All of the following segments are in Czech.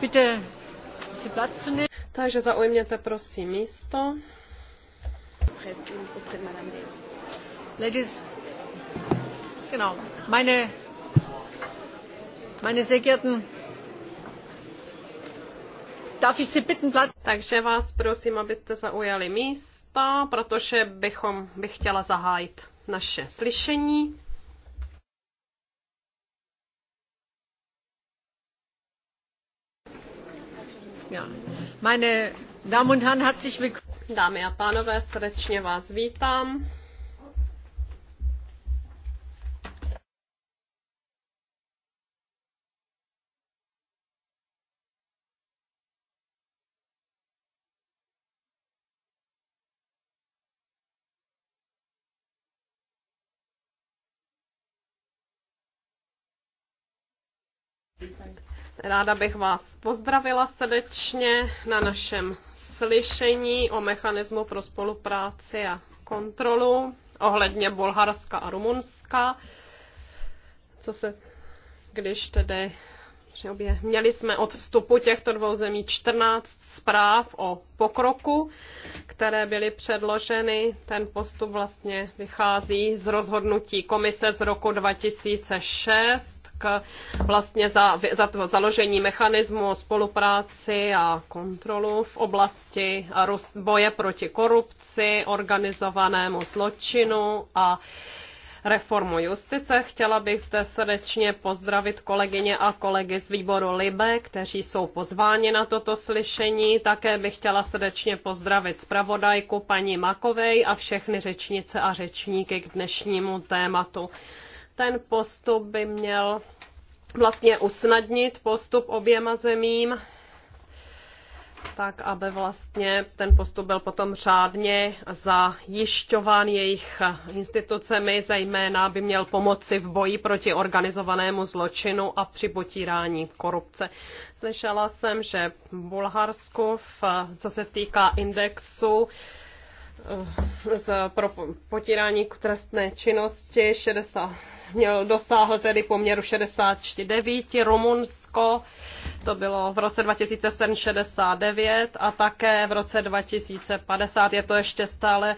bitte, Sie Platz zu nehmen. Takže zaujměte prosím místo. Ladies, genau, meine, meine sehr geehrten Darf ich Sie bitten, Platz? Takže vás prosím, abyste zaujali místo, protože bychom, bych chtěla zahájit naše slyšení. Ja. Vlastně Dámy a pánové, srdečně vás vítám. Ráda bych vás pozdravila srdečně na našem slyšení o mechanismu pro spolupráci a kontrolu ohledně Bulharska a Rumunska. Co se, když tedy obě, měli jsme od vstupu těchto dvou zemí 14 zpráv o pokroku, které byly předloženy. Ten postup vlastně vychází z rozhodnutí komise z roku 2006 k eh, vlastně za, za to založení mechanismu spolupráci a kontrolu v oblasti eh, boje proti korupci, organizovanému zločinu a reformu justice. Chtěla bych zde srdečně pozdravit kolegyně a kolegy z výboru LIBE, kteří jsou pozváni na toto slyšení. Také bych chtěla srdečně pozdravit zpravodajku paní Makovej a všechny řečnice a řečníky k dnešnímu tématu. Ten postup by měl vlastně usnadnit postup oběma zemím, tak aby vlastně ten postup byl potom řádně zajišťován jejich institucemi, zejména by měl pomoci v boji proti organizovanému zločinu a při potírání korupce. Slyšela jsem, že v Bulharsku, v, co se týká indexu, eh, z, pro potírání trestné činnosti 60, měl, dosáhl tedy poměru 69, Rumunsko to bylo v roce 2069 a také v roce 2050 je to ještě stále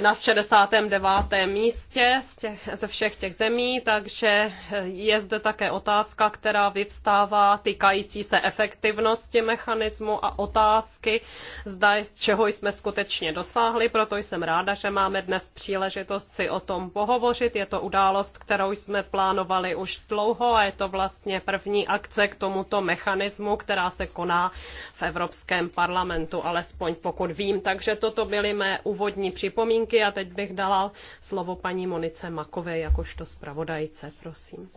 na 69. místě z těch, ze všech těch zemí, takže je zde také otázka, která vyvstává týkající se efektivnosti mechanismu a otázky, zda z čeho jsme skutečně dosáhli, proto jsem ráda, že máme dnes příležitost si o tom pohovořit. Je to událost, která kterou jsme plánovali už dlouho a je to vlastně první akce k tomuto mechanismu, která se koná v Evropském parlamentu, alespoň pokud vím. Takže toto byly mé úvodní připomínky a teď bych dala slovo paní Monice Makové jakožto zpravodajce, prosím.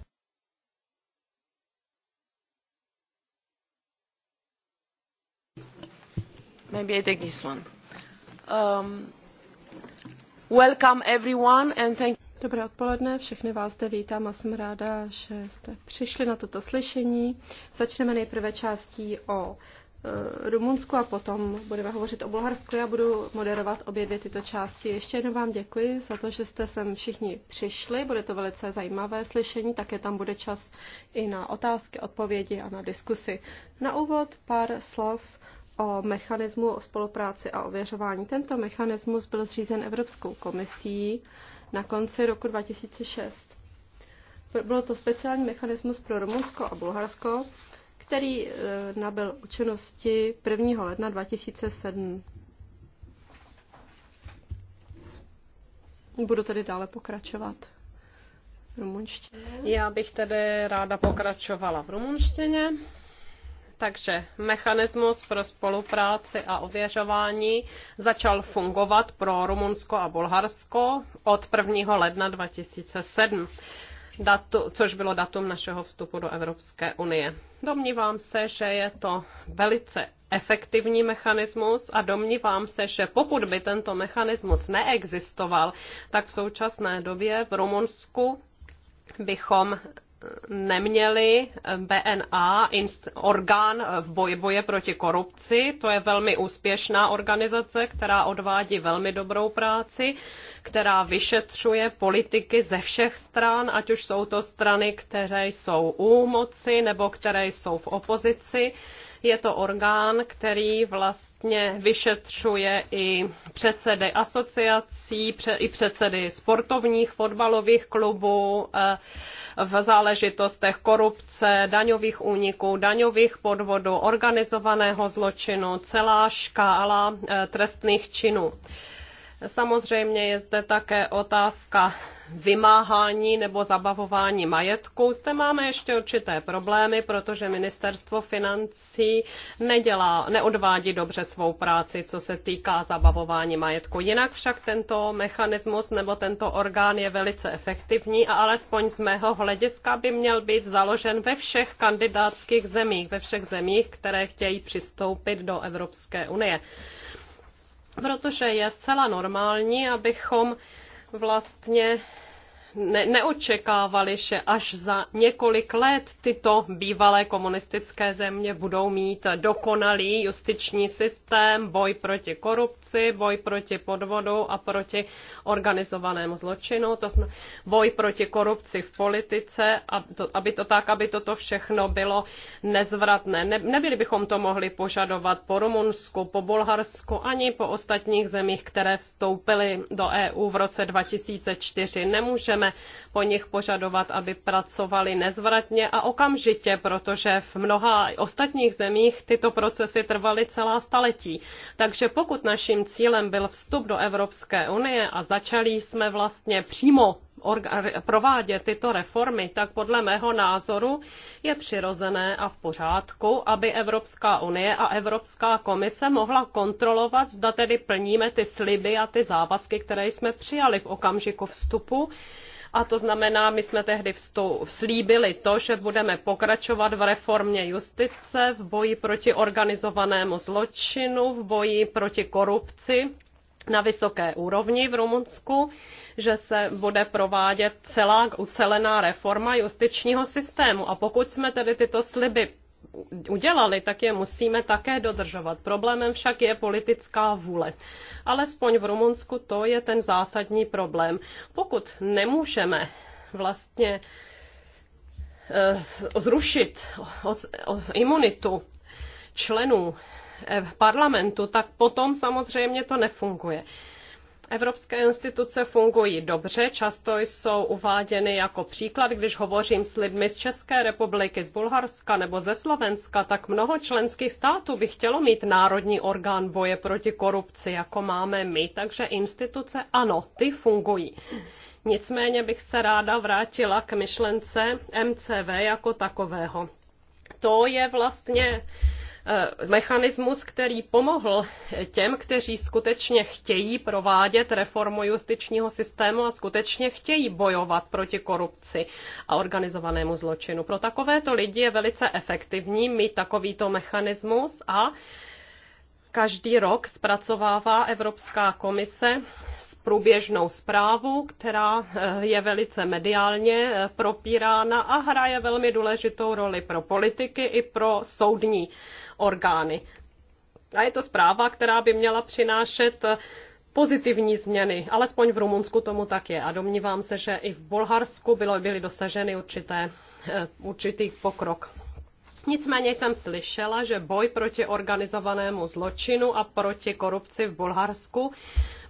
Maybe I take this one. Um, welcome everyone and thank Dobré odpoledne, všechny vás zde vítám a jsem ráda, že jste přišli na toto slyšení. Začneme nejprve částí o e, Rumunsku a potom budeme hovořit o Bulharsku. Já budu moderovat obě dvě tyto části. Ještě jednou vám děkuji za to, že jste sem všichni přišli. Bude to velice zajímavé slyšení, také tam bude čas i na otázky, odpovědi a na diskusy. Na úvod pár slov o mechanismu o spolupráci a ověřování. Tento mechanismus byl zřízen Evropskou komisí na konci roku 2006. Bylo to speciální mechanismus pro Rumunsko a Bulharsko, který e, nabyl účinnosti 1. ledna 2007. Budu tedy dále pokračovat v rumunštině. Já bych tedy ráda pokračovala v rumunštině. Takže mechanismus pro spolupráci a ověřování začal fungovat pro Rumunsko a Bulharsko od 1. ledna 2007 datu, což bylo datum našeho vstupu do Evropské unie. Domnívám se, že je to velice efektivní mechanismus a domnívám se, že pokud by tento mechanismus neexistoval, tak v současné době v Rumunsku bychom neměli eh, BNA, orgán v boji, boje proti korupci. To je velmi úspěšná organizace, která odvádí velmi dobrou práci, která vyšetřuje politiky ze všech stran, ať už jsou to strany, které jsou u moci nebo které jsou v opozici je to orgán, který vlastně vyšetřuje i předsedy asociací, i předsedy sportovních fotbalových klubů eh, v záležitostech korupce, daňových úniků, daňových podvodů, organizovaného zločinu, celá škála eh, trestných činů. Samozřejmě je zde také otázka vymáhání nebo zabavování majetku. Zde máme ještě určité problémy, protože ministerstvo financí nedělá, neodvádí dobře svou práci, co se týká zabavování majetku. Jinak však tento mechanismus nebo tento orgán je velice efektivní a alespoň z mého hlediska by měl být založen ve všech kandidátských zemích, ve všech zemích, které chtějí přistoupit do Evropské unie protože je zcela normální, abychom vlastně ne- neočekávali, že až za několik let tyto bývalé komunistické země budou mít dokonalý justiční systém, boj proti korupci, boj proti podvodu a proti organizovanému zločinu, to znamená boj proti korupci v politice, aby to tak, aby toto všechno bylo nezvratné. Ne- nebyli bychom to mohli požadovat po Rumunsku, po Bulharsku ani po ostatních zemích, které vstoupily do EU v roce 2004. Nemůžeme Nemůžeme po nich požadovat, aby pracovali nezvratně a okamžitě, protože v mnoha ostatních zemích tyto procesy trvaly celá staletí. Takže pokud naším cílem byl vstup do Evropské unie a začali jsme vlastně přímo provádět tyto reformy, tak podle mého názoru je přirozené a v pořádku, aby Evropská unie a Evropská komise mohla kontrolovat, zda tedy plníme ty sliby a ty závazky, které jsme přijali v okamžiku vstupu a to znamená, my jsme tehdy vstou, slíbili to, že budeme pokračovat v reformě justice, v boji proti organizovanému zločinu, v boji proti korupci na vysoké úrovni v Rumunsku, že se bude provádět celá ucelená reforma justičního systému. A pokud jsme tedy tyto sliby udělali, tak je musíme také dodržovat. Problémem však je politická vůle. Alespoň v Rumunsku to je ten zásadní problém. Pokud nemůžeme vlastně eh, zrušit imunitu členů eh, parlamentu, tak potom samozřejmě to nefunguje. Evropské instituce fungují dobře, často jsou uváděny jako příklad, když hovořím s lidmi z České republiky, z Bulharska nebo ze Slovenska, tak mnoho členských států by chtělo mít národní orgán boje proti korupci, jako máme my, takže instituce ano, ty fungují. Nicméně bych se ráda vrátila k myšlence MCV jako takového. To je vlastně Eh, mechanismus, který pomohl těm, kteří skutečně chtějí provádět reformu justičního systému a skutečně chtějí bojovat proti korupci a organizovanému zločinu. Pro takovéto lidi je velice efektivní mít takovýto mechanismus a každý rok zpracovává Evropská komise průběžnou zprávu, která eh, je velice mediálně eh, propírána a hraje velmi důležitou roli pro politiky i pro soudní orgány. A je to zpráva, která by měla přinášet eh, pozitivní změny. Alespoň v Rumunsku tomu tak je. A domnívám se, že i v Bulharsku bylo, byly dosaženy určité, určitý pokrok. Nicméně jsem slyšela, že boj proti organizovanému zločinu a proti korupci v Bulharsku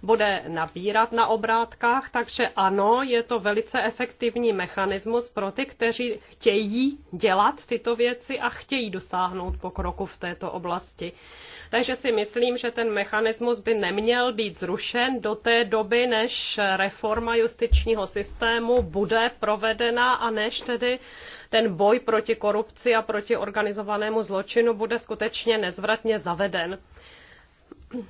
bude nabírat na obrátkách, takže ano, je to velice efektivní mechanismus pro ty, kteří chtějí dělat tyto věci a chtějí dosáhnout pokroku v této oblasti. Takže si myslím, že ten mechanismus by neměl být zrušen do té doby, než reforma justičního systému bude provedena a než tedy ten boj proti korupci a proti organizovanému zločinu bude skutečně nezvratně zaveden.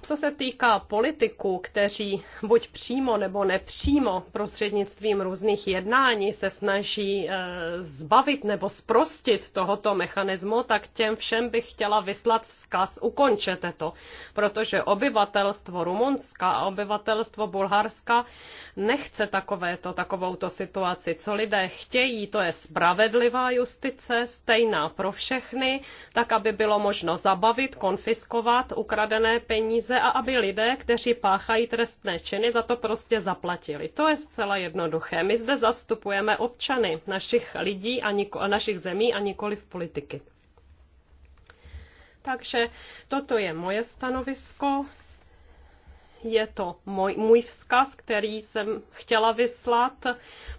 Co se týká politiků, kteří buď přímo nebo nepřímo prostřednictvím různých jednání se snaží eh, zbavit nebo sprostit tohoto mechanismu, tak těm všem bych chtěla vyslat vzkaz, ukončete to, protože obyvatelstvo Rumunska a obyvatelstvo Bulharska nechce takovéto, takovouto situaci. Co lidé chtějí, to je spravedlivá justice, stejná pro všechny, tak aby bylo možno zabavit, konfiskovat ukradené peníze peníze a aby lidé, kteří páchají trestné činy, za to prostě zaplatili. To je zcela jednoduché. My zde zastupujeme občany našich lidí a niko, našich zemí a nikoli v politiky. Takže toto je moje stanovisko je to můj, můj vzkaz, který jsem chtěla vyslat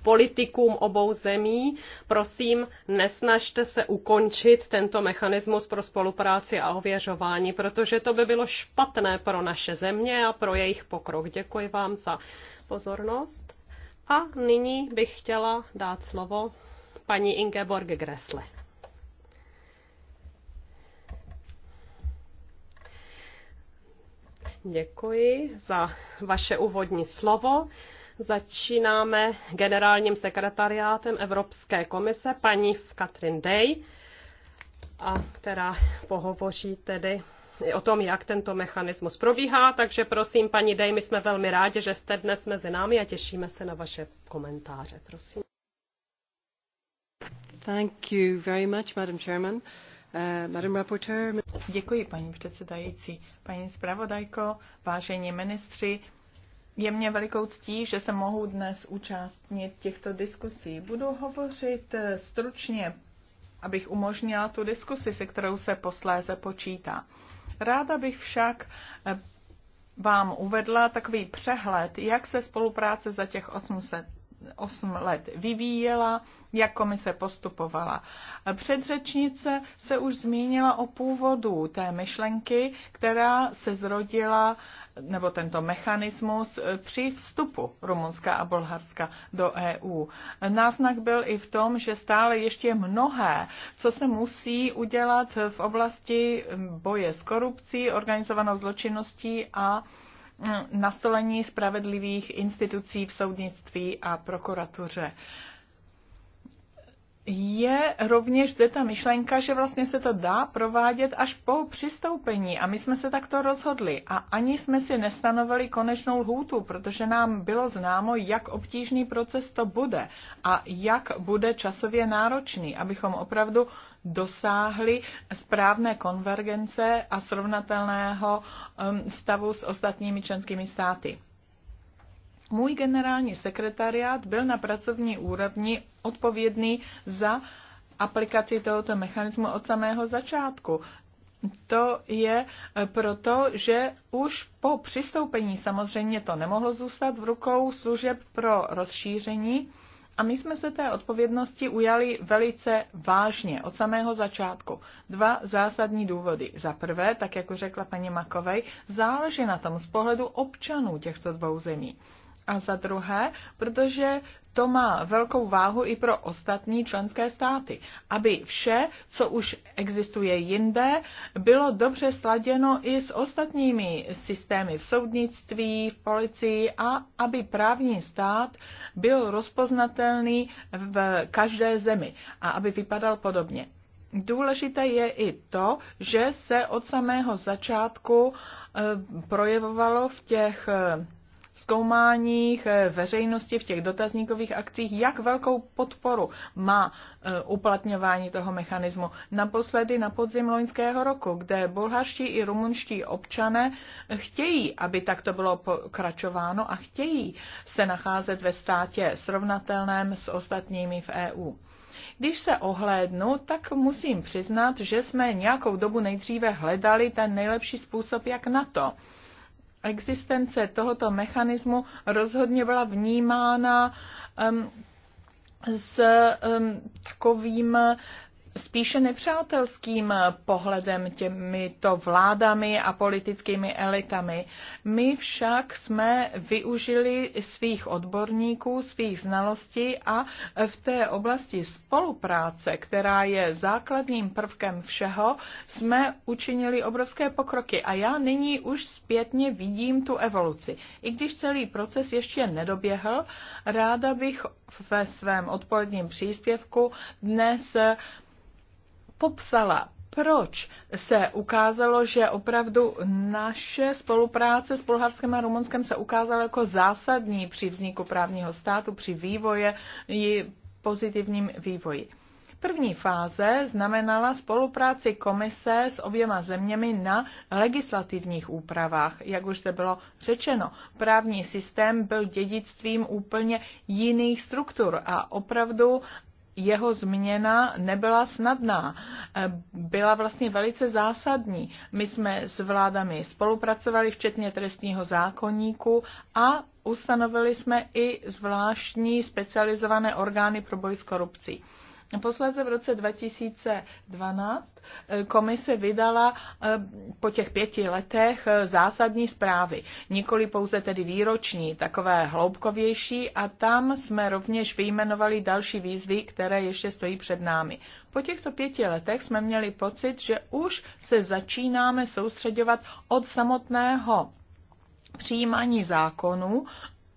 politikům obou zemí. Prosím, nesnažte se ukončit tento mechanismus pro spolupráci a ověřování, protože to by bylo špatné pro naše země a pro jejich pokrok. Děkuji vám za pozornost. A nyní bych chtěla dát slovo paní Ingeborg Gressle. Děkuji za vaše úvodní slovo. Začínáme generálním sekretariátem Evropské komise, paní Katrin Day, a která pohovoří tedy o tom, jak tento mechanismus probíhá. Takže prosím, paní Day, my jsme velmi rádi, že jste dnes mezi námi a těšíme se na vaše komentáře. Prosím. Thank you very much, Madam Chairman. Uh, Děkuji, paní předsedající. Paní zpravodajko, vážení ministři, je mě velikou ctí, že se mohu dnes účastnit těchto diskusí. Budu hovořit eh, stručně, abych umožnila tu diskusi, se kterou se posléze počítá. Ráda bych však eh, vám uvedla takový přehled, jak se spolupráce za těch 800 8 let vyvíjela, jak komise postupovala. Předřečnice se už zmínila o původu té myšlenky, která se zrodila, nebo tento mechanismus eh, při vstupu Rumunska a Bulharska do EU. Náznak byl i v tom, že stále ještě mnohé, co se musí udělat v oblasti eh, boje s korupcí, organizovanou zločinností a Mm, nastolení spravedlivých institucí v soudnictví a prokuratuře je rovněž zde ta myšlenka, že vlastně se to dá provádět až po přistoupení. A my jsme se takto rozhodli. A ani jsme si nestanovili konečnou lhůtu, protože nám bylo známo, jak obtížný proces to bude a jak bude časově náročný, abychom opravdu dosáhli správné konvergence a srovnatelného um, stavu s ostatními členskými státy. Můj generální sekretariát byl na pracovní úrovni odpovědný za aplikaci tohoto mechanismu od samého začátku. To je eh, proto, že už po přistoupení samozřejmě to nemohlo zůstat v rukou služeb pro rozšíření a my jsme se té odpovědnosti ujali velice vážně od samého začátku. Dva zásadní důvody. Za prvé, tak jako řekla paní Makovej, záleží na tom z pohledu občanů těchto dvou zemí. A za druhé, protože to má velkou váhu i pro ostatní členské státy, aby vše, co už existuje jinde, bylo dobře sladěno i s ostatními systémy v soudnictví, v policii a aby právní stát byl rozpoznatelný v každé zemi a aby vypadal podobně. Důležité je i to, že se od samého začátku eh, projevovalo v těch eh, zkoumáních eh, veřejnosti v těch dotazníkových akcích, jak velkou podporu má eh, uplatňování toho mechanismu. Naposledy na podzim loňského roku, kde bulharští i rumunští občané chtějí, aby takto bylo pokračováno a chtějí se nacházet ve státě srovnatelném s ostatními v EU. Když se ohlédnu, tak musím přiznat, že jsme nějakou dobu nejdříve hledali ten nejlepší způsob, jak na to existence tohoto mechanismu rozhodně byla vnímána um, s um, takovým spíše nepřátelským pohledem těmito vládami a politickými elitami. My však jsme využili svých odborníků, svých znalostí a v té oblasti spolupráce, která je základním prvkem všeho, jsme učinili obrovské pokroky. A já nyní už zpětně vidím tu evoluci. I když celý proces ještě nedoběhl, ráda bych ve svém odpoledním příspěvku dnes popsala, proč se ukázalo, že opravdu naše spolupráce s Bulharskem a Rumunskem se ukázala jako zásadní při vzniku právního státu, při vývoje i pozitivním vývoji. První fáze znamenala spolupráci komise s oběma zeměmi na legislativních úpravách. Jak už se bylo řečeno, právní systém byl dědictvím úplně jiných struktur a opravdu jeho změna nebyla snadná, eh, byla vlastně velice zásadní. My jsme s vládami spolupracovali, včetně trestního zákonníku a ustanovili jsme i zvláštní specializované orgány pro boj s korupcí. Posledce v roce 2012 eh, komise vydala eh, po těch pěti letech eh, zásadní zprávy, nikoli pouze tedy výroční, takové hloubkovější a tam jsme rovněž vyjmenovali další výzvy, které ještě stojí před námi. Po těchto pěti letech jsme měli pocit, že už se začínáme soustředovat od samotného přijímání zákonů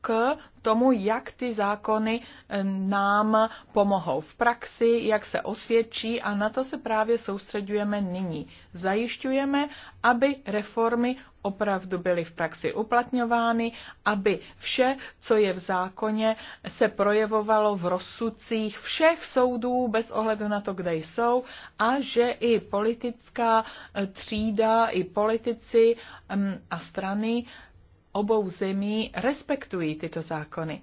k tomu, jak ty zákony eh, nám pomohou v praxi, jak se osvědčí a na to se právě soustředujeme nyní. Zajišťujeme, aby reformy opravdu byly v praxi uplatňovány, aby vše, co je v zákoně, se projevovalo v rozsudcích všech soudů bez ohledu na to, kde jsou a že i politická eh, třída, i politici mm, a strany obou zemí respektují tyto zákony.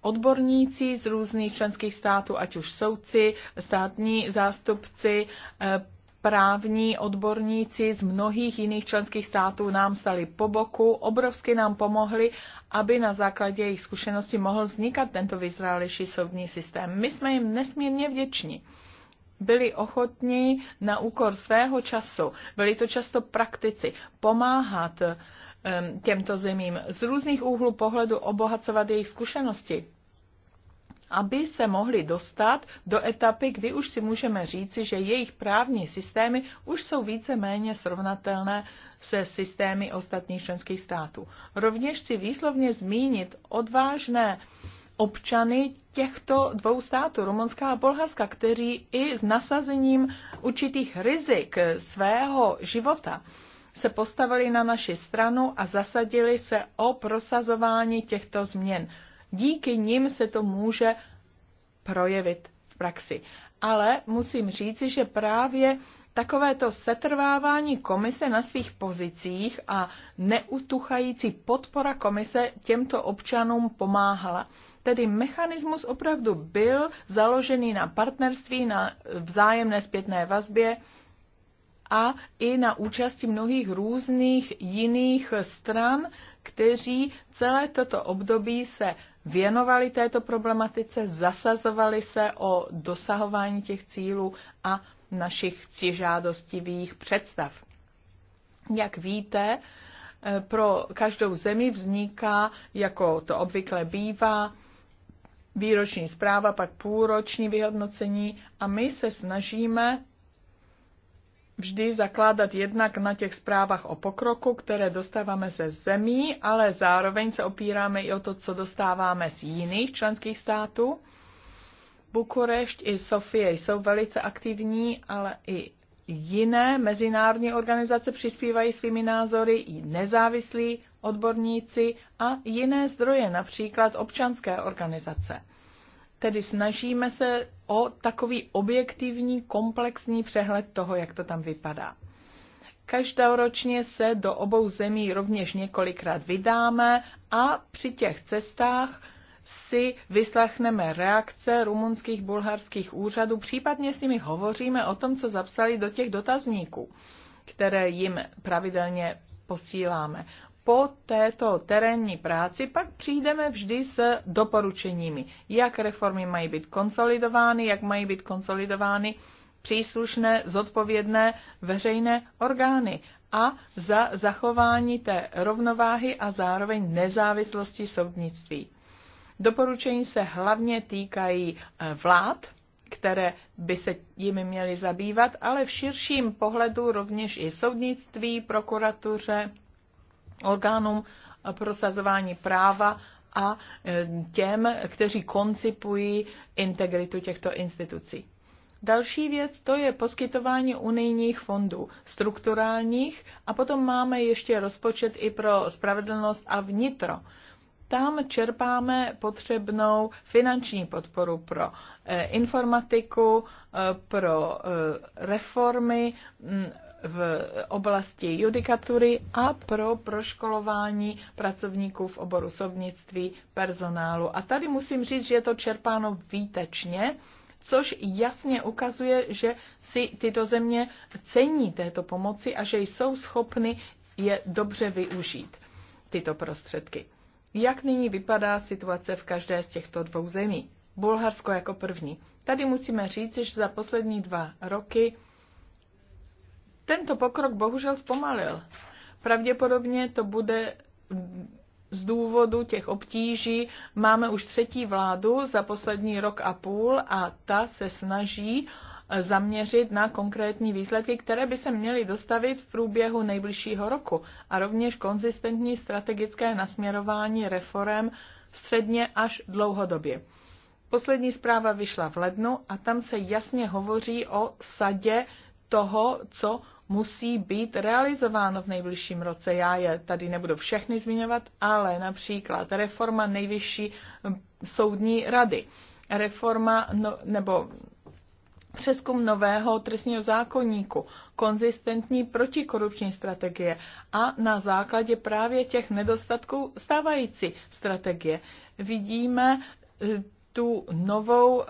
Odborníci z různých členských států, ať už soudci, státní zástupci, eh, právní odborníci z mnohých jiných členských států nám stali po boku, obrovsky nám pomohli, aby na základě jejich zkušeností mohl vznikat tento vyzrálejší soudní systém. My jsme jim nesmírně vděční. Byli ochotní na úkor svého času, byli to často praktici, pomáhat eh, těmto zemím, z různých úhlů pohledu obohacovat jejich zkušenosti, aby se mohli dostat do etapy, kdy už si můžeme říci, že jejich právní systémy už jsou více-méně srovnatelné se systémy ostatních členských států. Rovněž si výslovně zmínit odvážné občany těchto dvou států, Rumunská a Bulharska, kteří i s nasazením určitých rizik svého života se postavili na naši stranu a zasadili se o prosazování těchto změn. Díky nim se to může projevit v praxi. Ale musím říci, že právě takovéto setrvávání komise na svých pozicích a neutuchající podpora komise těmto občanům pomáhala. Tedy mechanismus opravdu byl založený na partnerství, na vzájemné zpětné vazbě, a i na účasti mnohých různých jiných stran, kteří celé toto období se věnovali této problematice, zasazovali se o dosahování těch cílů a našich ctižádostivých představ. Jak víte, pro každou zemi vzniká, jako to obvykle bývá, výroční zpráva, pak půlroční vyhodnocení a my se snažíme vždy zakládat jednak na těch zprávách o pokroku, které dostáváme ze zemí, ale zároveň se opíráme i o to, co dostáváme z jiných členských států. Bukurešť i Sofie jsou velice aktivní, ale i jiné mezinárodní organizace přispívají svými názory, i nezávislí odborníci a jiné zdroje, například občanské organizace tedy snažíme se o takový objektivní, komplexní přehled toho, jak to tam vypadá. Každoročně se do obou zemí rovněž několikrát vydáme a při těch cestách si vyslechneme reakce rumunských, bulharských úřadů, případně s nimi hovoříme o tom, co zapsali do těch dotazníků, které jim pravidelně posíláme po této terénní práci pak přijdeme vždy s doporučeními, jak reformy mají být konsolidovány, jak mají být konsolidovány příslušné zodpovědné veřejné orgány a za zachování té rovnováhy a zároveň nezávislosti soudnictví. Doporučení se hlavně týkají eh, vlád, které by se jimi měly zabývat, ale v širším pohledu rovněž i soudnictví, prokuratuře, orgánům prosazování práva a e, těm, kteří koncipují integritu těchto institucí. Další věc to je poskytování unijních fondů, strukturálních a potom máme ještě rozpočet i pro spravedlnost a vnitro. Tam čerpáme potřebnou finanční podporu pro e, informatiku, e, pro reformy, v oblasti judikatury a pro proškolování pracovníků v oboru sobnictví, personálu. A tady musím říct, že je to čerpáno výtečně, což jasně ukazuje, že si tyto země cení této pomoci a že jsou schopny je dobře využít, tyto prostředky. Jak nyní vypadá situace v každé z těchto dvou zemí? Bulharsko jako první. Tady musíme říct, že za poslední dva roky tento pokrok bohužel zpomalil. Pravděpodobně to bude z důvodu těch obtíží. Máme už třetí vládu za poslední rok a půl a ta se snaží zaměřit na konkrétní výsledky, které by se měly dostavit v průběhu nejbližšího roku a rovněž konzistentní strategické nasměrování reform středně až dlouhodobě. Poslední zpráva vyšla v lednu a tam se jasně hovoří o sadě toho, co musí být realizováno v nejbližším roce. Já je tady nebudu všechny zmiňovat, ale například reforma nejvyšší soudní rady, reforma no, nebo přeskum nového trestního zákonníku, konzistentní protikorupční strategie a na základě právě těch nedostatků stávající strategie. Vidíme e, tu novou e,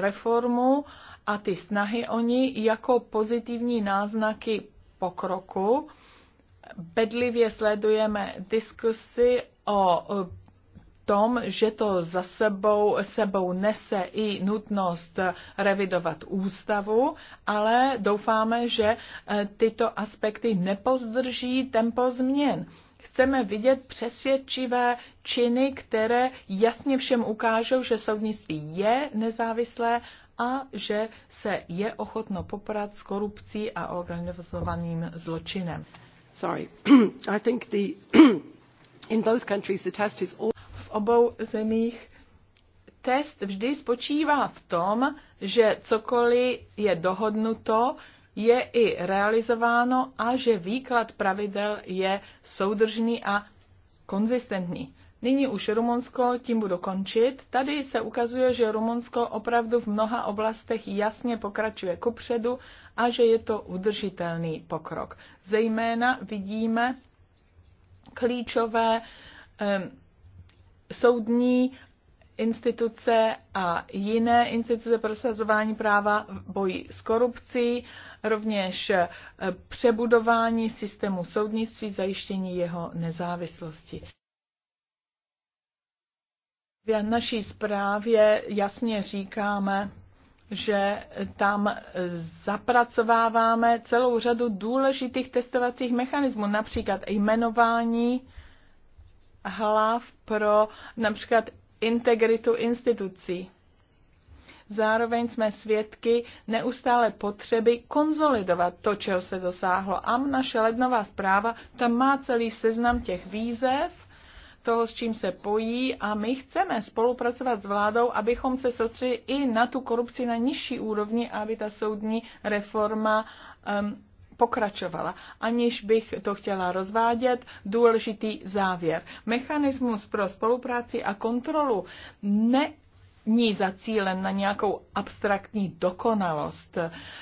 reformu a ty snahy o ní jako pozitivní náznaky pokroku. Bedlivě sledujeme diskusy o tom, že to za sebou, sebou nese i nutnost revidovat ústavu, ale doufáme, že e, tyto aspekty nepozdrží tempo změn. Chceme vidět přesvědčivé činy, které jasně všem ukážou, že soudnictví je nezávislé a že se je ochotno poprat s korupcí a organizovaným zločinem. Sorry. I think the, in both countries the test is all... V obou zemích test vždy spočívá v tom, že cokoliv je dohodnuto, je i realizováno a že výklad pravidel je soudržný a konzistentní. Nyní už Rumunsko, tím budu končit. Tady se ukazuje, že Rumunsko opravdu v mnoha oblastech jasně pokračuje kupředu a že je to udržitelný pokrok. Zejména vidíme klíčové um, soudní instituce a jiné instituce prosazování práva v boji s korupcí, rovněž eh, přebudování systému soudnictví, zajištění jeho nezávislosti. V naší zprávě jasně říkáme, že tam zapracováváme celou řadu důležitých testovacích mechanismů, například jmenování hlav pro například integritu institucí. Zároveň jsme svědky neustále potřeby konzolidovat to, čeho se dosáhlo. A naše lednová zpráva tam má celý seznam těch výzev, toho, s čím se pojí a my chceme spolupracovat s vládou, abychom se soustředili i na tu korupci na nižší úrovni, aby ta soudní reforma um, pokračovala. Aniž bych to chtěla rozvádět, důležitý závěr. Mechanismus pro spolupráci a kontrolu ne ní zacílen na nějakou abstraktní dokonalost.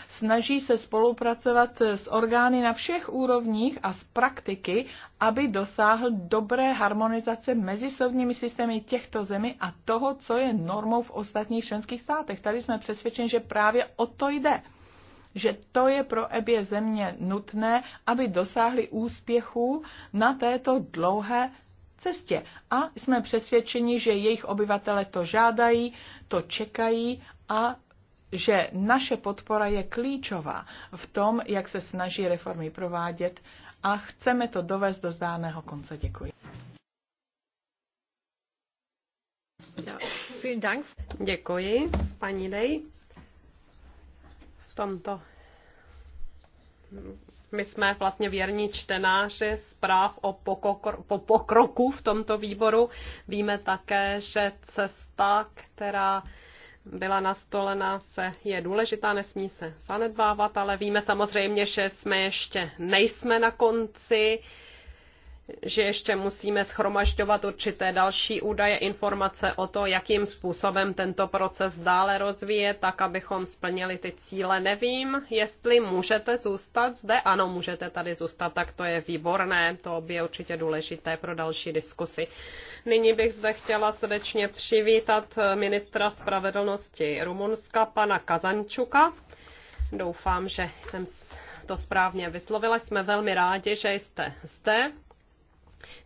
Snaží se spolupracovat s orgány na všech úrovních a s praktiky, aby dosáhl dobré harmonizace mezi soudními systémy těchto zemí a toho, co je normou v ostatních členských státech. Tady jsme přesvědčeni, že právě o to jde že to je pro obě země nutné, aby dosáhly úspěchů na této dlouhé cestě. A jsme přesvědčeni, že jejich obyvatele to žádají, to čekají a že naše podpora je klíčová v tom, jak se snaží reformy provádět a chceme to dovést do zdáného konce. Děkuji. Děkuji, paní Dej. V tomto my jsme vlastně věrní čtenáři zpráv o pokroku v tomto výboru. Víme také, že cesta, která byla nastolena, se je důležitá, nesmí se zanedbávat, ale víme samozřejmě, že jsme ještě nejsme na konci že ještě musíme schromažďovat určité další údaje, informace o to, jakým způsobem tento proces dále rozvíje, tak abychom splnili ty cíle. Nevím, jestli můžete zůstat zde. Ano, můžete tady zůstat, tak to je výborné. To je určitě důležité pro další diskusy. Nyní bych zde chtěla srdečně přivítat ministra spravedlnosti Rumunska, pana Kazančuka. Doufám, že jsem to správně vyslovila. Jsme velmi rádi, že jste zde.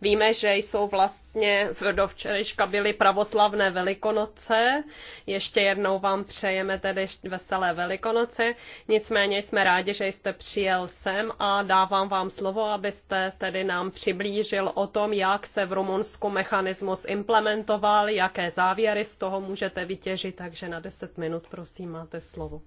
Víme, že jsou vlastně, do včerejška byly pravoslavné Velikonoce, ještě jednou vám přejeme tedy veselé Velikonoce, nicméně jsme rádi, že jste přijel sem a dávám vám slovo, abyste tedy nám přiblížil o tom, jak se v Rumunsku mechanismus implementoval, jaké závěry z toho můžete vytěžit, takže na 10 minut prosím máte slovo.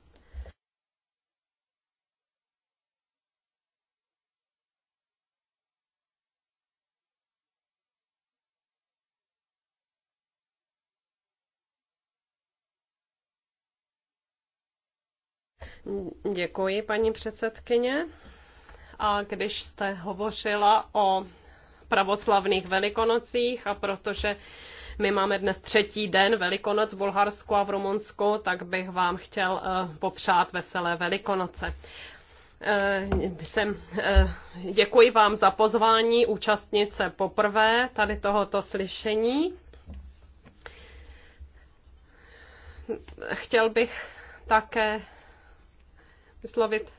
Děkuji, paní předsedkyně. A když jste hovořila o pravoslavných velikonocích a protože my máme dnes třetí den Velikonoc v Bulharsku a v Rumunsku, tak bych vám chtěl eh, popřát veselé Velikonoce. Eh, jsem, eh, děkuji vám za pozvání účastnice poprvé tady tohoto slyšení. Chtěl bych také vyslovit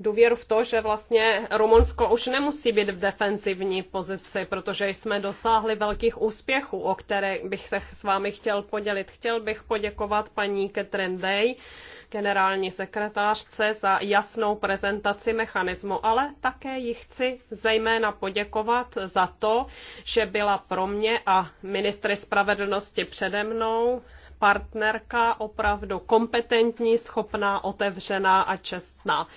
důvěru v to, že vlastně Rumunsko už nemusí být v defensivní pozici, protože jsme dosáhli velkých úspěchů, o které bych se s vámi chtěl podělit. Chtěl bych poděkovat paní Catherine Day, generální sekretářce, za jasnou prezentaci mechanismu, ale také ji chci zejména poděkovat za to, že byla pro mě a ministry spravedlnosti přede mnou partnerka opravdu kompetentní, schopná, otevřená a čestná.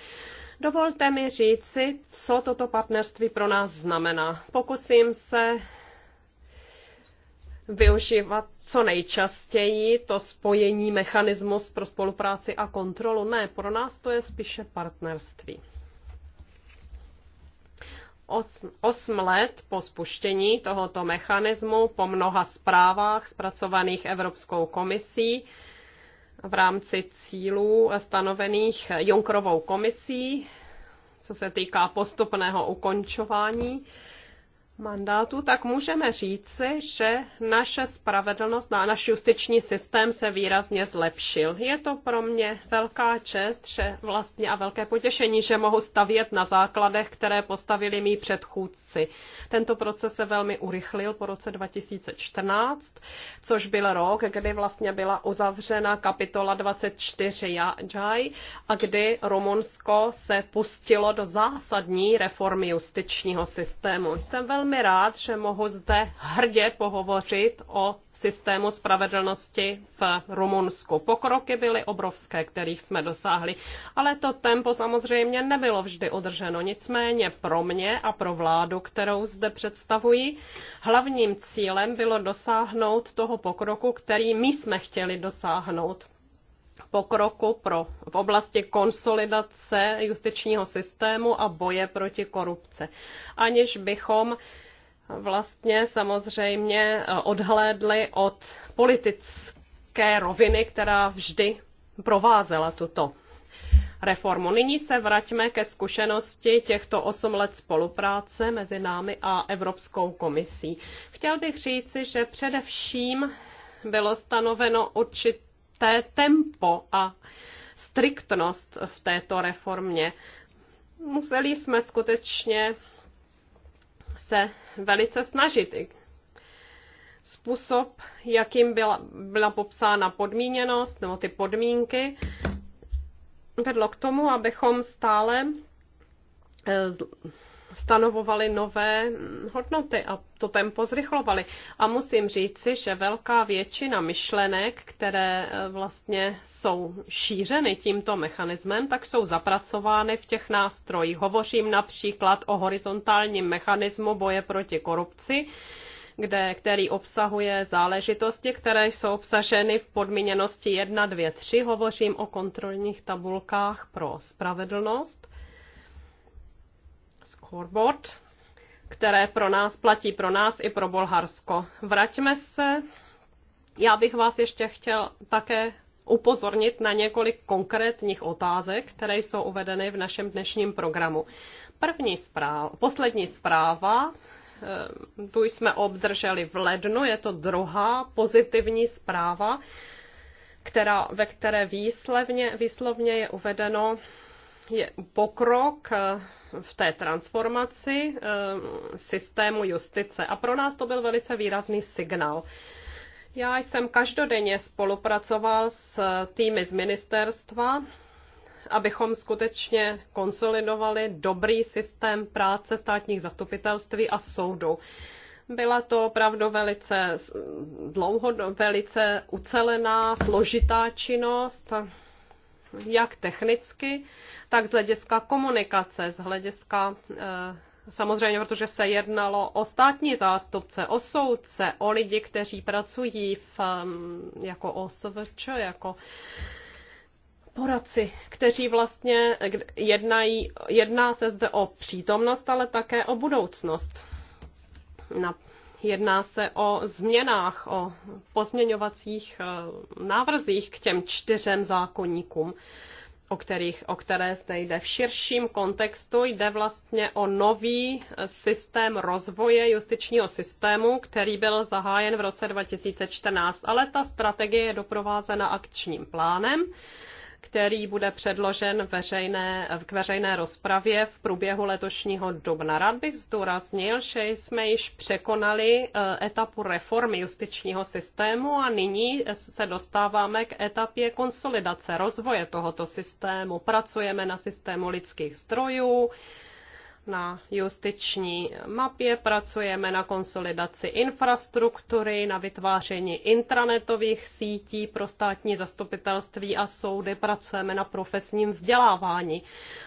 Dovolte mi říci, co toto partnerství pro nás znamená. Pokusím se využívat co nejčastěji to spojení mechanismus pro spolupráci a kontrolu. Ne, pro nás to je spíše partnerství. Osm, osm let po spuštění tohoto mechanismu, po mnoha zprávách zpracovaných Evropskou komisí v rámci cílů stanovených Junkrovou komisí, co se týká postupného ukončování mandátu, tak můžeme říci, že naše spravedlnost, a náš justiční systém se výrazně zlepšil. Je to pro mě velká čest že vlastně a velké potěšení, že mohu stavět na základech, které postavili mý předchůdci. Tento proces se velmi urychlil po roce 2014, což byl rok, kdy vlastně byla uzavřena kapitola 24 JAI a kdy Rumunsko se pustilo do zásadní reformy justičního systému. Jsem velmi velmi rád, že mohu zde hrdě pohovořit o systému spravedlnosti v Rumunsku. Pokroky byly obrovské, kterých jsme dosáhli, ale to tempo samozřejmě nebylo vždy održeno. Nicméně pro mě a pro vládu, kterou zde představuji, hlavním cílem bylo dosáhnout toho pokroku, který my jsme chtěli dosáhnout pokroku pro, v oblasti konsolidace justičního systému a boje proti korupce. Aniž bychom vlastně samozřejmě eh, odhlédli od politické roviny, která vždy provázela tuto reformu. Nyní se vraťme ke zkušenosti těchto 8 let spolupráce mezi námi a Evropskou komisí. Chtěl bych říci, že především bylo stanoveno určitě té tempo a striktnost v této reformě. Museli jsme skutečně se velice snažit. Způsob, jakým byla, byla popsána podmíněnost nebo ty podmínky, vedlo k tomu, abychom stále eh, stanovovali nové hodnoty a to tempo zrychlovali. A musím říci, že velká většina myšlenek, které eh, vlastně jsou šířeny tímto mechanismem, tak jsou zapracovány v těch nástrojích. Hovořím například o horizontálním mechanismu boje proti korupci, kde, který obsahuje záležitosti, které jsou obsaženy v podmíněnosti 1, 2, 3. Hovořím o kontrolních tabulkách pro spravedlnost scoreboard, které pro nás platí pro nás i pro Bulharsko. Vraťme se. Já bych vás ještě chtěl také upozornit na několik konkrétních otázek, které jsou uvedeny v našem dnešním programu. První zpráva, poslední zpráva, eh, tu jsme obdrželi v lednu, je to druhá pozitivní zpráva, která, ve které výslovně, výslovně je uvedeno, je pokrok eh, v té transformaci eh, systému justice. A pro nás to byl velice výrazný signál. Já jsem každodenně spolupracoval s týmy z ministerstva, abychom skutečně konsolidovali dobrý systém práce státních zastupitelství a soudu. Byla to opravdu velice dlouho, velice ucelená, složitá činnost, jak technicky, tak z hlediska komunikace, z hlediska eh, samozřejmě, protože se jednalo o státní zástupce, o soudce, o lidi, kteří pracují v, jako OSVČ, jako poradci, kteří vlastně jednají, jedná se zde o přítomnost, ale také o budoucnost. Na, Jedná se o změnách, o pozměňovacích eh, návrzích k těm čtyřem zákonníkům, o, kterých, o které zde jde. V širším kontextu jde vlastně o nový eh, systém rozvoje justičního systému, který byl zahájen v roce 2014, ale ta strategie je doprovázena akčním plánem který bude předložen veřejné, k veřejné rozpravě v průběhu letošního dubna. Rád bych zdůraznil, že jsme již překonali eh, etapu reformy justičního systému a nyní se dostáváme k etapě konsolidace rozvoje tohoto systému. Pracujeme na systému lidských zdrojů, na justiční mapě, pracujeme na konsolidaci infrastruktury, na vytváření intranetových sítí pro státní zastupitelství a soudy, pracujeme na profesním vzdělávání.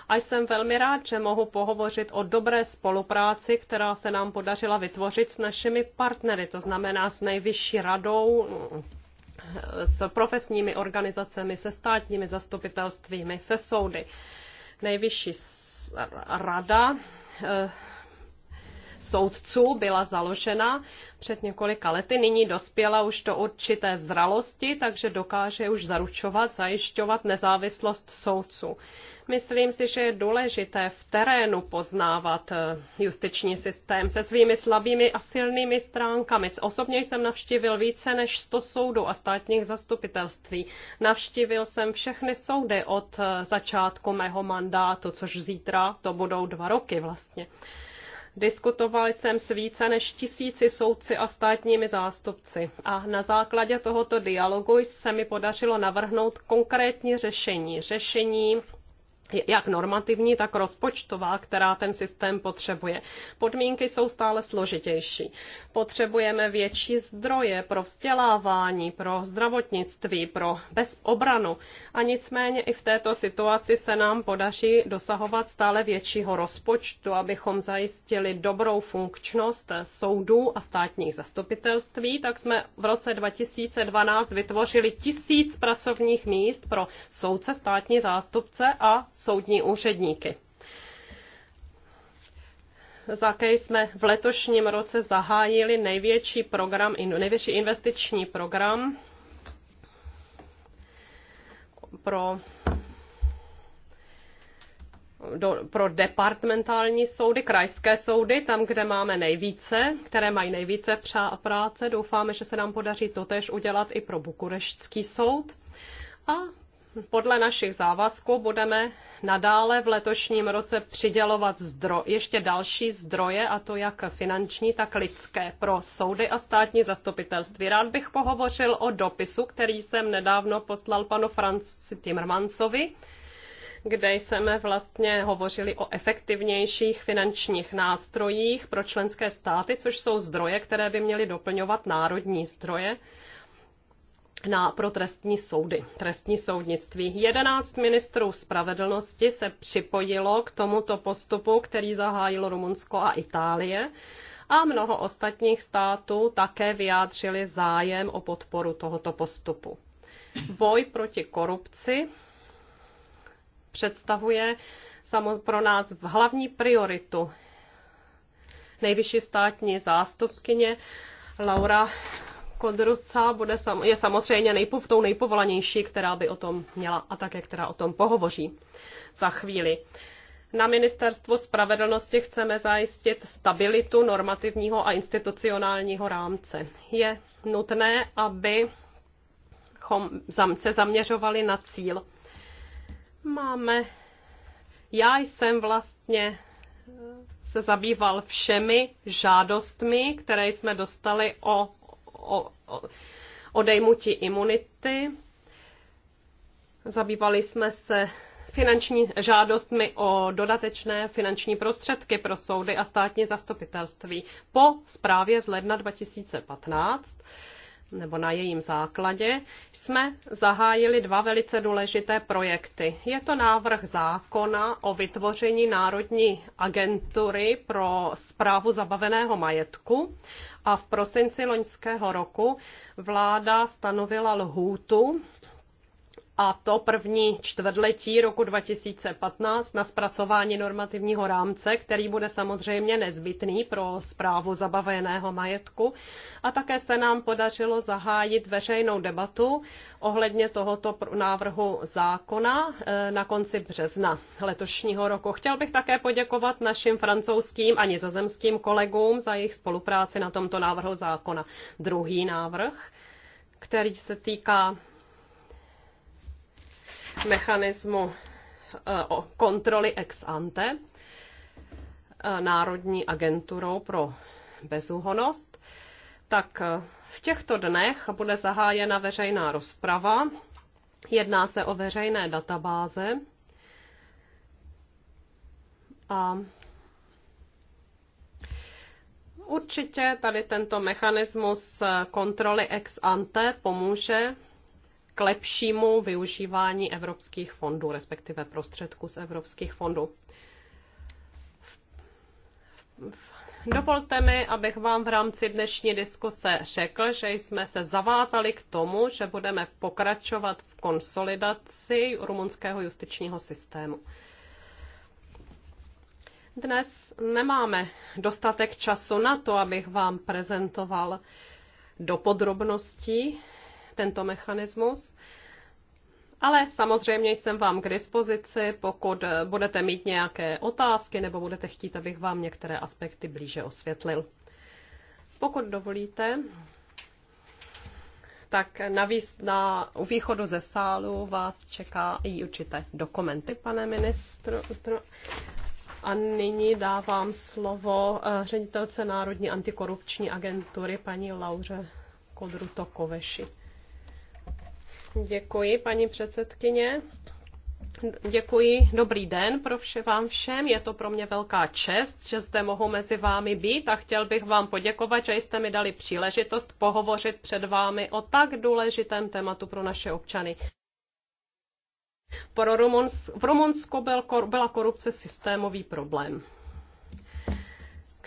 A jsem velmi rád, že mohu pohovořit o dobré spolupráci, která se nám podařila vytvořit s našimi partnery, to znamená s nejvyšší radou s profesními organizacemi, se státními zastupitelstvími, se soudy. Nejvyšší rada eh, soudců byla založena před několika lety. Nyní dospěla už do určité zralosti, takže dokáže už zaručovat, zajišťovat nezávislost soudců. Myslím si, že je důležité v terénu poznávat eh, justiční systém se svými slabými a silnými stránkami. Osobně jsem navštívil více než 100 soudů a státních zastupitelství. Navštívil jsem všechny soudy od eh, začátku mého mandátu, což zítra to budou dva roky vlastně. Diskutoval jsem s více než tisíci soudci a státními zástupci a na základě tohoto dialogu se mi podařilo navrhnout konkrétní řešení. Řešení jak normativní, tak rozpočtová, která ten systém potřebuje. Podmínky jsou stále složitější. Potřebujeme větší zdroje pro vzdělávání, pro zdravotnictví, pro bezobranu. A nicméně i v této situaci se nám podaří dosahovat stále většího rozpočtu, abychom zajistili dobrou funkčnost soudů a státních zastupitelství. Tak jsme v roce 2012 vytvořili tisíc pracovních míst pro soudce, státní zástupce a soudní úředníky. Také jsme v letošním roce zahájili největší, program, největší investiční program pro do, pro departmentální soudy, krajské soudy, tam, kde máme nejvíce, které mají nejvíce práce. Doufáme, že se nám podaří totež udělat i pro Bukureštský soud. A podle našich závazků budeme nadále v letošním roce přidělovat zdro, ještě další zdroje, a to jak finanční, tak lidské, pro soudy a státní zastupitelství. Rád bych pohovořil o dopisu, který jsem nedávno poslal panu Franci Timmermansovi, kde jsme vlastně hovořili o efektivnějších finančních nástrojích pro členské státy, což jsou zdroje, které by měly doplňovat národní zdroje na, pro trestní soudy, trestní soudnictví. 11 ministrů spravedlnosti se připojilo k tomuto postupu, který zahájilo Rumunsko a Itálie a mnoho ostatních států také vyjádřili zájem o podporu tohoto postupu. Boj proti korupci představuje pro nás hlavní prioritu. Nejvyšší státní zástupkyně Laura Kodruca bude sam, je samozřejmě nejpo, tou nejpovolanější, která by o tom měla a také, která o tom pohovoří za chvíli. Na ministerstvo spravedlnosti chceme zajistit stabilitu normativního a institucionálního rámce. Je nutné, aby se zaměřovali na cíl. Máme. Já jsem vlastně se zabýval všemi žádostmi, které jsme dostali o odejmutí imunity. Zabývali jsme se finanční žádostmi o dodatečné finanční prostředky pro soudy a státní zastupitelství po zprávě z ledna 2015 nebo na jejím základě, jsme zahájili dva velice důležité projekty. Je to návrh zákona o vytvoření Národní agentury pro zprávu zabaveného majetku a v prosinci loňského roku vláda stanovila lhůtu a to první čtvrtletí roku 2015 na zpracování normativního rámce, který bude samozřejmě nezbytný pro zprávu zabaveného majetku. A také se nám podařilo zahájit veřejnou debatu ohledně tohoto návrhu zákona eh, na konci března letošního roku. Chtěl bych také poděkovat našim francouzským a nizozemským kolegům za jejich spolupráci na tomto návrhu zákona. Druhý návrh který se týká mechanismu eh, kontroly ex ante eh, Národní agenturou pro bezúhonost, tak eh, v těchto dnech bude zahájena veřejná rozprava. Jedná se o veřejné databáze. A určitě tady tento mechanismus kontroly ex ante pomůže k lepšímu využívání evropských fondů, respektive prostředků z evropských fondů. Dovolte mi, abych vám v rámci dnešní diskuse řekl, že jsme se zavázali k tomu, že budeme pokračovat v konsolidaci rumunského justičního systému. Dnes nemáme dostatek času na to, abych vám prezentoval do podrobností tento mechanismus. Ale samozřejmě jsem vám k dispozici, pokud budete mít nějaké otázky nebo budete chtít, abych vám některé aspekty blíže osvětlil. Pokud dovolíte, tak na, výs, na u východu ze sálu vás čeká i určité dokumenty, pane ministru. A nyní dávám slovo eh, ředitelce Národní antikorupční agentury paní Lauře Kodruto Koveši. Děkuji, paní předsedkyně. Děkuji, dobrý den pro vše, vám všem. Je to pro mě velká čest, že zde mohu mezi vámi být a chtěl bych vám poděkovat, že jste mi dali příležitost pohovořit před vámi o tak důležitém tématu pro naše občany. Pro Rumunsk, v Rumunsku byl, byla korupce systémový problém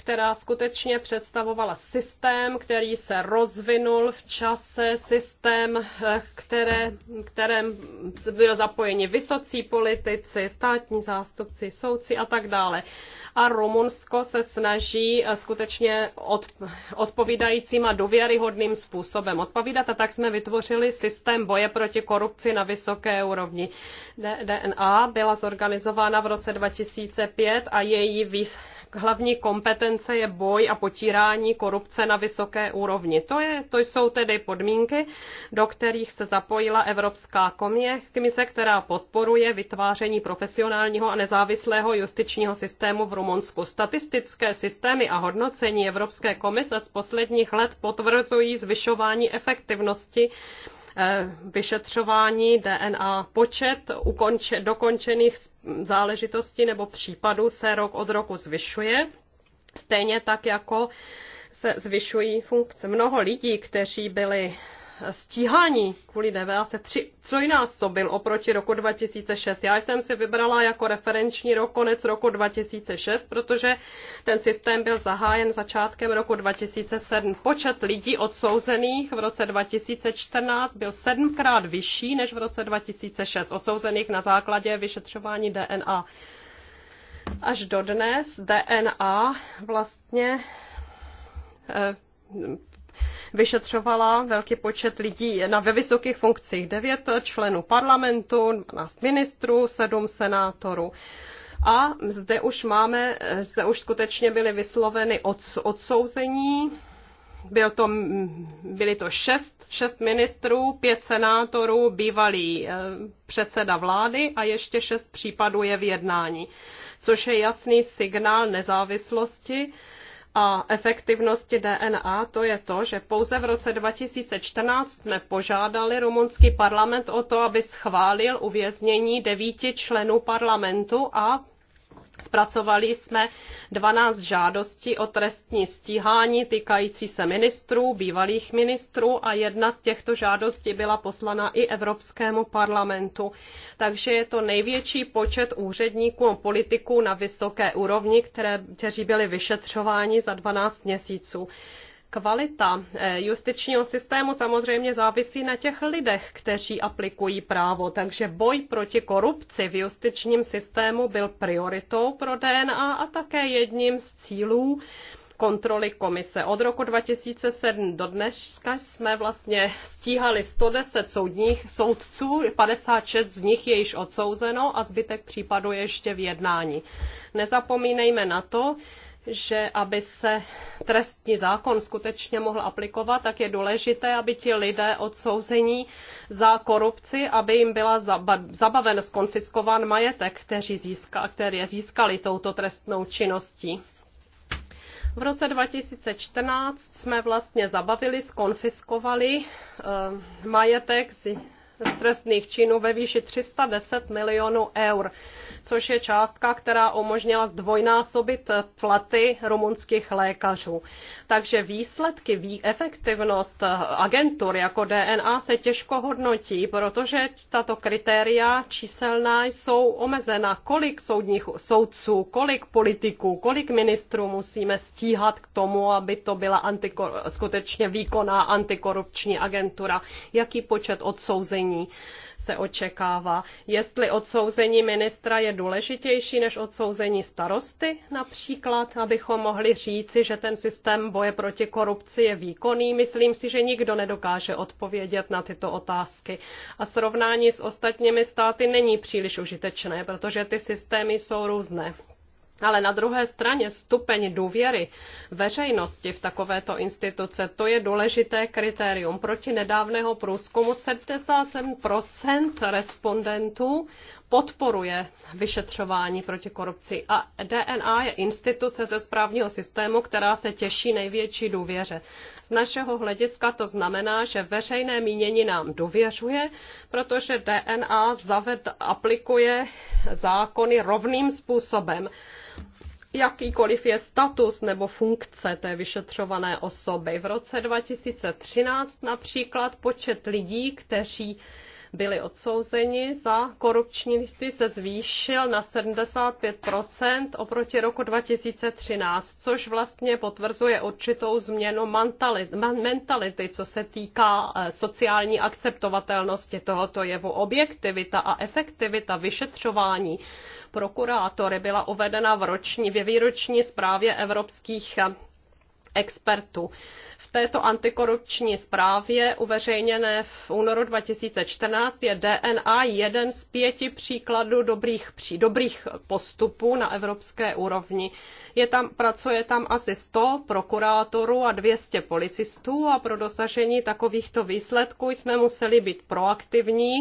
která skutečně představovala systém, který se rozvinul v čase, systém, eh, které, kterém byl zapojeni vysocí politici, státní zástupci, soudci a tak dále. A Rumunsko se snaží eh, skutečně od, odpovídajícím a důvěryhodným způsobem odpovídat a tak jsme vytvořili systém boje proti korupci na vysoké úrovni. DNA byla zorganizována v roce 2005 a její výs hlavní kompetence je boj a potírání korupce na vysoké úrovni. To, je, to jsou tedy podmínky, do kterých se zapojila Evropská komise, která podporuje vytváření profesionálního a nezávislého justičního systému v Rumunsku. Statistické systémy a hodnocení Evropské komise z posledních let potvrzují zvyšování efektivnosti Eh, vyšetřování DNA. Počet ukonče, dokončených záležitostí nebo případů se rok od roku zvyšuje, stejně tak jako se zvyšují funkce. Mnoho lidí, kteří byli stíhání kvůli DVA se tři, byl oproti roku 2006. Já jsem si vybrala jako referenční rok konec roku 2006, protože ten systém byl zahájen začátkem roku 2007. Počet lidí odsouzených v roce 2014 byl sedmkrát vyšší než v roce 2006, odsouzených na základě vyšetřování DNA. Až dodnes DNA vlastně eh, vyšetřovala velký počet lidí na, ve vysokých funkcích, 9 členů parlamentu, 12 ministrů, 7 senátorů. A zde už máme, zde už skutečně byly vysloveny od, odsouzení. Byl to, byli to šest, šest ministrů, pět senátorů, bývalý eh, předseda vlády a ještě šest případů je v jednání, což je jasný signál nezávislosti a efektivnosti DNA, to je to, že pouze v roce 2014 jsme požádali rumunský parlament o to, aby schválil uvěznění devíti členů parlamentu a Zpracovali jsme 12 žádostí o trestní stíhání týkající se ministrů, bývalých ministrů a jedna z těchto žádostí byla poslana i Evropskému parlamentu. Takže je to největší počet úředníků a politiků na vysoké úrovni, které, kteří byli vyšetřováni za 12 měsíců kvalita eh, justičního systému samozřejmě závisí na těch lidech, kteří aplikují právo, takže boj proti korupci v justičním systému byl prioritou pro DNA a také jedním z cílů kontroly komise. Od roku 2007 do dneška jsme vlastně stíhali 110 soudních soudců, 56 z nich je již odsouzeno a zbytek případu je ještě v jednání. Nezapomínejme na to, že aby se trestní zákon skutečně mohl aplikovat, tak je důležité, aby ti lidé odsouzení za korupci, aby jim byla zabaven, skonfiskován majetek, který získa, které získali touto trestnou činností. V roce 2014 jsme vlastně zabavili, skonfiskovali eh, majetek z z trestných činů ve výši 310 milionů eur, což je částka, která umožnila zdvojnásobit platy rumunských lékařů. Takže výsledky, efektivnost agentur jako DNA se těžko hodnotí, protože tato kritéria číselná jsou omezena. Kolik soudních soudců, kolik politiků, kolik ministrů musíme stíhat k tomu, aby to byla antikor- skutečně výkonná antikorupční agentura, jaký počet odsouzení odsouzení se očekává. Jestli odsouzení ministra je důležitější než odsouzení starosty například, abychom mohli říci, že ten systém boje proti korupci je výkonný, myslím si, že nikdo nedokáže odpovědět na tyto otázky. A srovnání s ostatními státy není příliš užitečné, protože ty systémy jsou různé. Ale na druhé straně stupeň důvěry veřejnosti v takovéto instituce, to je důležité kritérium. Proti nedávného průzkumu 77% respondentů podporuje vyšetřování proti korupci. A DNA je instituce ze správního systému, která se těší největší důvěře. Z našeho hlediska to znamená, že veřejné mínění nám důvěřuje, protože DNA zaved, aplikuje zákony rovným způsobem jakýkoliv je status nebo funkce té vyšetřované osoby. V roce 2013 například počet lidí, kteří byli odsouzeni za korupční listy, se zvýšil na 75 oproti roku 2013, což vlastně potvrzuje určitou změnu mentality, co se týká eh, sociální akceptovatelnosti tohoto jevu. Objektivita a efektivita vyšetřování prokurátory byla uvedena v roční, ve výroční zprávě evropských eh, expertů této antikorupční zprávě uveřejněné v únoru 2014 je DNA jeden z pěti příkladů dobrých, dobrých postupů na evropské úrovni. Je tam, pracuje tam asi 100 prokurátorů a 200 policistů a pro dosažení takovýchto výsledků jsme museli být proaktivní,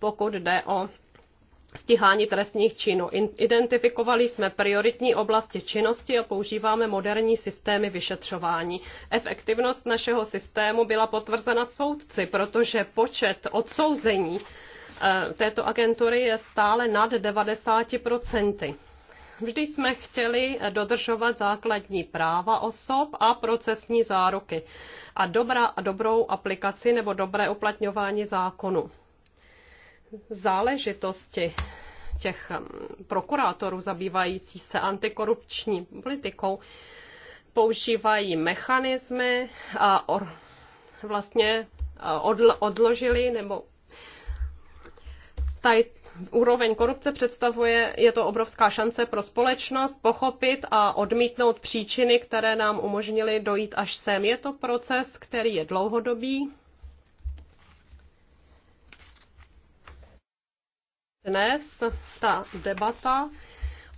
pokud jde o stíhání trestních činů. Identifikovali jsme prioritní oblasti činnosti a používáme moderní systémy vyšetřování. Efektivnost našeho systému byla potvrzena soudci, protože počet odsouzení eh, této agentury je stále nad 90 Vždy jsme chtěli dodržovat základní práva osob a procesní záruky a, dobrá, dobrou aplikaci nebo dobré uplatňování zákonu záležitosti těch prokurátorů zabývající se antikorupční politikou používají mechanismy a or, vlastně odl, odložili nebo taj, úroveň korupce představuje, je to obrovská šance pro společnost pochopit a odmítnout příčiny, které nám umožnily dojít až sem. Je to proces, který je dlouhodobý, Dnes ta debata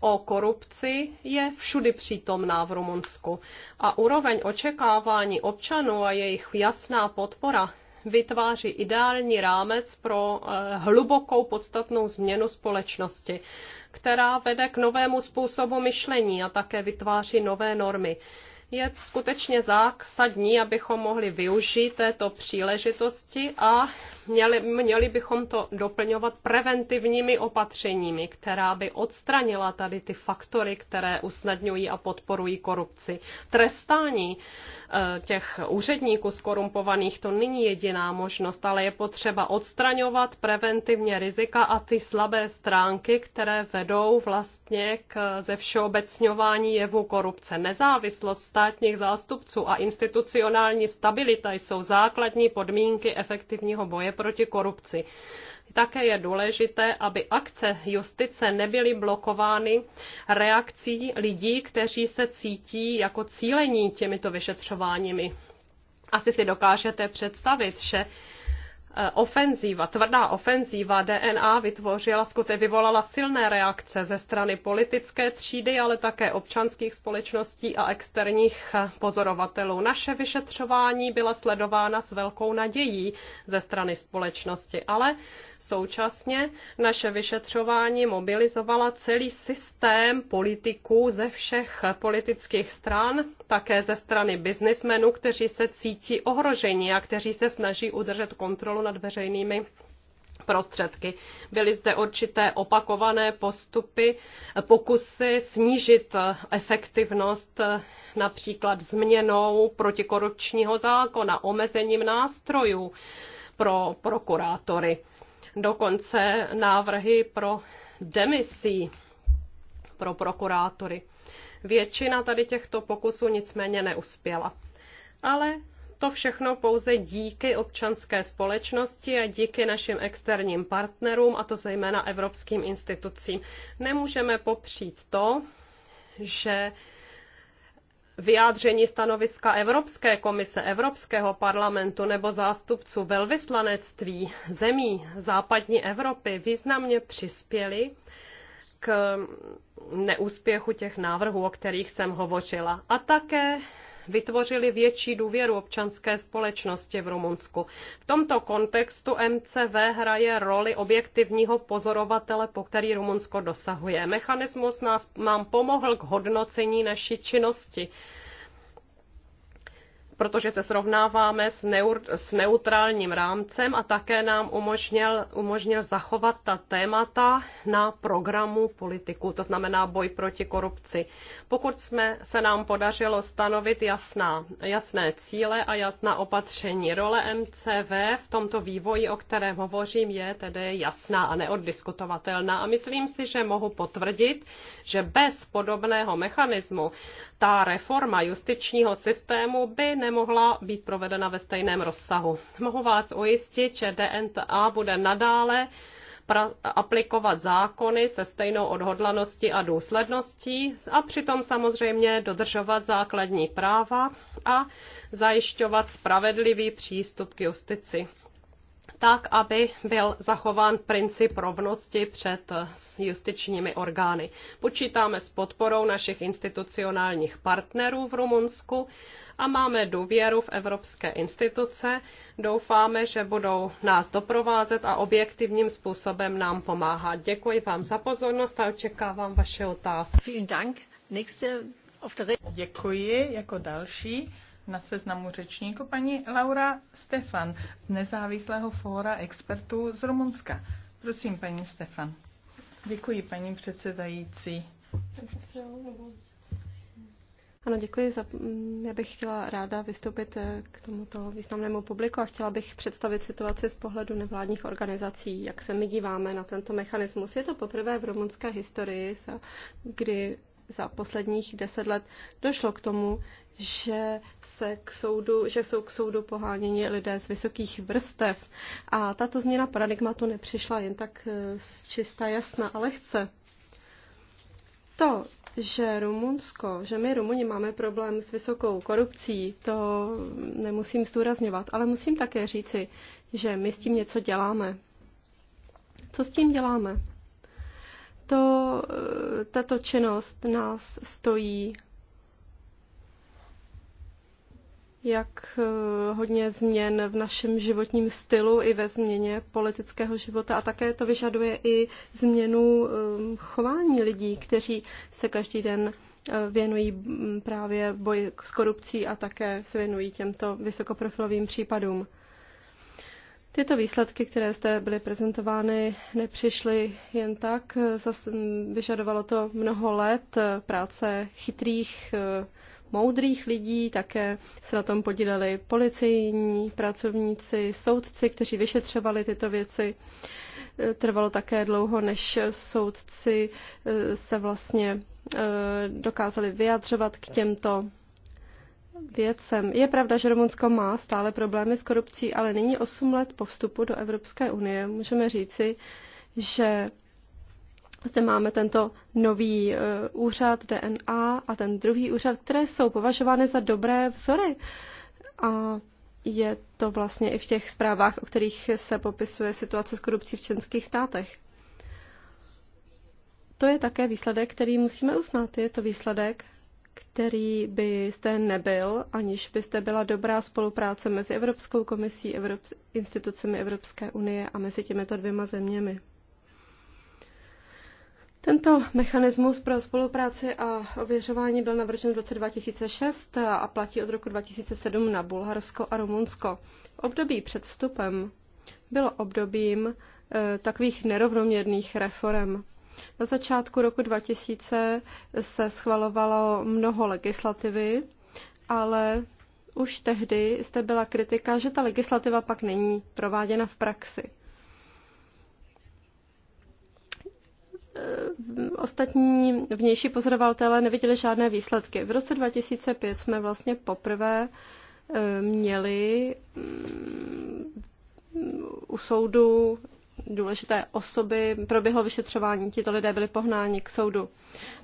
o korupci je všudy přítomná v Rumunsku a úroveň očekávání občanů a jejich jasná podpora vytváří ideální rámec pro eh, hlubokou podstatnou změnu společnosti, která vede k novému způsobu myšlení a také vytváří nové normy je skutečně zásadní, abychom mohli využít této příležitosti a měli, měli bychom to doplňovat preventivními opatřeními, která by odstranila tady ty faktory, které usnadňují a podporují korupci. Trestání eh, těch úředníků skorumpovaných to není jediná možnost, ale je potřeba odstraňovat preventivně rizika a ty slabé stránky, které vedou vlastně k zevšeobecňování jevu korupce. Nezávislost státních zástupců a institucionální stabilita jsou základní podmínky efektivního boje proti korupci. Také je důležité, aby akce justice nebyly blokovány reakcí lidí, kteří se cítí jako cílení těmito vyšetřováními. Asi si dokážete představit, že Eh, ofenzíva, tvrdá ofenzíva DNA vytvořila, skute vyvolala silné reakce ze strany politické třídy, ale také občanských společností a externích eh, pozorovatelů. Naše vyšetřování byla sledována s velkou nadějí ze strany společnosti, ale současně naše vyšetřování mobilizovala celý systém politiků ze všech politických stran, také ze strany biznismenů, kteří se cítí ohroženi a kteří se snaží udržet kontrolu nad veřejnými prostředky. Byly zde určité opakované postupy, pokusy snížit efektivnost například změnou protikorupčního zákona, omezením nástrojů pro prokurátory, dokonce návrhy pro demisí pro prokurátory. Většina tady těchto pokusů nicméně neuspěla. Ale to všechno pouze díky občanské společnosti a díky našim externím partnerům, a to zejména evropským institucím. Nemůžeme popřít to, že vyjádření stanoviska Evropské komise, Evropského parlamentu nebo zástupců velvyslanectví zemí západní Evropy významně přispěly k neúspěchu těch návrhů, o kterých jsem hovořila. A také vytvořili větší důvěru občanské společnosti v Rumunsku. V tomto kontextu MCV hraje roli objektivního pozorovatele, po který Rumunsko dosahuje. Mechanismus nás nám pomohl k hodnocení naší činnosti protože se srovnáváme s, neur, s neutrálním rámcem a také nám umožnil, umožnil zachovat ta témata na programu politiku, to znamená boj proti korupci. Pokud jsme, se nám podařilo stanovit jasná, jasné cíle a jasná opatření, role MCV v tomto vývoji, o kterém hovořím, je tedy jasná a neoddiskutovatelná. A myslím si, že mohu potvrdit, že bez podobného mechanismu ta reforma justičního systému by ne nemohla být provedena ve stejném rozsahu. Mohu vás ujistit, že DNTA bude nadále aplikovat zákony se stejnou odhodlaností a důsledností a přitom samozřejmě dodržovat základní práva a zajišťovat spravedlivý přístup k justici tak, aby byl zachován princip rovnosti před justičními orgány. Počítáme s podporou našich institucionálních partnerů v Rumunsku a máme důvěru v evropské instituce. Doufáme, že budou nás doprovázet a objektivním způsobem nám pomáhat. Děkuji vám za pozornost a očekávám vaše otázky. Děkuji. Jako další na seznamu řečníku paní Laura Stefan z nezávislého fóra expertů z Rumunska. Prosím, paní Stefan. Děkuji, paní předsedající. Ano, děkuji. Za, já bych chtěla ráda vystoupit eh, k tomuto významnému publiku a chtěla bych představit situaci z pohledu nevládních organizací, jak se my díváme na tento mechanismus. Je to poprvé v rumunské historii, kdy za posledních deset let došlo k tomu, že, se k soudu, že jsou k soudu poháněni lidé z vysokých vrstev. A tato změna paradigmatu nepřišla jen tak eh, čistá, jasná a lehce. To, že Rumunsko, že my Rumuni máme problém s vysokou korupcí, to nemusím zdůrazňovat, ale musím také říci, že my s tím něco děláme. Co s tím děláme? Tato, tato činnost nás stojí jak eh, hodně změn v našem životním stylu i ve změně politického života a také to vyžaduje i změnu eh, chování lidí, kteří se každý den eh, věnují mm, právě boji s korupcí a také se věnují těmto vysokoprofilovým případům. Tyto výsledky, které zde byly prezentovány, nepřišly jen tak. Zas vyžadovalo to mnoho let e, práce chytrých, e, moudrých lidí, také se na tom podíleli policejní pracovníci, soudci, kteří vyšetřovali tyto věci. E, trvalo také dlouho, než soudci se vlastně dokázali vyjadřovat k těmto věcem. Je pravda, že Rumunsko má stále problémy s korupcí, ale nyní 8 let po vstupu do Evropské unie můžeme říci, že zde máme tento nový uh, úřad DNA a ten druhý úřad, které jsou považovány za dobré vzory. A je to vlastně i v těch zprávách, o kterých se popisuje situace s korupcí v členských státech. To je také výsledek, který musíme uznat. Je to výsledek který byste nebyl, aniž byste byla dobrá spolupráce mezi Evropskou komisí, Evrop, institucemi Evropské unie a mezi těmito dvěma zeměmi. Tento mechanismus pro spolupráci a ověřování byl navržen v roce 2006 a platí od roku 2007 na Bulharsko a Rumunsko. Období před vstupem bylo obdobím e, takových nerovnoměrných reform. Na začátku roku 2000 se schvalovalo mnoho legislativy, ale už tehdy zde byla kritika, že ta legislativa pak není prováděna v praxi. Eh, ostatní vnější pozorovatelé neviděli žádné výsledky. V roce 2005 jsme vlastně poprvé eh, měli mm, u soudu důležité osoby, proběhlo vyšetřování, tito lidé byli pohnáni k soudu.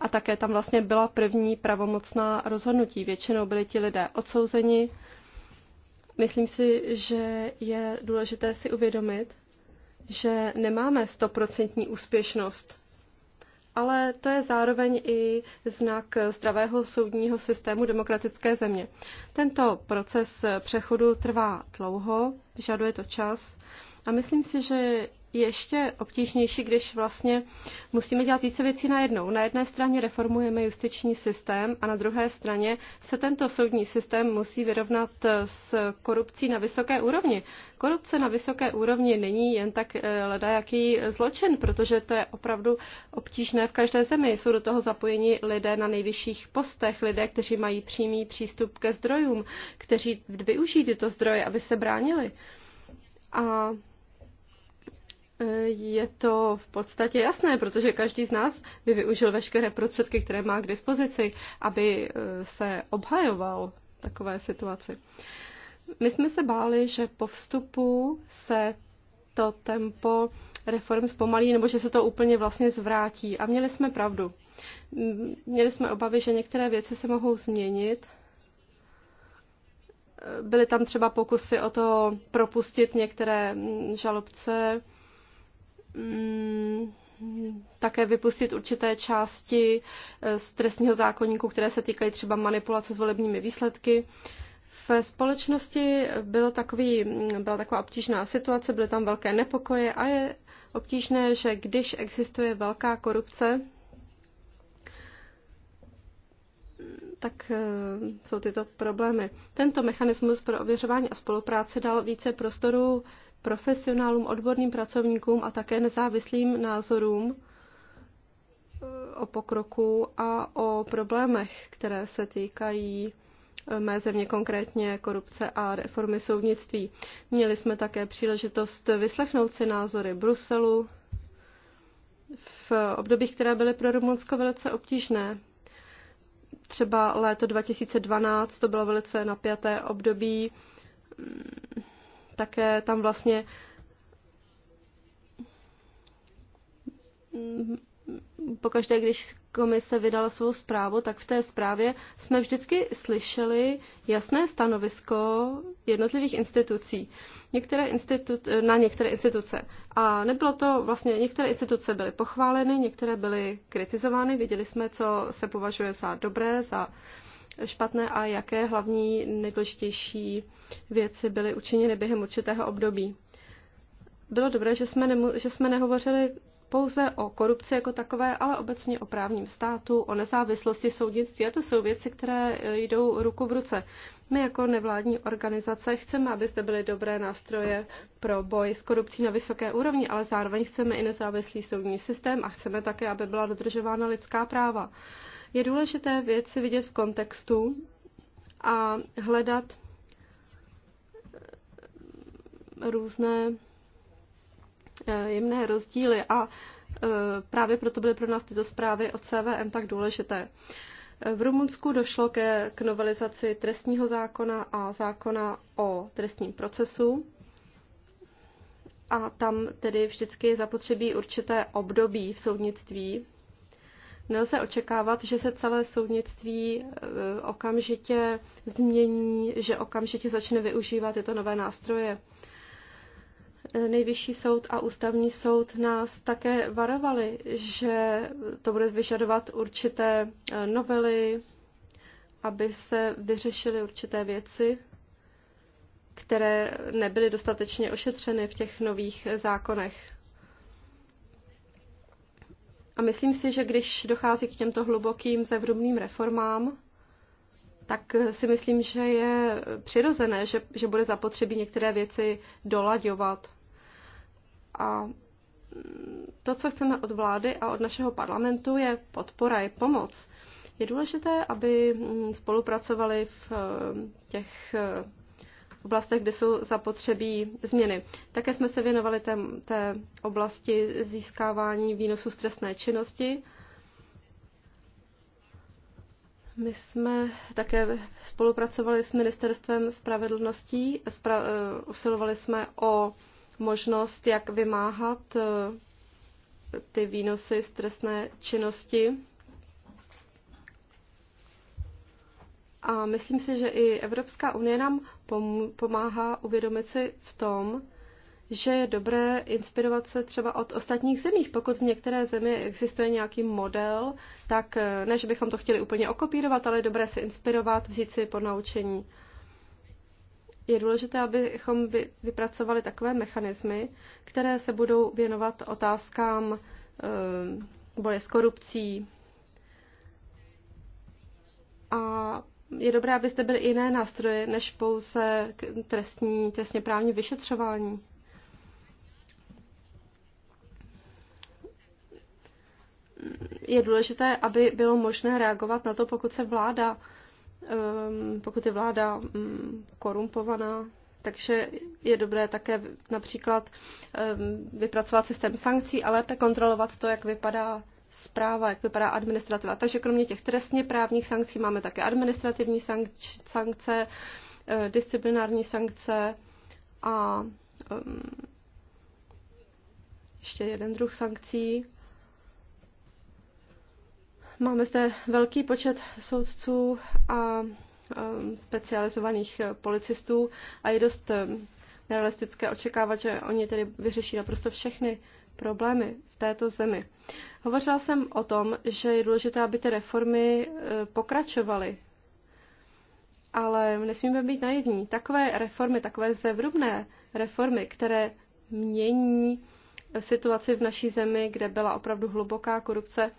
A také tam vlastně byla první pravomocná rozhodnutí. Většinou byli ti lidé odsouzeni. Myslím si, že je důležité si uvědomit, že nemáme stoprocentní úspěšnost, ale to je zároveň i znak zdravého soudního systému demokratické země. Tento proces přechodu trvá dlouho, vyžaduje to čas a myslím si, že ještě obtížnější, když vlastně musíme dělat více věcí najednou. Na jedné straně reformujeme justiční systém a na druhé straně se tento soudní systém musí vyrovnat s korupcí na vysoké úrovni. Korupce na vysoké úrovni není jen tak eh, ledajaký zločin, protože to je opravdu obtížné v každé zemi. Jsou do toho zapojeni lidé na nejvyšších postech, lidé, kteří mají přímý přístup ke zdrojům, kteří využijí tyto zdroje, aby se bránili. A je to v podstatě jasné, protože každý z nás by využil veškeré prostředky, které má k dispozici, aby e, se obhajoval takové situaci. My jsme se báli, že po vstupu se to tempo reform zpomalí, nebo že se to úplně vlastně zvrátí. A měli jsme pravdu. Měli jsme obavy, že některé věci se mohou změnit. Byly tam třeba pokusy o to propustit některé žalobce, Mm, také vypustit určité části eh, z trestního zákonníku, které se týkají třeba manipulace s volebními výsledky. V společnosti byl takový, mm, byla taková obtížná situace, byly tam velké nepokoje a je obtížné, že když existuje velká korupce, tak eh, jsou tyto problémy. Tento mechanismus pro ověřování a spolupráci dal více prostoru profesionálům, odborným pracovníkům a také nezávislým názorům eh, o pokroku a o problémech, které se týkají eh, mé země, konkrétně korupce a reformy soudnictví. Měli jsme také příležitost vyslechnout si názory Bruselu v obdobích, které byly pro Rumunsko velice obtížné. Třeba léto 2012 to bylo velice napjaté období také tam vlastně pokaždé, když komise vydala svou zprávu, tak v té zprávě jsme vždycky slyšeli jasné stanovisko jednotlivých institucí. Některé institut, na některé instituce. A nebylo to vlastně, některé instituce byly pochváleny, některé byly kritizovány, viděli jsme, co se považuje za dobré, za uh, špatné a jaké hlavní nejdůležitější věci byly učiněny během určitého období. Bylo dobré, že jsme, nemu, že jsme nehovořili pouze o korupci jako takové, ale obecně o právním státu, o nezávislosti soudnictví. A to jsou věci, které eh, jdou ruku v ruce. My jako nevládní organizace chceme, aby zde byly dobré nástroje pro boj s korupcí na vysoké úrovni, ale zároveň chceme i nezávislý soudní systém a chceme také, aby byla dodržována lidská práva. Je důležité věci vidět v kontextu a hledat eh, různé eh, jemné rozdíly a eh, právě proto byly pro nás tyto zprávy o CVM tak důležité. V Rumunsku došlo ke, k novelizaci trestního zákona a zákona o trestním procesu. A tam tedy vždycky je zapotřebí určité období v soudnictví, Nelze očekávat, že se celé soudnictví eh, okamžitě změní, že okamžitě začne využívat tyto nové nástroje. Eh, Nejvyšší soud a ústavní soud nás také varovali, že to bude vyžadovat určité eh, novely, aby se vyřešily určité věci, které nebyly dostatečně ošetřeny v těch nových zákonech. A myslím si, že když dochází k těmto hlubokým zevrubným reformám, tak si myslím, že je přirozené, že, že bude zapotřebí některé věci dolaďovat. A to, co chceme od vlády a od našeho parlamentu, je podpora, je pomoc. Je důležité, aby spolupracovali v eh, těch eh, oblastech, kde jsou zapotřebí změny. Také jsme se věnovali té, té oblasti získávání výnosu stresné činnosti. My jsme také spolupracovali s Ministerstvem spravedlností, spra- uh, usilovali jsme o možnost, jak vymáhat uh, ty výnosy z trestné činnosti. A myslím si, že i Evropská unie nám pomáhá uvědomit si v tom, že je dobré inspirovat se třeba od ostatních zemích. Pokud v některé zemi existuje nějaký model, tak eh, ne, že bychom to chtěli úplně okopírovat, ale je dobré se inspirovat, vzít si po naučení. Je důležité, abychom vypracovali takové mechanismy, které se budou věnovat otázkám eh, boje s korupcí a je dobré, abyste byli jiné nástroje, než pouze trestní, trestně právní vyšetřování. Je důležité, aby bylo možné reagovat na to, pokud se vláda, ehm, pokud je vláda mm, korumpovaná, takže je dobré také například ehm, vypracovat systém sankcí a lépe kontrolovat to, jak vypadá zpráva, jak vypadá administrativa. Takže kromě těch trestně právních sankcí máme také administrativní sankce, eh, disciplinární sankce a um, ještě jeden druh sankcí. Máme zde velký počet soudců a um, specializovaných eh, policistů a je dost um, ehm, nerealistické očekávat, že oni tedy vyřeší naprosto všechny problémy této zemi. Hovořila jsem o tom, že je důležité, aby ty reformy e, pokračovaly. Ale nesmíme být naivní. Takové reformy, takové zevrubné reformy, které mění e, situaci v naší zemi, kde byla opravdu hluboká korupce,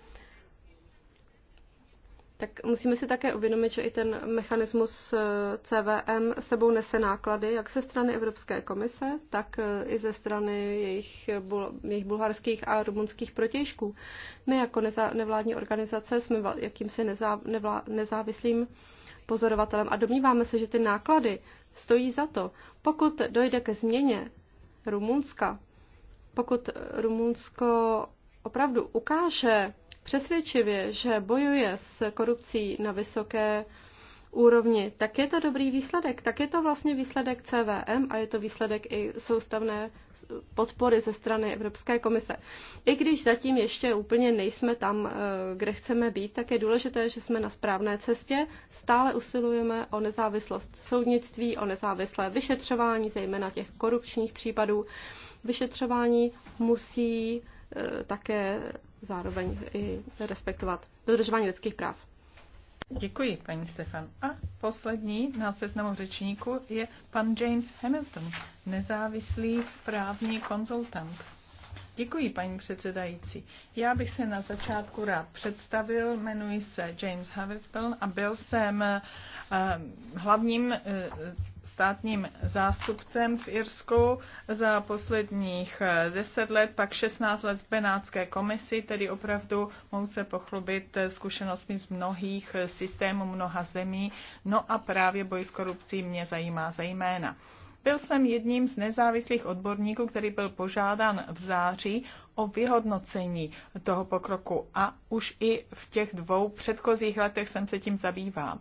tak musíme si také uvědomit, že i ten mechanismus eh, CVM sebou nese náklady jak ze strany Evropské komise, tak eh, i ze strany jejich, eh, jejich bulharských a rumunských protěžků. My jako neza, nevládní organizace jsme jakýmsi nezá, nevlá, nezávislým pozorovatelem a domníváme se, že ty náklady stojí za to. Pokud dojde ke změně Rumunska, pokud Rumunsko opravdu ukáže přesvědčivě, že bojuje s korupcí na vysoké úrovni, tak je to dobrý výsledek. Tak je to vlastně výsledek CVM a je to výsledek i soustavné podpory ze strany Evropské komise. I když zatím ještě úplně nejsme tam, eh, kde chceme být, tak je důležité, že jsme na správné cestě. Stále usilujeme o nezávislost soudnictví, o nezávislé vyšetřování, zejména těch korupčních případů. Vyšetřování musí eh, také zároveň i respektovat dodržování lidských práv. Děkuji, paní Stefan. A poslední na seznamu řečníku je pan James Hamilton, nezávislý právní konzultant. Děkuji, paní předsedající. Já bych se na začátku rád představil. Jmenuji se James Havertel a byl jsem eh, hlavním eh, státním zástupcem v Irsku za posledních 10 eh, let, pak 16 let v Benátské komisi, tedy opravdu mohu se pochlubit zkušenostmi z mnohých systémů mnoha zemí. No a právě boj s korupcí mě zajímá zejména. Za byl jsem jedním z nezávislých odborníků, který byl požádán v září o vyhodnocení toho pokroku a už i v těch dvou předchozích letech jsem se tím zabývám.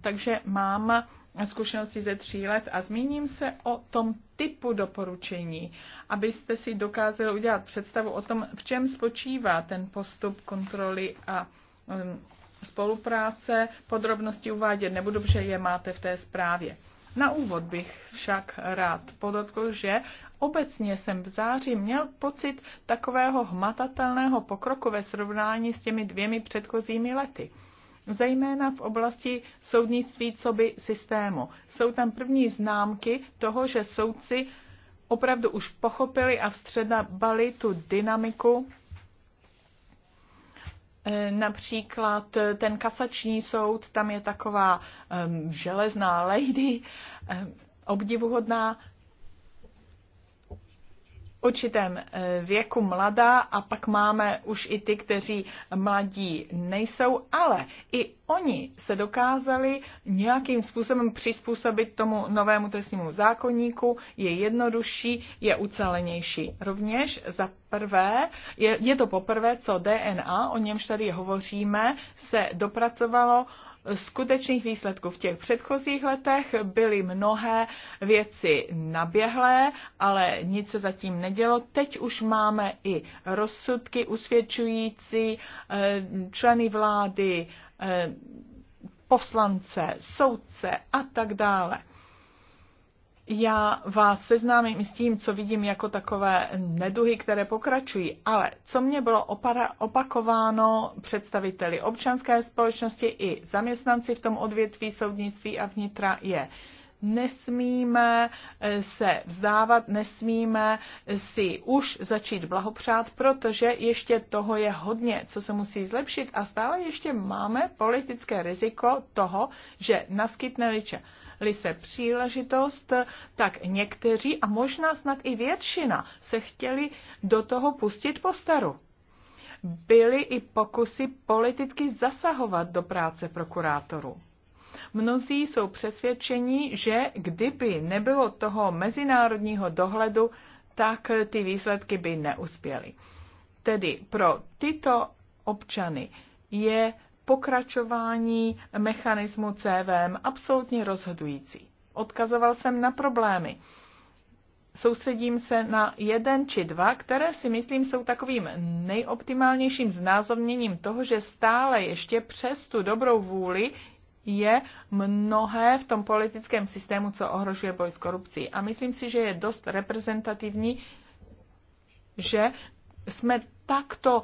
Takže mám zkušenosti ze tří let a zmíním se o tom typu doporučení, abyste si dokázali udělat představu o tom, v čem spočívá ten postup kontroly a um, spolupráce. Podrobnosti uvádět nebudu, že je máte v té zprávě. Na úvod bych však rád podotkl, že obecně jsem v září měl pocit takového hmatatelného pokroku ve srovnání s těmi dvěmi předchozími lety zejména v oblasti soudnictví co by systému. Jsou tam první známky toho, že soudci opravdu už pochopili a vstředabali tu dynamiku E, například e, ten kasační soud, tam je taková um, železná lady, um, obdivuhodná, určitém eh, věku mladá a pak máme už i ty, kteří mladí nejsou, ale i oni se dokázali nějakým způsobem přizpůsobit tomu novému trestnímu zákonníku, je jednodušší, je ucelenější. Rovněž za prvé, je, je to poprvé, co DNA, o němž tady hovoříme, se dopracovalo skutečných výsledků. V těch předchozích letech byly mnohé věci naběhlé, ale nic se zatím nedělo. Teď už máme i rozsudky usvědčující eh, členy vlády, eh, poslance, soudce a tak dále. Já vás seznámím s tím, co vidím jako takové neduhy, které pokračují, ale co mě bylo opakováno představiteli občanské společnosti i zaměstnanci v tom odvětví soudnictví a vnitra je, nesmíme eh, se vzdávat, nesmíme eh, si už začít blahopřát, protože ještě toho je hodně, co se musí zlepšit a stále ještě máme politické riziko toho, že naskytne liče li se příležitost, tak někteří a možná snad i většina se chtěli do toho pustit po staru. Byly i pokusy politicky zasahovat do práce prokurátorů. Mnozí jsou přesvědčeni, že kdyby nebylo toho mezinárodního dohledu, tak ty výsledky by neuspěly. Tedy pro tyto občany je pokračování mechanismu CVM absolutně rozhodující. Odkazoval jsem na problémy. Soustředím se na jeden či dva, které si myslím jsou takovým nejoptimálnějším znázorněním toho, že stále ještě přes tu dobrou vůli je mnohé v tom politickém systému, co ohrožuje boj s korupcí. A myslím si, že je dost reprezentativní, že jsme takto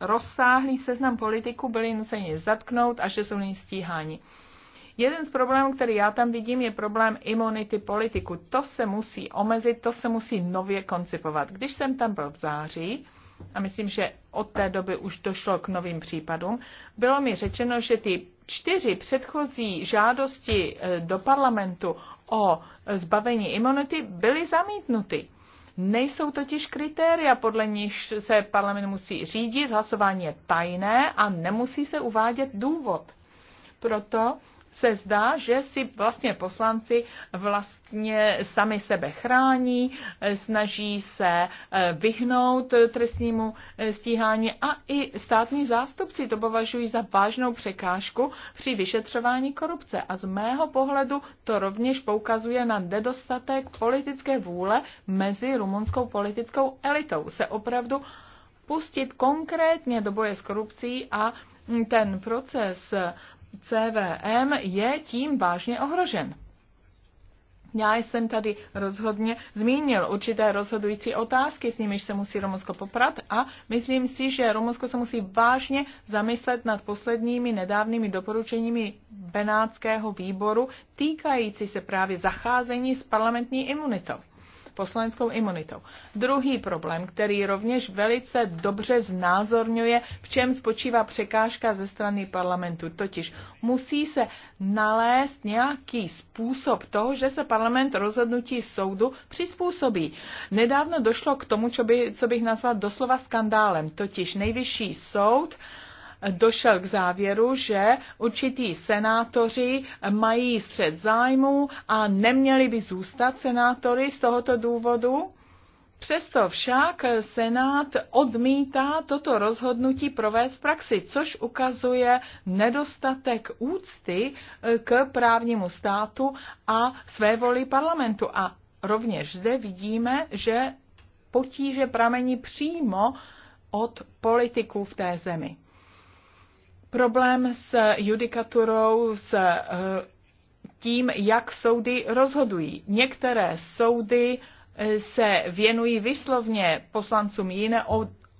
rozsáhlý seznam politiků byli nuceni zatknout a že jsou nyní stíháni. Jeden z problémů, který já tam vidím, je problém imunity politiku. To se musí omezit, to se musí nově koncipovat. Když jsem tam byl v září, a myslím, že od té doby už došlo k novým případům, bylo mi řečeno, že ty čtyři předchozí žádosti eh, do parlamentu o eh, zbavení imunity byly zamítnuty. Nejsou totiž kritéria, podle nich se parlament musí řídit, hlasování je tajné a nemusí se uvádět důvod. Proto se zdá, že si vlastně poslanci vlastně sami sebe chrání, snaží se eh, vyhnout trestnímu eh, stíhání a i státní zástupci to považují za vážnou překážku při vyšetřování korupce. A z mého pohledu to rovněž poukazuje na nedostatek politické vůle mezi rumunskou politickou elitou. Se opravdu pustit konkrétně do boje s korupcí a ten proces CVM je tím vážně ohrožen. Já jsem tady rozhodně zmínil určité rozhodující otázky, s nimiž se musí Rumunsko poprat a myslím si, že Rumunsko se musí vážně zamyslet nad posledními nedávnými doporučeními Benátského výboru týkající se právě zacházení s parlamentní imunitou poslaneckou imunitou. Druhý problém, který rovněž velice dobře znázorňuje, v čem spočívá překážka ze strany parlamentu, totiž musí se nalézt nějaký způsob toho, že se parlament rozhodnutí soudu přizpůsobí. Nedávno došlo k tomu, co, by, co bych nazval doslova skandálem, totiž nejvyšší soud, uh, došel k závěru, že určití senátoři mají střed zájmu a neměli by zůstat senátory z tohoto důvodu. Přesto však Senát odmítá toto rozhodnutí provést v praxi, což ukazuje nedostatek úcty eh, k právnímu státu a své voli parlamentu. A rovněž zde vidíme, že potíže pramení přímo od politiků v té zemi problém s judikaturou, s eh, tím, jak soudy rozhodují. Některé soudy eh, se věnují vyslovně poslancům jiné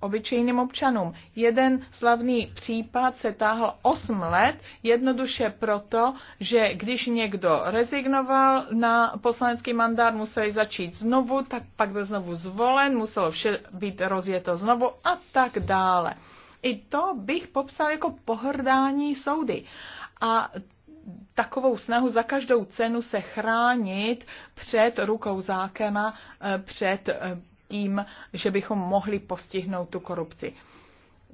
obyčejným občanům. Jeden slavný případ se táhl 8 let, jednoduše proto, že když někdo rezignoval na poslanecký mandát, museli začít znovu, tak pak byl znovu zvolen, muselo vše být rozjeto znovu a tak dále. I to bych popsal jako pohrdání soudy. A takovou snahu za každou cenu se chránit před rukou zákona, eh, před eh, tím, že bychom mohli postihnout tu korupci.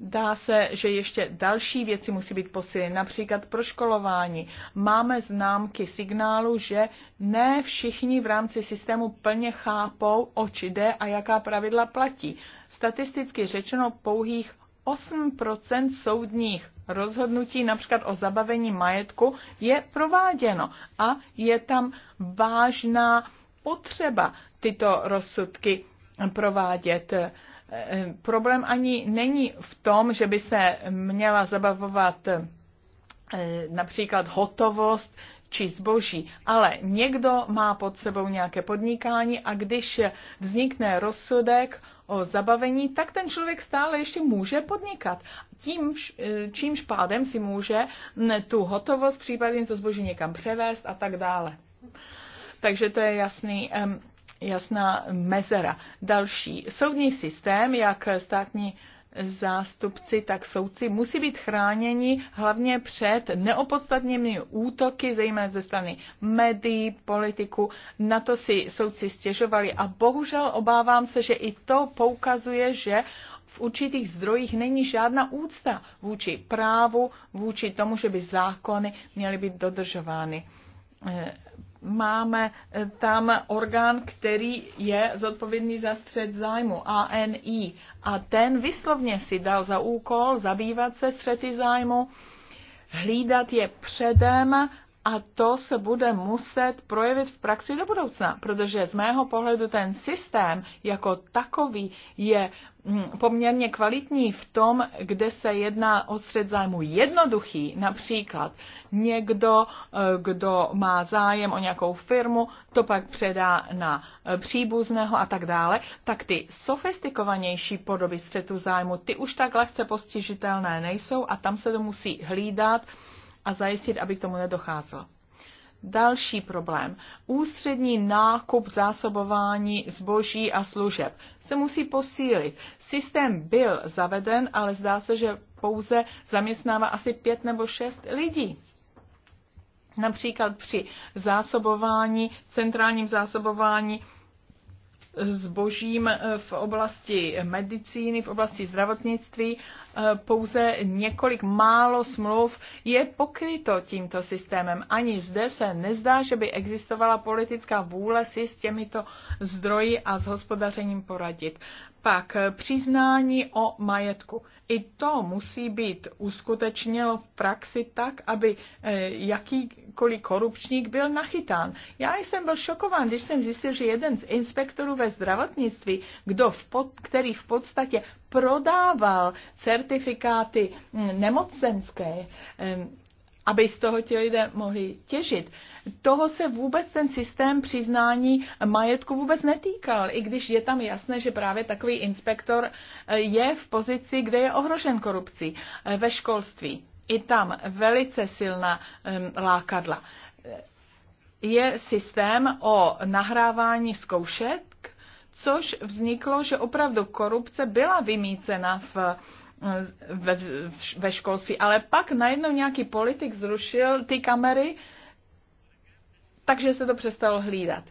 Dá se, že ještě další věci musí být posíleny, například proškolování. Máme známky signálu, že ne všichni v rámci systému plně chápou, oč jde a jaká pravidla platí. Statisticky řečeno pouhých 8% soudních rozhodnutí například o zabavení majetku je prováděno a je tam vážná potřeba tyto rozsudky provádět. Eh, problém ani není v tom, že by se měla zabavovat eh, například hotovost, či zboží, ale někdo má pod sebou nějaké podnikání a když vznikne rozsudek o zabavení, tak ten člověk stále ještě může podnikat. Tím, čímž pádem si může mm, tu hotovost, případně to zboží někam převést a tak dále. Takže to je jasný, jasná mezera. Další soudní systém, jak státní zástupci, tak soudci musí být chráněni hlavně před neopodstatněnými útoky, zejména ze strany médií, politiků. Na to si soudci stěžovali a bohužel obávám se, že i to poukazuje, že v určitých zdrojích není žádná úcta vůči právu, vůči tomu, že by zákony měly být dodržovány eh, máme eh, tam orgán, který je zodpovědný za střed zájmu, ANI. A ten vyslovně si dal za úkol zabývat se střety zájmu, hlídat je předem a to se bude muset projevit v praxi do budoucna, protože z mého pohledu ten systém jako takový je mm, poměrně kvalitní v tom, kde se jedná o střed zájmu jednoduchý. Například někdo, eh, kdo má zájem o nějakou firmu, to pak předá na eh, příbuzného a tak dále, tak ty sofistikovanější podoby střetu zájmu, ty už tak lehce postižitelné nejsou a tam se to musí hlídat a zajistit, aby k tomu nedocházelo. Další problém. Ústřední nákup zásobování zboží a služeb se musí posílit. Systém byl zaveden, ale zdá se, že pouze zaměstnává asi pět nebo šest lidí. Například při zásobování, centrálním zásobování zbožím eh, v oblasti medicíny, v oblasti zdravotnictví. Eh, pouze několik málo smluv je pokryto tímto systémem. Ani zde se nezdá, že by existovala politická vůle si s těmito zdroji a s hospodařením poradit. Pak přiznání o majetku. I to musí být uskutečněno v praxi tak, aby eh, jakýkoliv korupčník byl nachytán. Já jsem byl šokován, když jsem zjistil, že jeden z inspektorů ve zdravotnictví, kdo v pod, který v podstatě prodával certifikáty mm, nemocenské, eh, aby z toho ti lidé mohli těžit, toho se vůbec ten systém přiznání majetku vůbec netýkal, i když je tam jasné, že právě takový inspektor eh, je v pozici, kde je ohrožen korupcí eh, ve školství. I tam velice silná lákadla. Eh, je systém o nahrávání zkoušek, což vzniklo, že opravdu korupce byla vymícena v ve, ve školství, ale pak najednou nějaký politik zrušil ty kamery takže se to přestalo hlídat.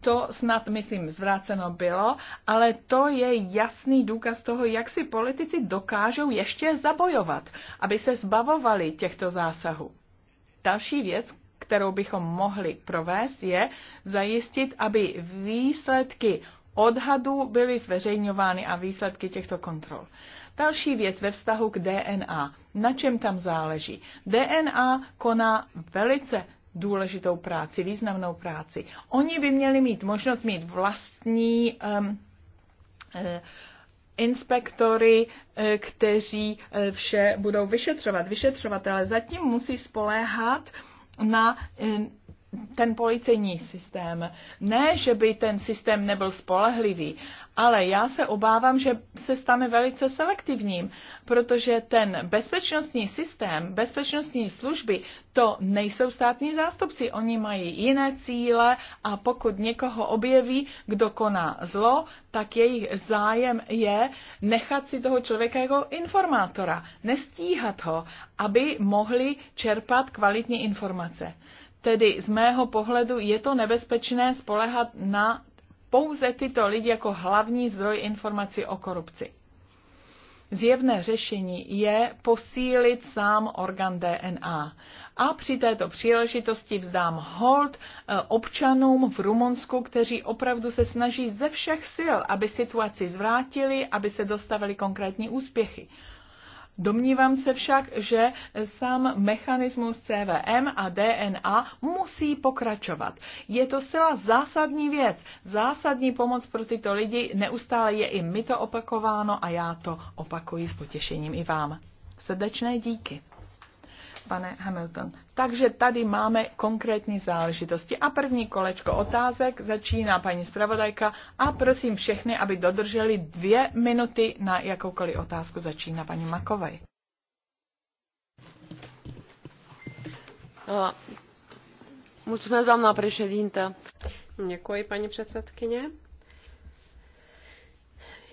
To snad, myslím, zvráceno bylo, ale to je jasný důkaz toho, jak si politici dokážou ještě zabojovat, aby se zbavovali těchto zásahů. Další věc, kterou bychom mohli provést, je zajistit, aby výsledky odhadů byly zveřejňovány a výsledky těchto kontrol. Další věc ve vztahu k DNA. Na čem tam záleží? DNA koná velice důležitou práci, významnou práci. Oni by měli mít možnost mít vlastní um, eh, inspektory, eh, kteří eh, vše budou vyšetřovat. Vyšetřovatele zatím musí spoléhat na ten policejní systém. Ne, že by ten systém nebyl spolehlivý, ale já se obávám, že se stane velice selektivním, protože ten bezpečnostní systém, bezpečnostní služby, to nejsou státní zástupci. Oni mají jiné cíle a pokud někoho objeví, kdo koná zlo, tak jejich zájem je nechat si toho člověka jako informátora, nestíhat ho, aby mohli čerpat kvalitní informace. Tedy z mého pohledu je to nebezpečné spolehat na pouze tyto lidi jako hlavní zdroj informací o korupci. Zjevné řešení je posílit sám orgán DNA. A při této příležitosti vzdám hold eh, občanům v Rumunsku, kteří opravdu se snaží ze všech sil, aby situaci zvrátili, aby se dostavili konkrétní úspěchy. Domnívám se však, že sám mechanismus CVM a DNA musí pokračovat. Je to zcela zásadní věc, zásadní pomoc pro tyto lidi. Neustále je i mi to opakováno a já to opakuji s potěšením i vám. Srdečné díky pane Hamilton. Takže tady máme konkrétní záležitosti. A první kolečko otázek začíná paní zpravodajka a prosím všechny, aby dodrželi dvě minuty na jakoukoliv otázku. Začíná paní Makovej. Uh, mulțumesc, doamna președintă. Děkuji, paní předsedkyně.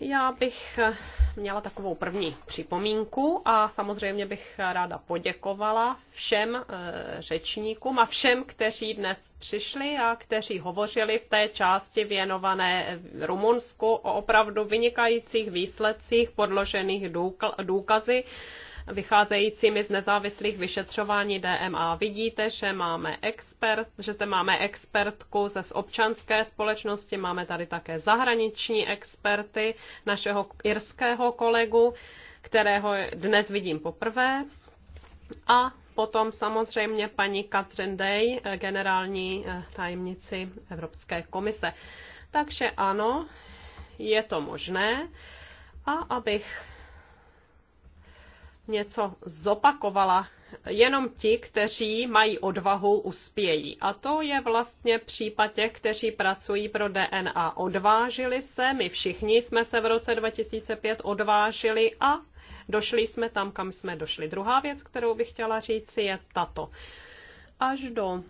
Já bych eh, měla takovou první připomínku a samozřejmě bych ráda poděkovala všem eh, řečníkům a všem, kteří dnes přišli a kteří hovořili v té části věnované Rumunsku o opravdu vynikajících výsledcích podložených důkazy vycházejícími z nezávislých vyšetřování DMA. Vidíte, že máme expert, že zde máme expertku ze z občanské společnosti, máme tady také zahraniční experty našeho irského kolegu, kterého dnes vidím poprvé. A potom samozřejmě paní Katrin Day, generální eh, tajemnici Evropské komise. Takže ano, je to možné. A abych něco zopakovala. Jenom ti, kteří mají odvahu, uspějí. A to je vlastně případ těch, kteří pracují pro DNA. Odvážili se, my všichni jsme se v roce 2005 odvážili a došli jsme tam, kam jsme došli. Druhá věc, kterou bych chtěla říct, je tato. Až do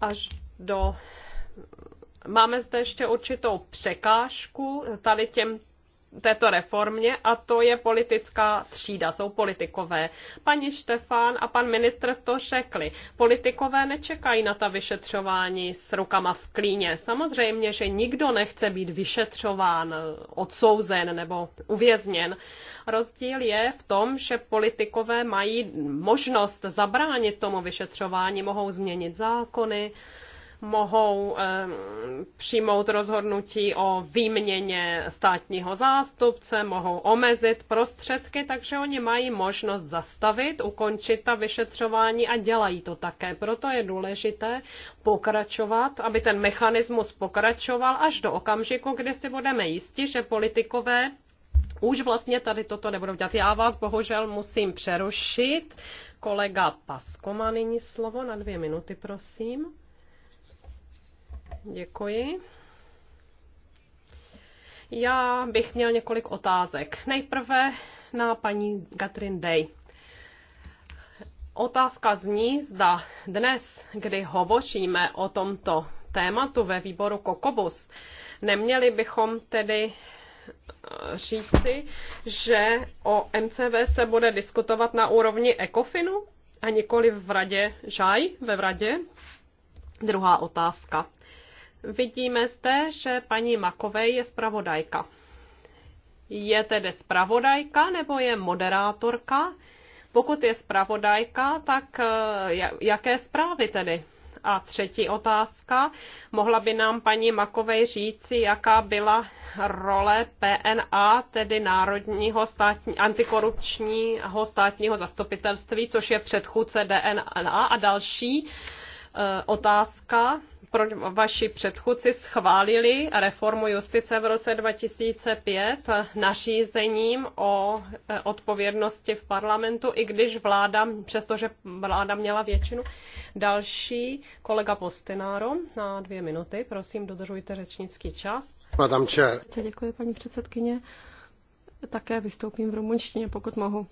až do Máme zde ještě určitou překážku tady těm této reformě a to je politická třída, jsou politikové. Paní Štefán a pan ministr to řekli. Politikové nečekají na ta vyšetřování s rukama v klíně. Samozřejmě, že nikdo nechce být vyšetřován, odsouzen nebo uvězněn. Rozdíl je v tom, že politikové mají možnost zabránit tomu vyšetřování, mohou změnit zákony, mohou eh, přijmout rozhodnutí o výměně státního zástupce, mohou omezit prostředky, takže oni mají možnost zastavit, ukončit ta vyšetřování a dělají to také. Proto je důležité pokračovat, aby ten mechanismus pokračoval až do okamžiku, kdy si budeme jisti, že politikové už vlastně tady toto nebudou dělat. Já vás bohužel musím přerušit. Kolega Pasko má nyní slovo na dvě minuty, prosím. Děkuji. Já bych měl několik otázek. Nejprve na paní Katrin Day. Otázka zní, zda dnes, kdy hovoříme o tomto tématu ve výboru Kokobus, neměli bychom tedy eh, říci, že o MCV se bude diskutovat na úrovni ECOFINu a nikoli v radě ŽAJ, ve radě? Druhá otázka. Vidíme zde, že paní Makovej je zpravodajka. Je tedy zpravodajka nebo je moderátorka? Pokud je zpravodajka, tak eh, jaké zprávy tedy? A třetí otázka, mohla by nám paní Makovej říci, jaká byla role PNA, tedy Národního státní, antikorupčního státního zastupitelství, což je předchůdce DNA a další e, otázka, proč vaši předchůdci schválili reformu justice v roce 2005 nařízením o eh, odpovědnosti v parlamentu, i když vláda, přestože vláda měla většinu. Další kolega Postináro na dvě minuty. Prosím, dodržujte řečnický čas. Madam Chair. Děkuji, paní předsedkyně. Také vystoupím v rumunštině, pokud mohu.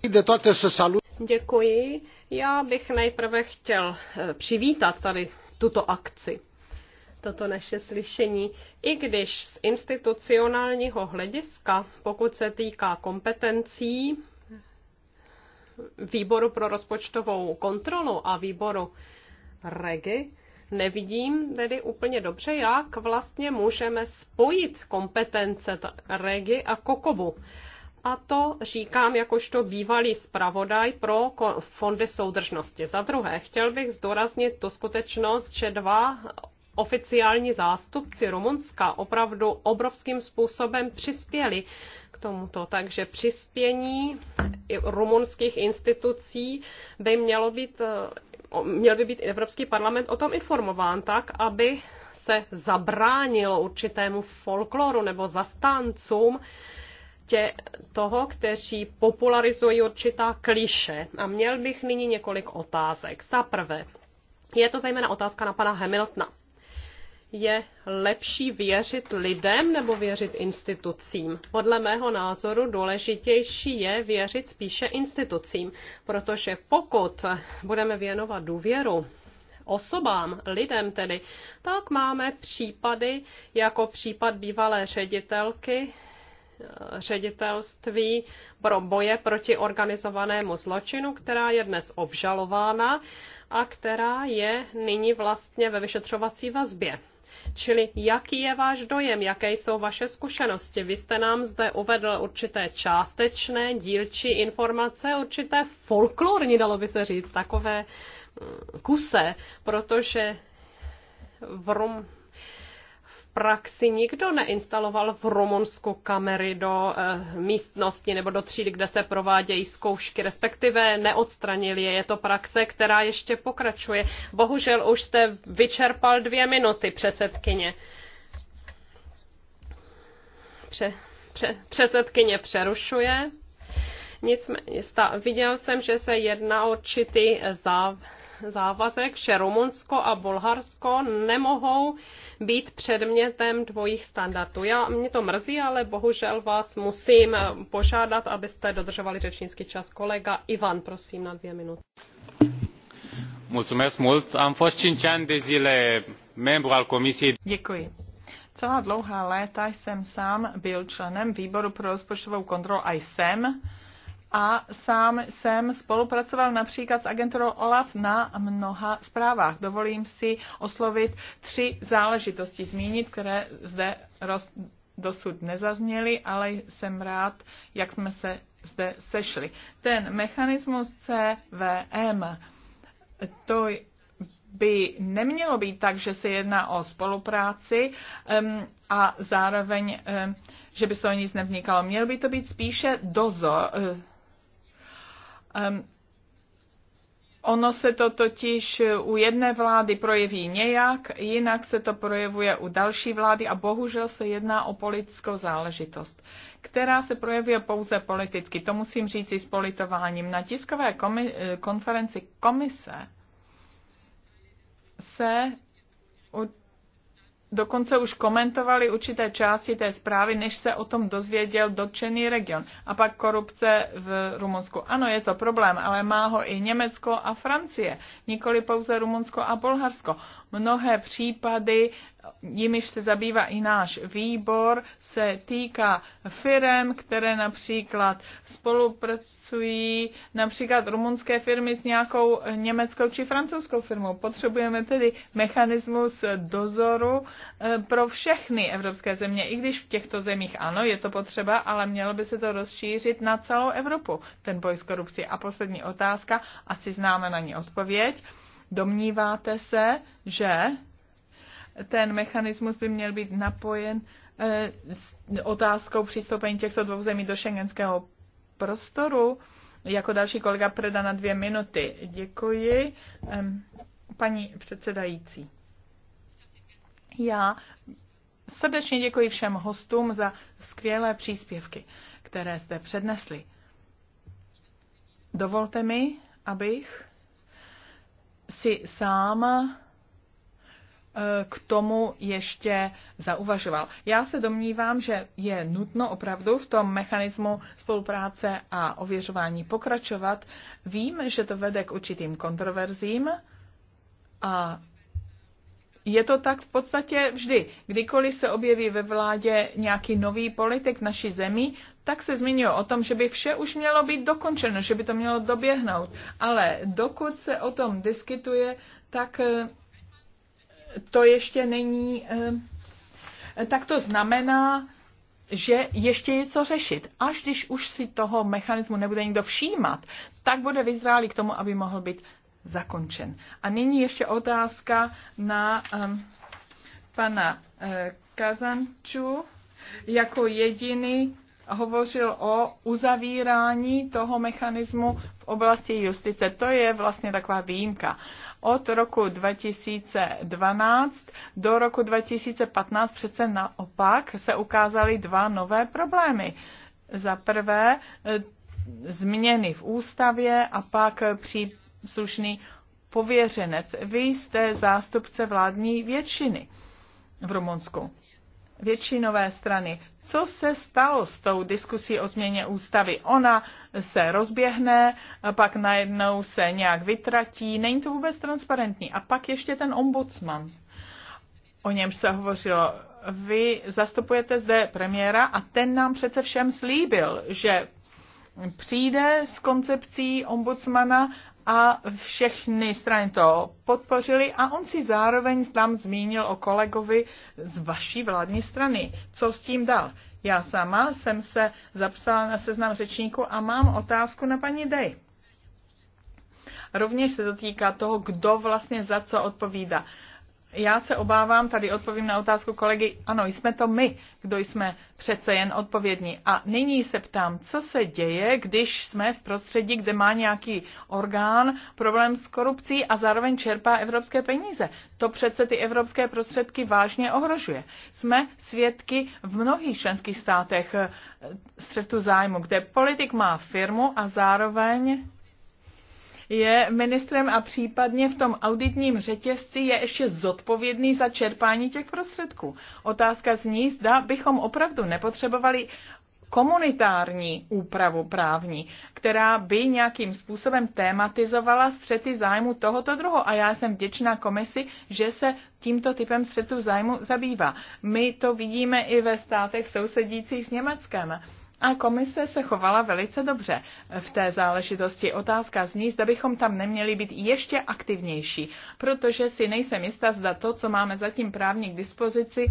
Děkuji. Já bych nejprve chtěl eh, přivítat tady tuto akci toto naše slyšení, i když z institucionálního hlediska, pokud se týká kompetencí výboru pro rozpočtovou kontrolu a výboru REGI, nevidím tedy úplně dobře, jak vlastně můžeme spojit kompetence REGI a KOKOBu. A to říkám jakožto bývalý zpravodaj pro fondy soudržnosti. Za druhé, chtěl bych zdoraznit tu skutečnost, že dva oficiální zástupci Rumunska opravdu obrovským způsobem přispěli k tomuto. Takže přispění rumunských institucí by mělo být, eh, měl by být Evropský parlament o tom informován tak, aby se zabránilo určitému folkloru nebo zastáncům tě, toho, kteří popularizují určitá kliše. A měl bych nyní několik otázek. Za prvé, je to zejména otázka na pana Hamiltona je lepší věřit lidem nebo věřit institucím? Podle mého názoru důležitější je věřit spíše institucím, protože pokud budeme věnovat důvěru osobám, lidem tedy, tak máme případy jako případ bývalé ředitelky eh, ředitelství pro boje proti organizovanému zločinu, která je dnes obžalována a která je nyní vlastně ve vyšetřovací vazbě. Čili jaký je váš dojem, jaké jsou vaše zkušenosti? Vy jste nám zde uvedl určité částečné, dílčí informace, určité folklorní, dalo by se říct, takové mm, kuse, protože v Rum, praxi nikdo neinstaloval v Rumunsku kamery do eh, místnosti nebo do třídy, kde se provádějí zkoušky, respektive neodstranili je. Je to praxe, která ještě pokračuje. Bohužel už jste vyčerpal dvě minuty, předsedkyně. Pře, pře, předsedkyně přerušuje. Nicméně, viděl jsem, že se jedná o určitý eh, záv závazek, že Rumunsko a Bulharsko nemohou být předmětem dvojích standardů. Já, mě to mrzí, ale bohužel vás musím požádat, abyste dodržovali řečnický čas. Kolega Ivan, prosím, na dvě minuty. membru Děkuji. Celá dlouhá léta jsem sám byl členem výboru pro rozpočtovou kontrolu a jsem a sám jsem spolupracoval například s agenturou OLAF na mnoha zprávách. Dovolím si oslovit tři záležitosti zmínit, které zde roz, dosud nezazněly, ale jsem rád, jak jsme se zde sešli. Ten mechanismus CVM, to by nemělo být tak, že se jedná o spolupráci um, a zároveň, um, že by se o nic nevnikalo. Měl by to být spíše dozor. Uh, Ono se to totiž u jedné vlády projeví nějak, jinak se to projevuje u další vlády a bohužel se jedná o politickou záležitost, která se projevuje pouze politicky. To musím říct i s politováním. Na tiskové komi- eh, konferenci komise se dokonce už komentovali určité části té zprávy, než se o tom dozvěděl dotčený region. A pak korupce v Rumunsku. Ano, je to problém, ale má ho i Německo a Francie, nikoli pouze Rumunsko a Bulharsko mnohé případy, jimiž se zabývá i náš výbor, se týká firm, které například spolupracují, například rumunské firmy s nějakou německou či francouzskou firmou. Potřebujeme tedy mechanismus dozoru eh, pro všechny evropské země, i když v těchto zemích ano, je to potřeba, ale mělo by se to rozšířit na celou Evropu, ten boj s korupcí. A poslední otázka, asi známe na ní odpověď Domníváte se, že ten mechanismus by měl být napojen eh, s otázkou přistoupení těchto dvou zemí do šengenského prostoru? Jako další kolega Preda na dvě minuty. Děkuji. Paní předsedající, já srdečně děkuji všem hostům za skvělé příspěvky, které jste přednesli. Dovolte mi, abych si sám eh, k tomu ještě zauvažoval. Já se domnívám, že je nutno opravdu v tom mechanismu spolupráce a ověřování pokračovat. Vím, že to vede k určitým kontroverzím a je to tak v podstatě vždy. Kdykoliv se objeví ve vládě nějaký nový politik naší zemi, tak se zmiňuje o tom, že by vše už mělo být dokončeno, že by to mělo doběhnout. Ale dokud se o tom diskutuje, tak eh, to ještě není. Eh, tak to znamená, že ještě je co řešit. Až když už si toho mechanismu nebude nikdo všímat, tak bude vyzrálý k tomu, aby mohl být zakončen. A nyní ještě otázka na um, pana uh, Kazanču. Jako jediný hovořil o uzavírání toho mechanismu v oblasti justice. To je vlastně taková výjimka. Od roku 2012 do roku 2015 přece naopak se ukázaly dva nové problémy. Za prvé eh, změny v ústavě a pak při slušný pověřenec. Vy jste zástupce vládní většiny v Rumunsku většinové strany. Co se stalo s tou diskusí o změně ústavy? Ona se rozběhne, pak najednou se nějak vytratí, není to vůbec transparentní. A pak ještě ten ombudsman. O něm se hovořilo. Vy zastupujete zde premiéra a ten nám přece všem slíbil, že přijde s koncepcí ombudsmana a všechny strany to podpořily a on si zároveň tam zmínil o kolegovi z vaší vládní strany. Co s tím dal? Já sama jsem se zapsala na seznam řečníku a mám otázku na paní Dej. Rovněž se to týká toho, kdo vlastně za co odpovídá. Já se obávám, tady odpovím na otázku kolegy, ano, jsme to my, kdo jsme přece jen odpovědní. A nyní se ptám, co se děje, když jsme v prostředí, kde má nějaký orgán problém s korupcí a zároveň čerpá evropské peníze. To přece ty evropské prostředky vážně ohrožuje. Jsme svědky v mnohých členských státech eh, střetu zájmu, kde politik má firmu a zároveň je ministrem a případně v tom auditním řetězci je ještě zodpovědný za čerpání těch prostředků. Otázka zní, zda bychom opravdu nepotřebovali komunitární úpravu právní, která by nějakým způsobem tématizovala střety zájmu tohoto druhu. A já jsem vděčná komisi, že se tímto typem střetu zájmu zabývá. My to vidíme i ve státech sousedících s Německem a komise se chovala velice dobře v té záležitosti. Otázka zní, zda bychom tam neměli být ještě aktivnější, protože si nejsem jistá, zda to, co máme zatím právně k dispozici,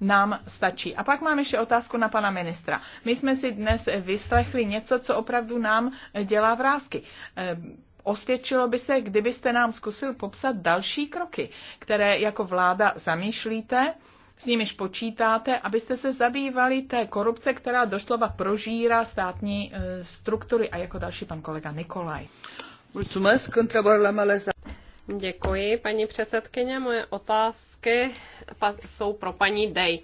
nám stačí. A pak mám ještě otázku na pana ministra. My jsme si dnes vyslechli něco, co opravdu nám dělá vrázky. Ehm, osvědčilo by se, kdybyste nám zkusil popsat další kroky, které jako vláda zamýšlíte, s nimiž počítáte, abyste se zabývali té korupce, která doslova prožírá státní e, struktury a jako další pan kolega Nikolaj. Děkuji, paní předsedkyně. Moje otázky jsou pro paní Dej.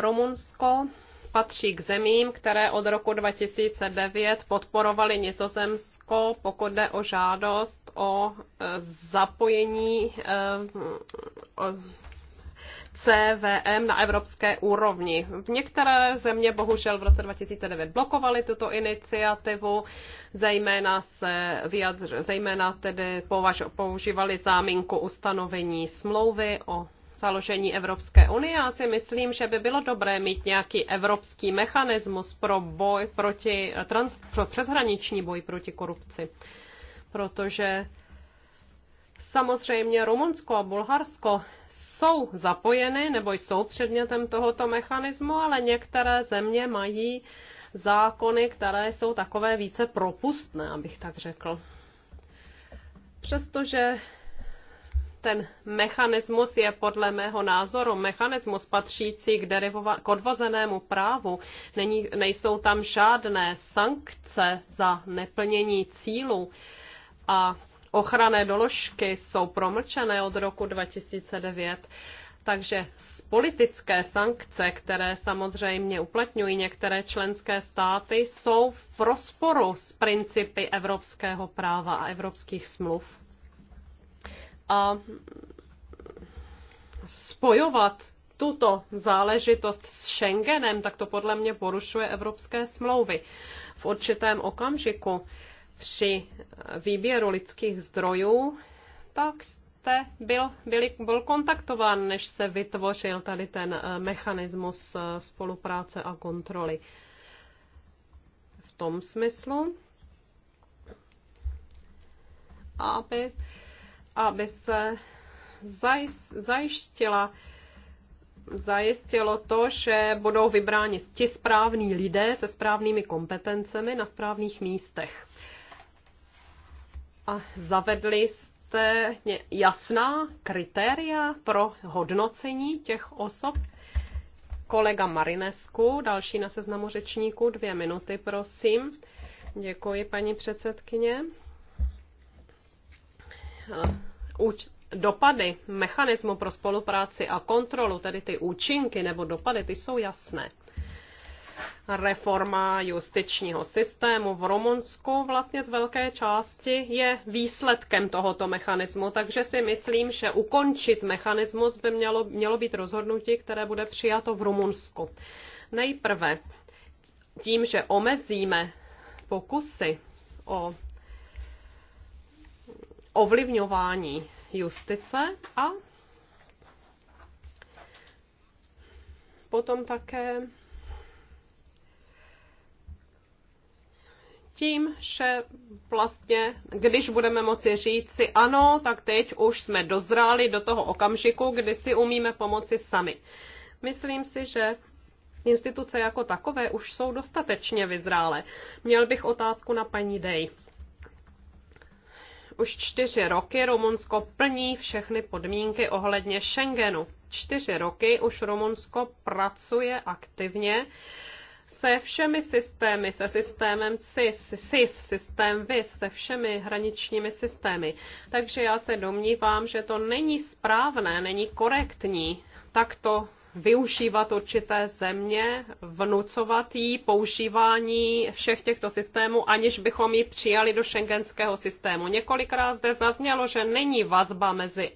Rumunsko patří k zemím, které od roku 2009 podporovaly Nizozemsko, pokud jde o žádost o e, zapojení e, CVM na evropské úrovni. V některé země bohužel v roce 2009 blokovaly tuto iniciativu, zejména, se vyjadř, zejména tedy považ, používali záminku ustanovení smlouvy o založení Evropské unie. Já si myslím, že by bylo dobré mít nějaký evropský mechanismus pro boj proti, trans, pro přeshraniční boj proti korupci. Protože Samozřejmě Rumunsko a Bulharsko jsou zapojeny nebo jsou předmětem tohoto mechanismu, ale některé země mají zákony, které jsou takové více propustné, abych tak řekl. Přestože ten mechanismus je podle mého názoru mechanismus patřící k, derivova- k odvozenému právu. Není, nejsou tam žádné sankce za neplnění cílu A ochranné doložky jsou promlčené od roku 2009. Takže z politické sankce, které samozřejmě uplatňují některé členské státy, jsou v rozporu s principy evropského práva a evropských smluv. A spojovat tuto záležitost s Schengenem, tak to podle mě porušuje evropské smlouvy. V určitém okamžiku při výběru lidských zdrojů, tak jste byl, byli, byl kontaktován, než se vytvořil tady ten eh, mechanismus eh, spolupráce a kontroly. V tom smyslu, aby, aby se zajistila zajistilo to, že budou vybráni ti správní lidé se správnými kompetencemi na správných místech a zavedli jste jasná kritéria pro hodnocení těch osob? Kolega Marinesku, další na seznamu řečníků, dvě minuty, prosím. Děkuji, paní předsedkyně. Uh, uč, dopady mechanismu pro spolupráci a kontrolu, tedy ty účinky nebo dopady, ty jsou jasné reforma justičního systému v Rumunsku vlastně z velké části je výsledkem tohoto mechanismu, takže si myslím, že ukončit mechanismus by mělo, mělo být rozhodnutí, které bude přijato v Rumunsku. Nejprve tím, že omezíme pokusy o ovlivňování justice a potom také tím, že vlastně, když budeme moci říct si ano, tak teď už jsme dozráli do toho okamžiku, kdy si umíme pomoci sami. Myslím si, že instituce jako takové už jsou dostatečně vyzrále. Měl bych otázku na paní Dej. Už čtyři roky Rumunsko plní všechny podmínky ohledně Schengenu. Čtyři roky už Rumunsko pracuje aktivně se všemi systémy, se systémem CIS, SIS, systém VIS, se všemi hraničními systémy. Takže já se domnívám, že to není správné, není korektní takto využívat určité země, vnucovat jí používání všech těchto systémů, aniž bychom ji přijali do šengenského systému. Několikrát zde zaznělo, že není vazba mezi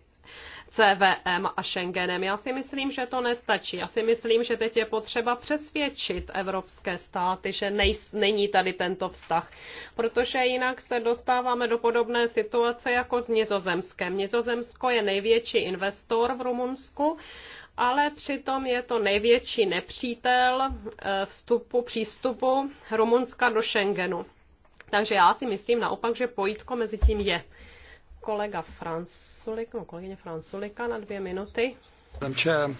CVM a Schengenem. Já si myslím, že to nestačí. Já si myslím, že teď je potřeba přesvědčit evropské státy, že nej, není tady tento vztah, protože jinak se dostáváme do podobné situace jako s Nizozemskem. Nizozemsko je největší investor v Rumunsku ale přitom je to největší nepřítel eh, vstupu, přístupu Rumunska do Schengenu. Takže já si myslím naopak, že pojítko mezi tím je kolega Fransulik, no kolegyně Fransulika na dvě minuty.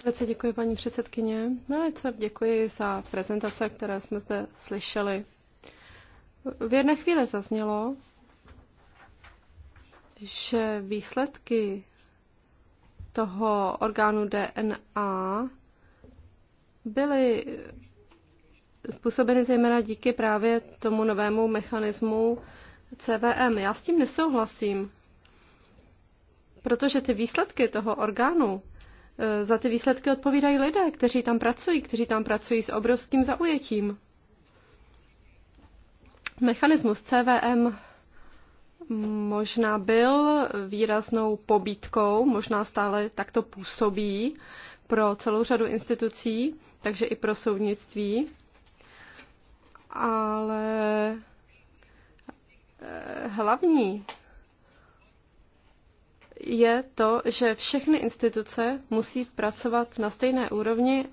Velice děkuji, paní předsedkyně. Velice děkuji za prezentace, které jsme zde slyšeli. V jedné chvíli zaznělo, že výsledky toho orgánu DNA byly způsobeny zejména díky právě tomu novému mechanismu CVM. Já s tím nesouhlasím, protože ty výsledky toho orgánu, e, za ty výsledky odpovídají lidé, kteří tam pracují, kteří tam pracují s obrovským zaujetím. Mechanismus CVM možná byl výraznou pobítkou, možná stále takto působí pro celou řadu institucí, takže i pro soudnictví. Ale e, hlavní je to, že všechny instituce musí pracovat na stejné úrovni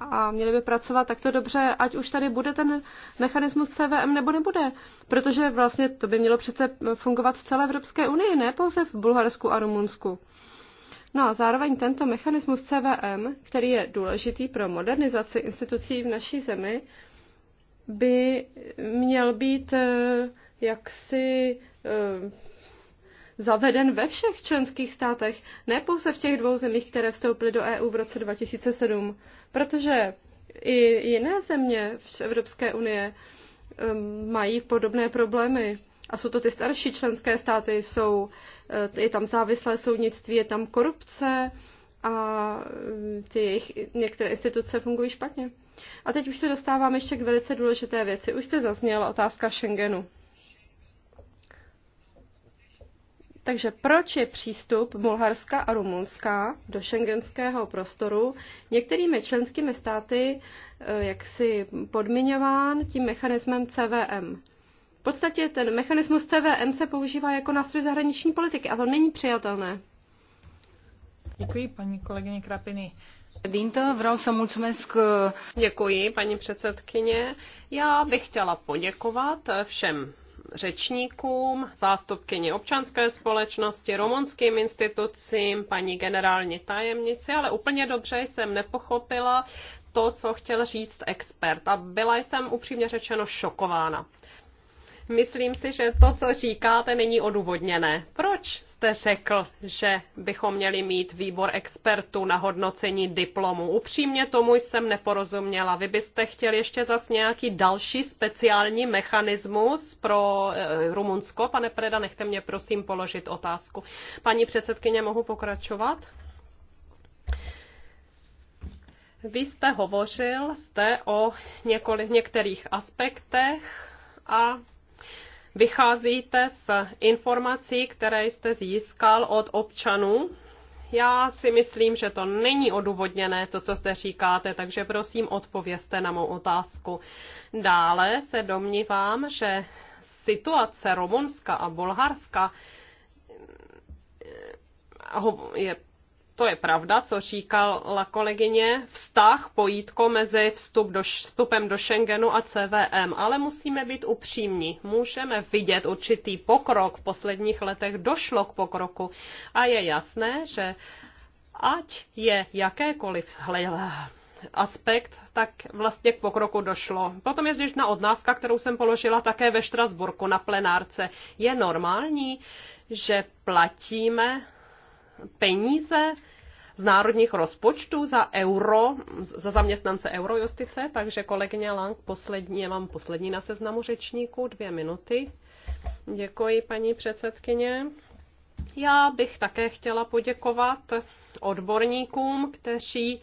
a měli by pracovat takto dobře, ať už tady bude ten mechanismus CVM nebo nebude. Protože vlastně to by mělo přece fungovat v celé Evropské unii, ne pouze v Bulharsku a Rumunsku. No a zároveň tento mechanismus CVM, který je důležitý pro modernizaci institucí v naší zemi, by měl být eh, jaksi eh, zaveden ve všech členských státech, ne pouze v těch dvou zemích, které vstoupily do EU v roce 2007, protože i jiné země v Evropské unie um, mají podobné problémy. A jsou to ty starší členské státy, jsou, eh, je tam závislé soudnictví, je tam korupce a eh, ty jejich, některé instituce fungují špatně. A teď už se dostáváme ještě k velice důležité věci. Už jste zazněla otázka Schengenu. Takže proč je přístup Bulharska a Rumunska do šengenského prostoru některými členskými státy eh, jaksi podmiňován tím mechanismem CVM? V podstatě ten mechanismus CVM se používá jako nástroj zahraniční politiky a to není přijatelné. Děkuji paní kolegyně Krapiny. Eh, Děkuji, paní předsedkyně. Já bych chtěla poděkovat eh, všem řečníkům, zástupkyni občanské společnosti, rumunským institucím, paní generální tajemnici, ale úplně dobře jsem nepochopila to, co chtěl říct expert. A byla jsem upřímně řečeno šokována. Myslím si, že to, co říkáte, není odůvodněné. Proč jste řekl, že bychom měli mít výbor expertů na hodnocení diplomu? Upřímně tomu jsem neporozuměla. Vy byste chtěl ještě zas nějaký další speciální mechanismus pro e, Rumunsko? Pane Preda, nechte mě prosím položit otázku. Paní předsedkyně, mohu pokračovat? Vy jste hovořil jste o několik, některých aspektech a vycházíte z informací, které jste získal od občanů. Já si myslím, že to není odůvodněné, to, co zde říkáte, takže prosím odpověste na mou otázku. Dále se domnívám, že situace Rumunska a Bulharska eh, je to je pravda, co říkala kolegyně, vztah, pojítko mezi vstup do, vstupem do Schengenu a CVM, ale musíme být upřímní. Můžeme vidět určitý pokrok, v posledních letech došlo k pokroku a je jasné, že ať je jakékoliv aspekt, tak vlastně k pokroku došlo. Potom je na odnázka, kterou jsem položila také ve Štrasburku na plenárce. Je normální, že platíme peníze z národních rozpočtů za euro, za zaměstnance eurojustice, takže kolegyně Lang, poslední, je vám poslední na seznamu řečníků, dvě minuty. Děkuji, paní předsedkyně. Já bych také chtěla poděkovat odborníkům, kteří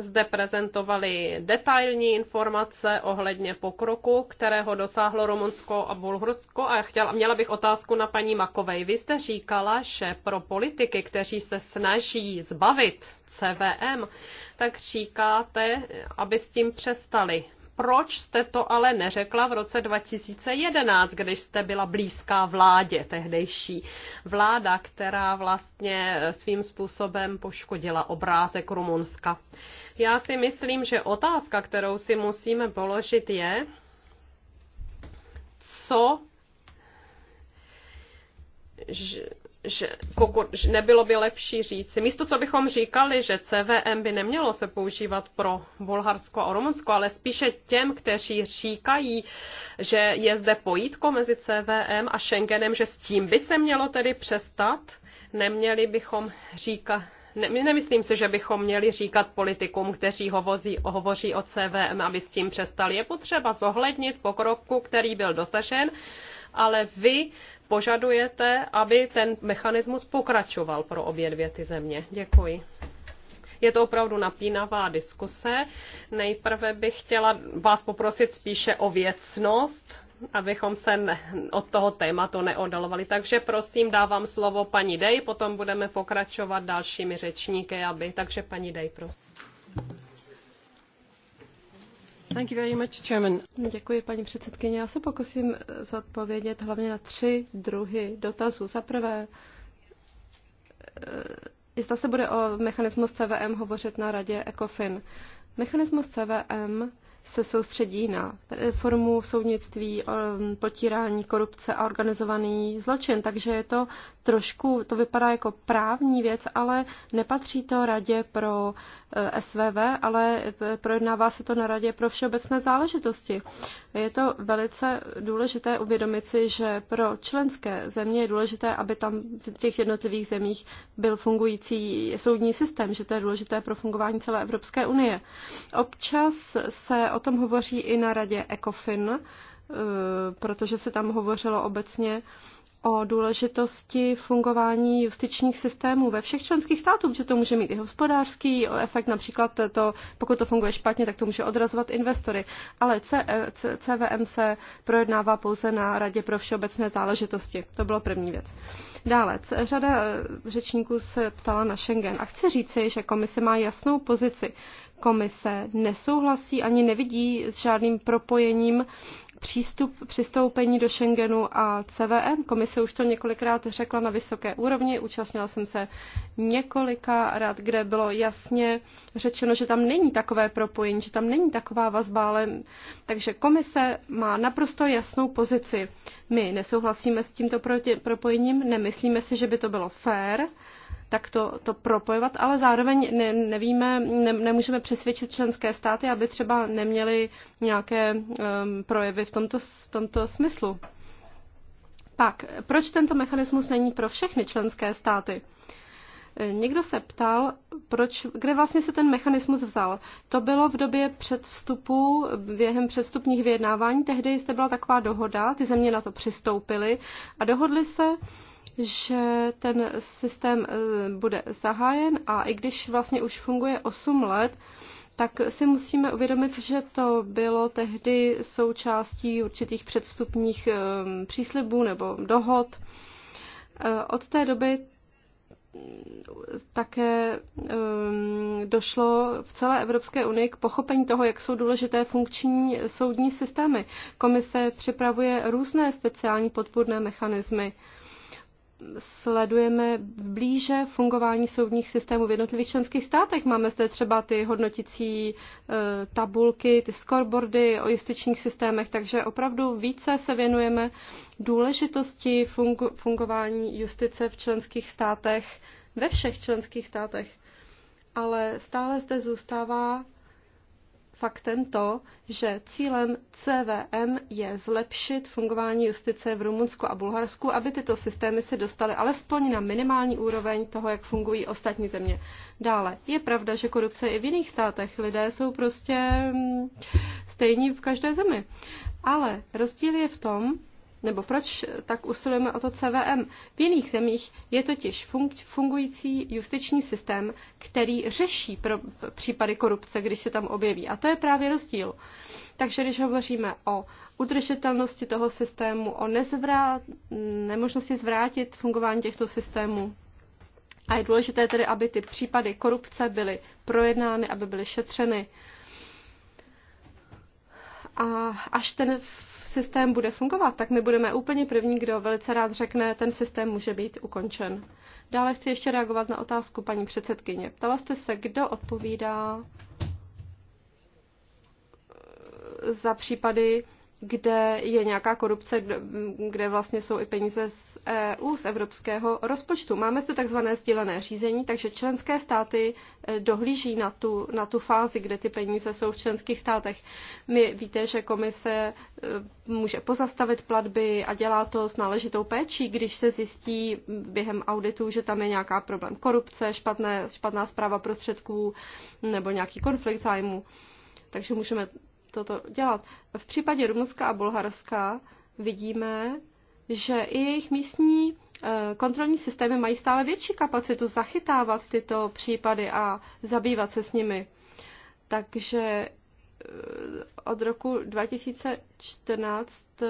zde prezentovali detailní informace ohledně pokroku, kterého dosáhlo Rumunsko a Bulharsko. A chtěla, měla bych otázku na paní Makovej. Vy jste říkala, že pro politiky, kteří se snaží zbavit CVM, tak říkáte, aby s tím přestali. Proč jste to ale neřekla v roce 2011, když jste byla blízká vládě tehdejší? Vláda, která vlastně svým způsobem poškodila obrázek Rumunska. Já si myslím, že otázka, kterou si musíme položit, je, co že, že pokud že nebylo by lepší říci, místo co bychom říkali, že CVM by nemělo se používat pro Bulharsko a Rumunsko, ale spíše těm, kteří říkají, že je zde pojítko mezi CVM a Schengenem, že s tím by se mělo tedy přestat, neměli bychom říkat, ne, nemyslím si, že bychom měli říkat politikům, kteří hovozí, hovoří o CVM, aby s tím přestali. Je potřeba zohlednit pokroku, který byl dosažen, ale vy požadujete, aby ten mechanismus pokračoval pro obě dvě ty země. Děkuji. Je to opravdu napínavá diskuse. Nejprve bych chtěla vás poprosit spíše o věcnost, abychom se od toho tématu neodalovali. Takže prosím, dávám slovo paní Dej, potom budeme pokračovat dalšími řečníky. Aby... Takže paní Dej, prosím. Thank you very much, Chairman. Děkuji, paní předsedkyně. Já se pokusím zodpovědět hlavně na tři druhy dotazů. Za prvé, jestli eh, se bude o mechanismus CVM hovořit na radě ECOFIN. Mechanismus CVM se soustředí na reformu soudnictví, um, potírání korupce a organizovaný zločin. Takže je to trošku, to vypadá jako právní věc, ale nepatří to radě pro eh, SVV, ale eh, projednává se to na radě pro všeobecné záležitosti. Je to velice důležité uvědomit si, že pro členské země je důležité, aby tam v těch jednotlivých zemích byl fungující soudní systém, že to je důležité pro fungování celé Evropské unie. Občas se o tom hovoří i na radě ECOFIN, eh, protože se tam hovořilo obecně o důležitosti fungování justičních systémů ve všech členských států, protože to může mít i hospodářský efekt, například to, pokud to funguje špatně, tak to může odrazovat investory. Ale CVM e, se projednává pouze na Radě pro všeobecné záležitosti. To bylo první věc. Dále, řada eh, řečníků se ptala na Schengen a chci říci, že komise má jasnou pozici komise nesouhlasí ani nevidí s žádným propojením přístup, přistoupení do Schengenu a CVM. E. Komise už to několikrát řekla na vysoké úrovni, účastnila jsem se několika rad, kde bylo jasně řečeno, že tam není takové propojení, že tam není taková vazba, ale... takže komise má naprosto jasnou pozici. My nesouhlasíme s tímto propojením, nemyslíme si, že by to bylo fér, tak to, to propojovat, ale zároveň ne, nevíme, ne, nemůžeme přesvědčit členské státy, aby třeba neměly nějaké um, projevy v tomto, v tomto smyslu. Pak, proč tento mechanismus není pro všechny členské státy? Eh, někdo se ptal, proč, kde vlastně se ten mechanismus vzal. To bylo v době před vstupu během předstupních vyjednávání. Tehdy jste byla taková dohoda, ty země na to přistoupily a dohodly se, že ten systém eh, bude zahájen a i když vlastně už funguje 8 let, tak si musíme uvědomit, že to bylo tehdy součástí určitých předstupních eh, příslibů nebo dohod. Eh, od té doby mm, také došlo v celé Evropské unii k pochopení toho, jak jsou důležité funkční soudní systémy. Komise připravuje různé speciální podpůrné mechanismy sledujeme blíže fungování soudních systémů v jednotlivých členských státech. Máme zde třeba ty hodnotící eh, tabulky, ty scoreboardy o justičních systémech, takže opravdu více se věnujeme důležitosti fungu- fungování justice v členských státech, ve všech členských státech. Ale stále zde zůstává faktem to, že cílem CVM je zlepšit fungování justice v Rumunsku a Bulharsku, aby tyto systémy se dostaly alespoň na minimální úroveň toho, jak fungují ostatní země. Dále, je pravda, že korupce je i v jiných státech. Lidé jsou prostě mm, stejní v každé zemi. Ale rozdíl je v tom, nebo proč tak usilujeme o to CVM. V jiných zemích je totiž fungující justiční systém, který řeší pro případy korupce, když se tam objeví. A to je právě rozdíl. Takže když hovoříme o udržitelnosti toho systému, o nezvrát, nemožnosti zvrátit fungování těchto systémů, a je důležité tedy, aby ty případy korupce byly projednány, aby byly šetřeny. A až ten systém bude fungovat, tak my budeme úplně první, kdo velice rád řekne, ten systém může být ukončen. Dále chci ještě reagovat na otázku paní předsedkyně. Ptala jste se, kdo odpovídá za případy kde je nějaká korupce, kde vlastně jsou i peníze z EU, z evropského rozpočtu. Máme zde takzvané sdílené řízení, takže členské státy eh, dohlíží na tu, na tu fázi, kde ty peníze jsou v členských státech. My víte, že komise eh, může pozastavit platby a dělá to s náležitou péčí, když se zjistí během auditu, že tam je nějaká problém korupce, špatné, špatná zpráva prostředků nebo nějaký konflikt zájmu. Takže můžeme toto dělat. V případě Rumunska a Bulharska vidíme, že i jejich místní eh, kontrolní systémy mají stále větší kapacitu zachytávat tyto případy a zabývat se s nimi. Takže eh, od roku 2014 eh,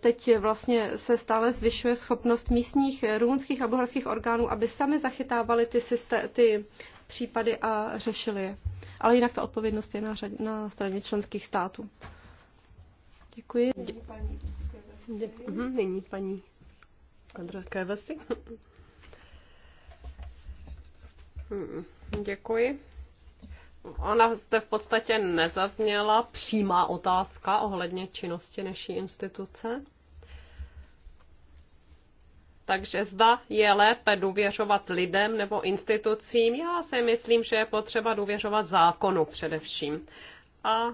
teď vlastně se stále zvyšuje schopnost místních rumunských a bulharských orgánů, aby sami zachytávali ty, systé- ty případy a řešili je. Ale jinak ta odpovědnost je na, řadě, na straně členských států. Děkuji. Mhm, nyní paní Kevesi. Kévesi. Mhm, děkuji. Ona zde v podstatě nezazněla přímá otázka ohledně činnosti naší instituce. Takže zda je lépe důvěřovat lidem nebo institucím, já si myslím, že je potřeba důvěřovat zákonu především. A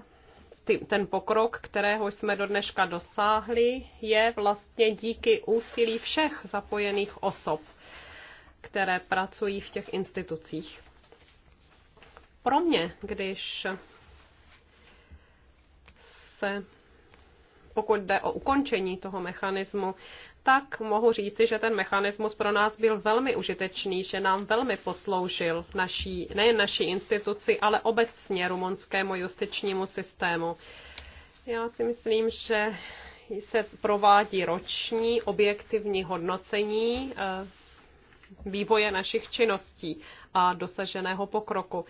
ty, ten pokrok, kterého jsme do dneška dosáhli, je vlastně díky úsilí všech zapojených osob, které pracují v těch institucích. Pro mě, když se pokud jde o ukončení toho mechanismu, tak mohu říci, že ten mechanismus pro nás byl velmi užitečný, že nám velmi posloužil naší, nejen naší instituci, ale obecně rumunskému justičnímu systému. Já si myslím, že se provádí roční objektivní hodnocení eh, vývoje našich činností a dosaženého pokroku.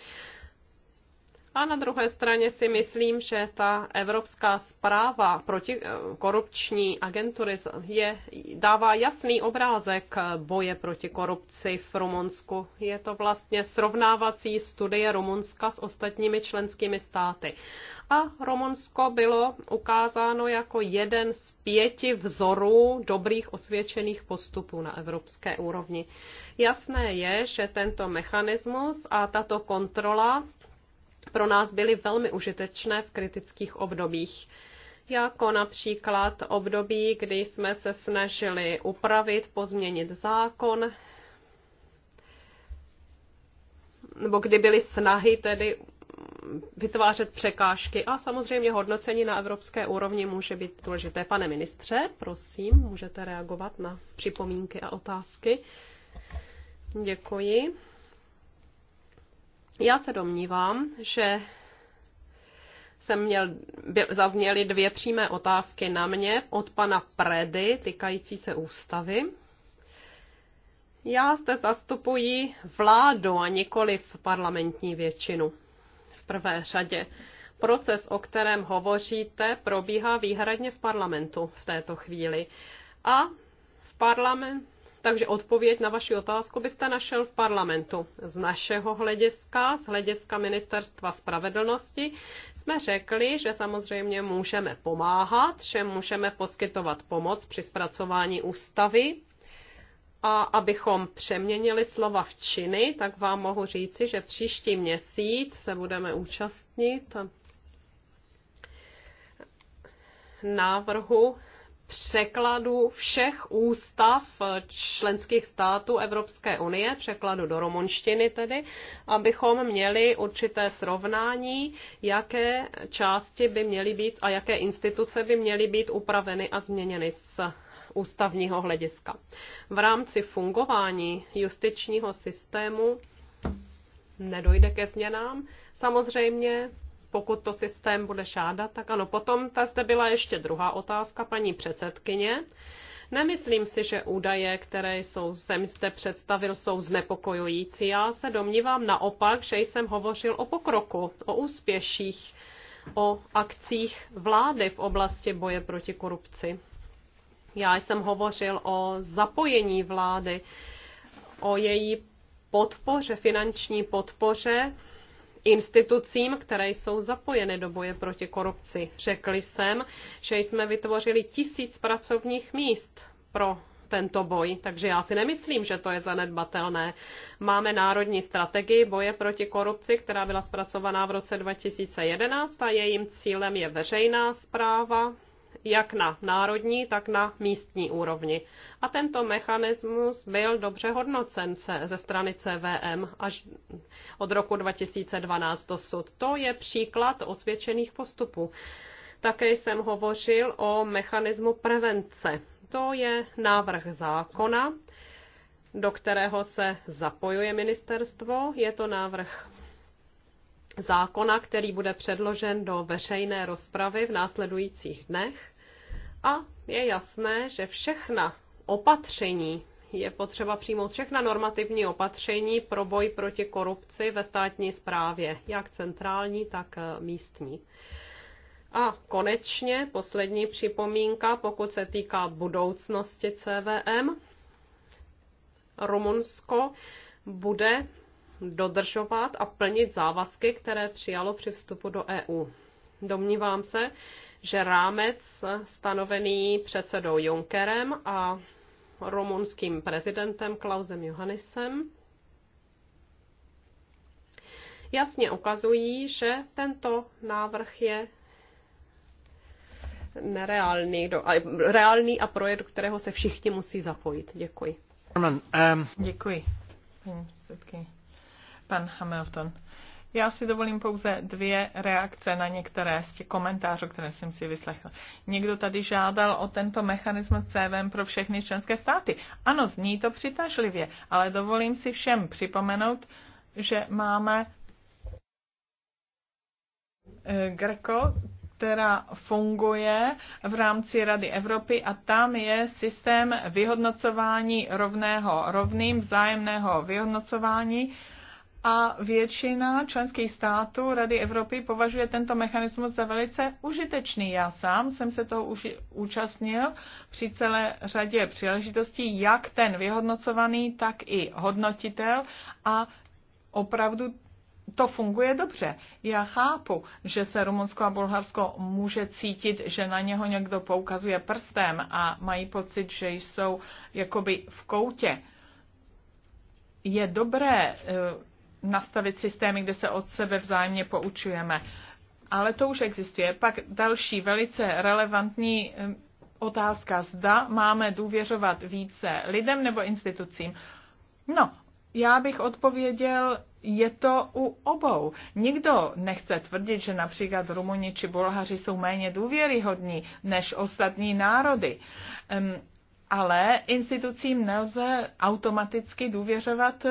A na druhé straně si myslím, že ta evropská zpráva proti eh, korupční agentury je, dává jasný obrázek boje proti korupci v Rumunsku. Je to vlastně srovnávací studie Rumunska s ostatními členskými státy. A Rumunsko bylo ukázáno jako jeden z pěti vzorů dobrých osvědčených postupů na evropské úrovni. Jasné je, že tento mechanismus a tato kontrola pro nás byly velmi užitečné v kritických obdobích jako například období, kdy jsme se snažili upravit, pozměnit zákon, nebo kdy byly snahy tedy vytvářet překážky. A samozřejmě hodnocení na evropské úrovni může být důležité. Pane ministře, prosím, můžete reagovat na připomínky a otázky. Děkuji. Já se domnívám, že jsem měl, byl, zazněly dvě přímé otázky na mě od pana Predy týkající se ústavy. Já zde zastupuji vládu a nikoli v parlamentní většinu. V prvé řadě proces, o kterém hovoříte, probíhá výhradně v parlamentu v této chvíli. A v parlamentu takže odpověď na vaši otázku byste našel v parlamentu. Z našeho hlediska, z hlediska Ministerstva spravedlnosti, jsme řekli, že samozřejmě můžeme pomáhat, že můžeme poskytovat pomoc při zpracování ústavy. A abychom přeměnili slova v činy, tak vám mohu říci, že příští měsíc se budeme účastnit návrhu překladu všech ústav členských států Evropské unie, překladu do romonštiny tedy, abychom měli určité srovnání, jaké části by měly být a jaké instituce by měly být upraveny a změněny z ústavního hlediska. V rámci fungování justičního systému nedojde ke změnám. Samozřejmě pokud to systém bude žádat, tak ano. Potom ta zde byla ještě druhá otázka paní předsedkyně. Nemyslím si, že údaje, které jsou, jsem zde představil, jsou znepokojující. Já se domnívám naopak, že jsem hovořil o pokroku, o úspěších, o akcích vlády v oblasti boje proti korupci. Já jsem hovořil o zapojení vlády, o její podpoře, finanční podpoře institucím, které jsou zapojeny do boje proti korupci. Řekli jsem, že jsme vytvořili tisíc pracovních míst pro tento boj, takže já si nemyslím, že to je zanedbatelné. Máme národní strategii boje proti korupci, která byla zpracovaná v roce 2011 a jejím cílem je veřejná zpráva, jak na národní, tak na místní úrovni. A tento mechanismus byl dobře hodnocen ze strany CVM až od roku 2012 dosud. To je příklad osvědčených postupů. Také jsem hovořil o mechanismu prevence. To je návrh zákona, do kterého se zapojuje ministerstvo. Je to návrh zákona, který bude předložen do veřejné rozpravy v následujících dnech. A je jasné, že všechna opatření, je potřeba přijmout všechna normativní opatření pro boj proti korupci ve státní správě, jak centrální, tak eh, místní. A konečně poslední připomínka, pokud se týká budoucnosti CVM. Rumunsko bude dodržovat a plnit závazky, které přijalo při vstupu do EU. Domnívám se, že rámec stanovený předsedou Junckerem a rumunským prezidentem Klausem Johannisem jasně ukazují, že tento návrh je nereálný, do, a, reálný a projekt, kterého se všichni musí zapojit. Děkuji. Um, Děkuji. Paní Pan Hamilton. Já si dovolím pouze dvě reakce na některé z těch komentářů, které jsem si vyslechla. Někdo tady žádal o tento mechanismus CVM pro všechny členské státy. Ano, zní to přitažlivě, ale dovolím si všem připomenout, že máme e, Greco, která funguje v rámci Rady Evropy a tam je systém vyhodnocování rovného rovným, vzájemného vyhodnocování a většina členských států Rady Evropy považuje tento mechanismus za velice užitečný. Já sám jsem se toho už účastnil při celé řadě příležitostí, jak ten vyhodnocovaný, tak i hodnotitel a opravdu to funguje dobře. Já chápu, že se Rumunsko a Bulharsko může cítit, že na něho někdo poukazuje prstem a mají pocit, že jsou jakoby v koutě. Je dobré eh, nastavit systémy, kde se od sebe vzájemně poučujeme. Ale to už existuje. Pak další velice relevantní otázka, zda máme důvěřovat více lidem nebo institucím. No, já bych odpověděl, je to u obou. Nikdo nechce tvrdit, že například Rumuni či Bulhaři jsou méně důvěryhodní než ostatní národy. ale institucím nelze automaticky důvěřovat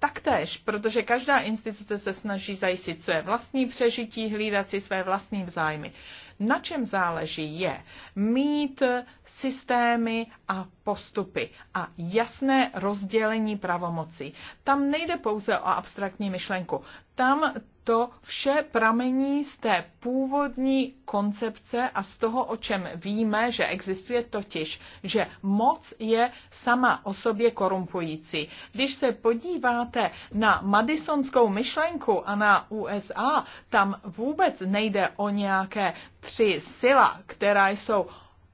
taktéž, protože každá instituce se snaží zajistit své vlastní přežití, hlídat si své vlastní zájmy. Na čem záleží je mít systémy a postupy a jasné rozdělení pravomocí. Tam nejde pouze o abstraktní myšlenku. Tam to vše pramení z té původní koncepce a z toho, o čem víme, že existuje totiž, že moc je sama o sobě korumpující. Když se podíváte na madisonskou myšlenku a na USA, tam vůbec nejde o nějaké tři sila, která jsou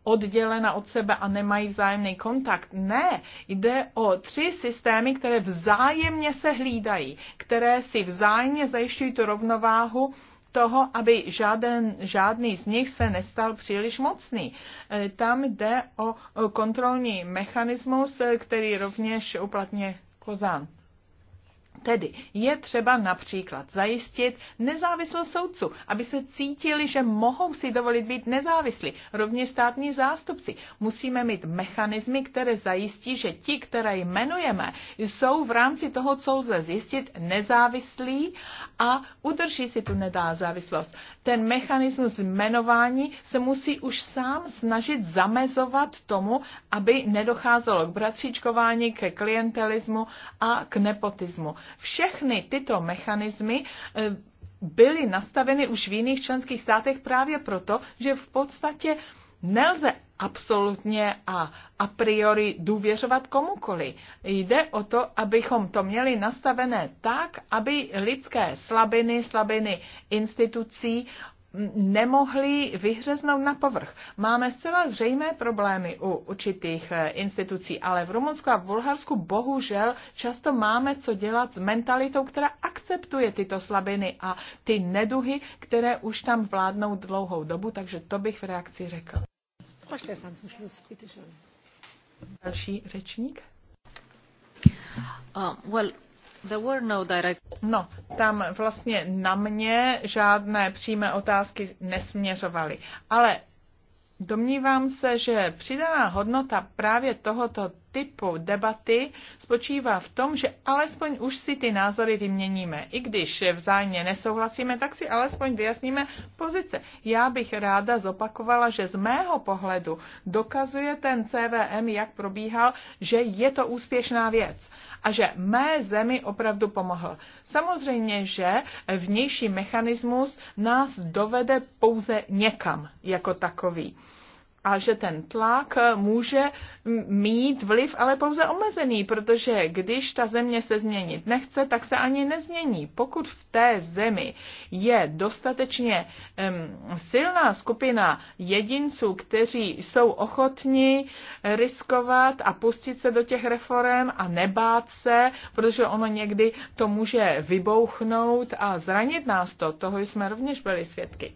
oddělena od sebe a nemají vzájemný kontakt. Ne, jde o tři systémy, které vzájemně se hlídají, které si vzájemně zajišťují tu rovnováhu toho, aby žáden, žádný z nich se nestal příliš mocný. E, tam jde o kontrolní mechanismus, e, který rovněž uplatně Kozán. Tedy je třeba například zajistit nezávislost soudců, aby se cítili, že mohou si dovolit být nezávislí. Rovněž státní zástupci. Musíme mít mechanismy, které zajistí, že ti, které jmenujeme, jsou v rámci toho, co lze zjistit, nezávislí a udrží si tu nezávislost. Ten mechanismus jmenování se musí už sám snažit zamezovat tomu, aby nedocházelo k bratříčkování, ke klientelismu a k nepotismu všechny tyto mechanismy eh, byly nastaveny už v jiných členských státech právě proto, že v podstatě nelze absolutně a a priori důvěřovat komukoli. Jde o to, abychom to měli nastavené tak, aby lidské slabiny, slabiny institucí nemohli vyhřeznout na povrch. Máme zcela zřejmé problémy u určitých eh, institucí, ale v Rumunsku a v Bulharsku bohužel často máme co dělat s mentalitou, která akceptuje tyto slabiny a ty neduhy, které už tam vládnou dlouhou dobu, takže to bych v reakci řekl. Další řečník. Uh, well, No, no, tam vlastně na mě žádné přímé otázky nesměřovaly. Ale domnívám se, že přidaná hodnota právě tohoto typu debaty spočívá v tom, že alespoň už si ty názory vyměníme. I když vzájemně nesouhlasíme, tak si alespoň vyjasníme pozice. Já bych ráda zopakovala, že z mého pohledu dokazuje ten CVM, jak probíhal, že je to úspěšná věc a že mé zemi opravdu pomohl. Samozřejmě, že vnější mechanismus nás dovede pouze někam jako takový a že ten tlak může mít vliv, ale pouze omezený, protože když ta země se změnit nechce, tak se ani nezmění. Pokud v té zemi je dostatečně um, silná skupina jedinců, kteří jsou ochotni riskovat a pustit se do těch reform a nebát se, protože ono někdy to může vybouchnout a zranit nás to, toho jsme rovněž byli svědky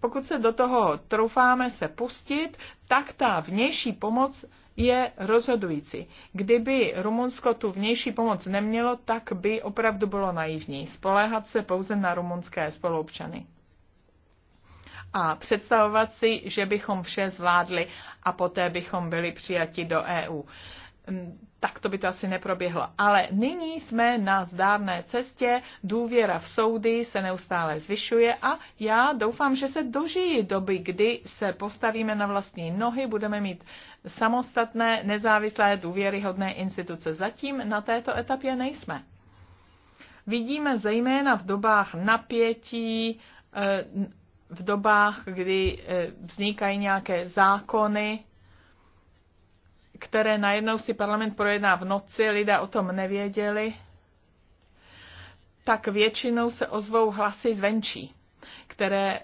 pokud se do toho troufáme se pustit, tak ta vnější pomoc je rozhodující. Kdyby Rumunsko tu vnější pomoc nemělo, tak by opravdu bylo naivní spoléhat se pouze na rumunské spoluobčany. A představovat si, že bychom vše zvládli a poté bychom byli přijati do EU. Hm, tak to by to asi neproběhlo. Ale nyní jsme na zdárné cestě, důvěra v soudy se neustále zvyšuje a já doufám, že se dožijí doby, kdy se postavíme na vlastní nohy, budeme mít samostatné, nezávislé, důvěryhodné instituce. Zatím na této etapě nejsme. Vidíme zejména v dobách napětí, eh, v dobách, kdy eh, vznikají nějaké zákony, které najednou si parlament projedná v noci, lidé o tom nevěděli, tak většinou se ozvou hlasy zvenčí, které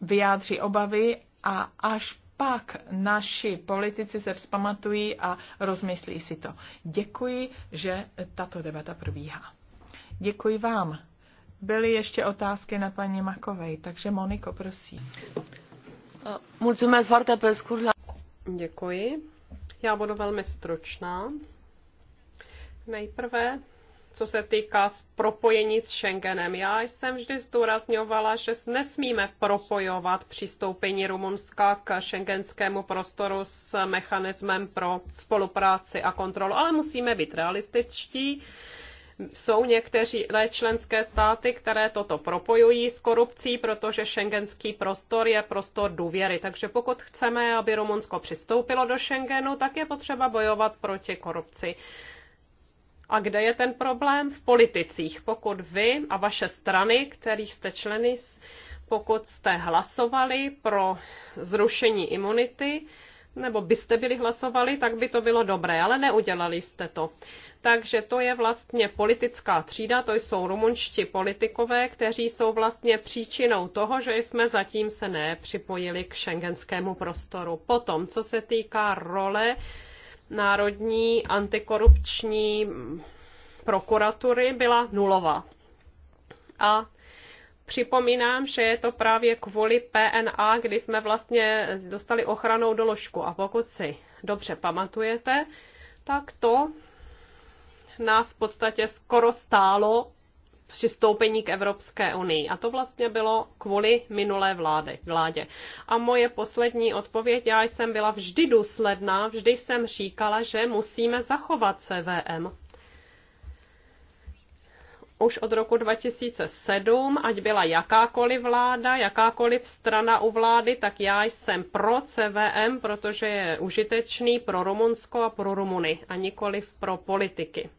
vyjádří obavy a až pak naši politici se vzpamatují a rozmyslí si to. Děkuji, že tato debata probíhá. Děkuji vám. Byly ještě otázky na paní Makovej, takže Moniko, prosím. Děkuji. Já budu velmi stručná. Nejprve co se týká propojení s Schengenem. Já jsem vždy zdůrazňovala, že nesmíme propojovat přistoupení Rumunska k šengenskému prostoru s mechanismem pro spolupráci a kontrolu, ale musíme být realističtí jsou někteří členské státy, které toto propojují s korupcí, protože šengenský prostor je prostor důvěry. Takže pokud chceme, aby Rumunsko přistoupilo do Schengenu, tak je potřeba bojovat proti korupci. A kde je ten problém? V politicích. Pokud vy a vaše strany, kterých jste členy, pokud jste hlasovali pro zrušení imunity, nebo byste byli hlasovali, tak by to bylo dobré, ale neudělali jste to. Takže to je vlastně politická třída, to jsou rumunští politikové, kteří jsou vlastně příčinou toho, že jsme zatím se nepřipojili k šengenskému prostoru. Potom, co se týká role národní antikorupční prokuratury, byla nulová. A Připomínám, že je to právě kvůli PNA, kdy jsme vlastně dostali ochranou doložku. A pokud si dobře pamatujete, tak to nás v podstatě skoro stálo přistoupení k Evropské unii. A to vlastně bylo kvůli minulé vlády, vládě. A moje poslední odpověď, já jsem byla vždy důsledná, vždy jsem říkala, že musíme zachovat CVM už od roku 2007, ať byla jakákoliv vláda, jakákoliv strana u vlády, tak já jsem pro CVM, protože je užitečný pro Rumunsko a pro Rumuny a nikoliv pro politiky.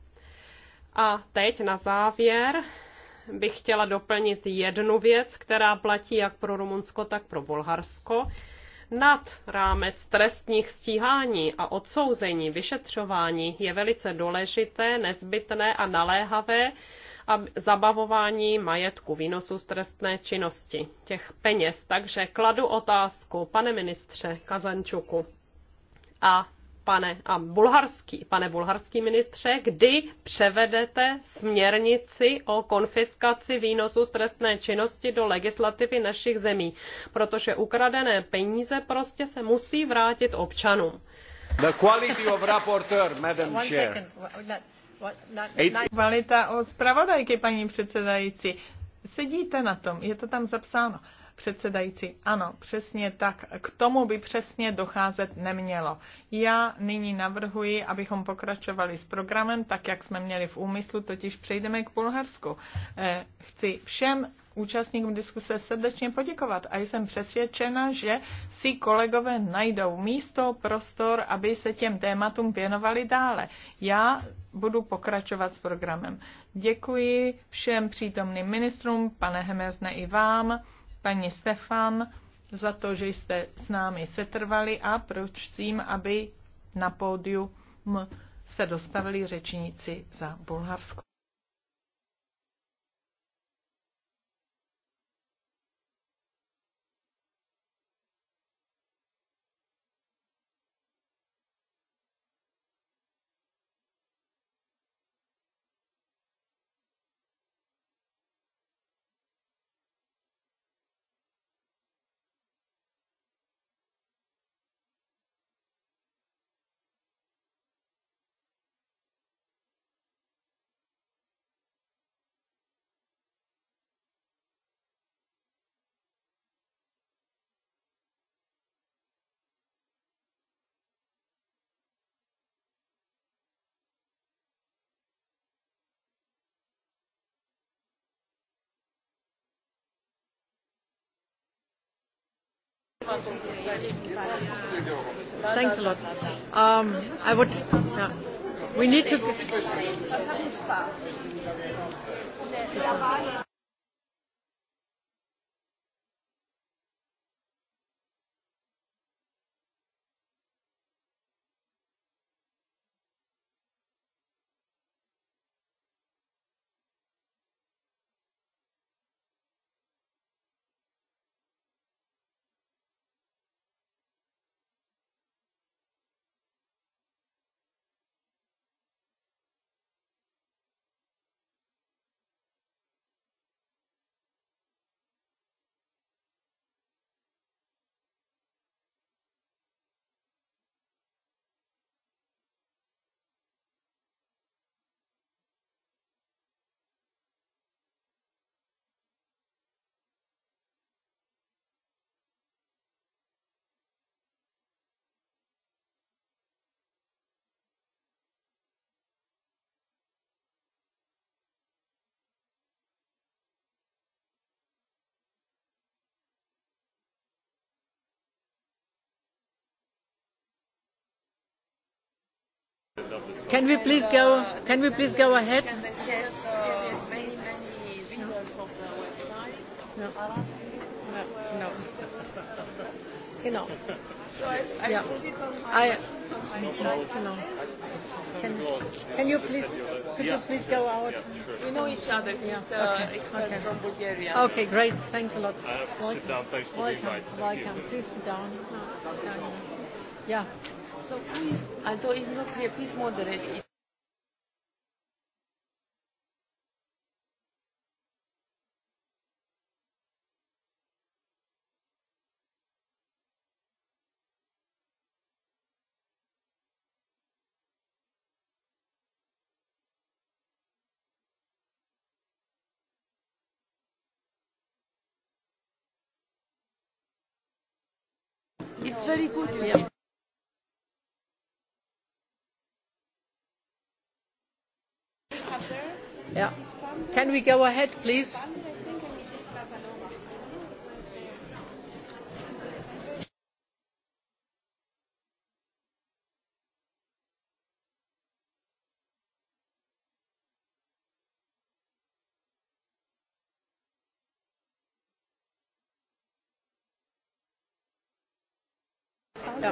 A teď na závěr bych chtěla doplnit jednu věc, která platí jak pro Rumunsko, tak pro Bulharsko. Nad rámec trestních stíhání a odsouzení, vyšetřování je velice důležité, nezbytné a naléhavé, a zabavování majetku, výnosu z trestné činnosti, těch peněz. Takže kladu otázku, pane ministře Kazančuku a pane, a bulharský, pane bulharský ministře, kdy převedete směrnici o konfiskaci výnosů z trestné činnosti do legislativy našich zemí, protože ukradené peníze prostě se musí vrátit občanům. The quality of rapporteur, Madam Chair. Second. Kvalita od zpravodajky, paní předsedající. Sedíte na tom, je to tam zapsáno. Předsedající, ano, přesně tak. K tomu by přesně docházet nemělo. Já nyní navrhuji, abychom pokračovali s programem, tak jak jsme měli v úmyslu, totiž přejdeme k Bulharsku. Eh, chci všem účastníkům diskuse srdečně poděkovat a jsem přesvědčena, že si kolegové najdou místo, prostor, aby se těm tématům věnovali dále. Já budu pokračovat s programem. Děkuji všem přítomným ministrům, pane Hemezne i vám, paní Stefan, za to, že jste s námi setrvali a prosím, aby na pódium se dostavili řečníci za Bulharsko. Thanks a lot. Um, I would. Yeah. We need to. Can we please go? Can we please go ahead? Yes, yes, many, many windows of the website. No, no, no. Genau. No. Ja. I, genau. Can, can you please, could you please go out? We know each other. Yeah. Uh, okay. Okay. from Bulgaria. Okay, great. Thanks a lot. I have to sit down. Thanks for the invite. Welcome. Please sit down. Yeah. So who is, I don't, please moderate. It's very good. Yeah. Yeah. Can we go ahead, please? Yeah.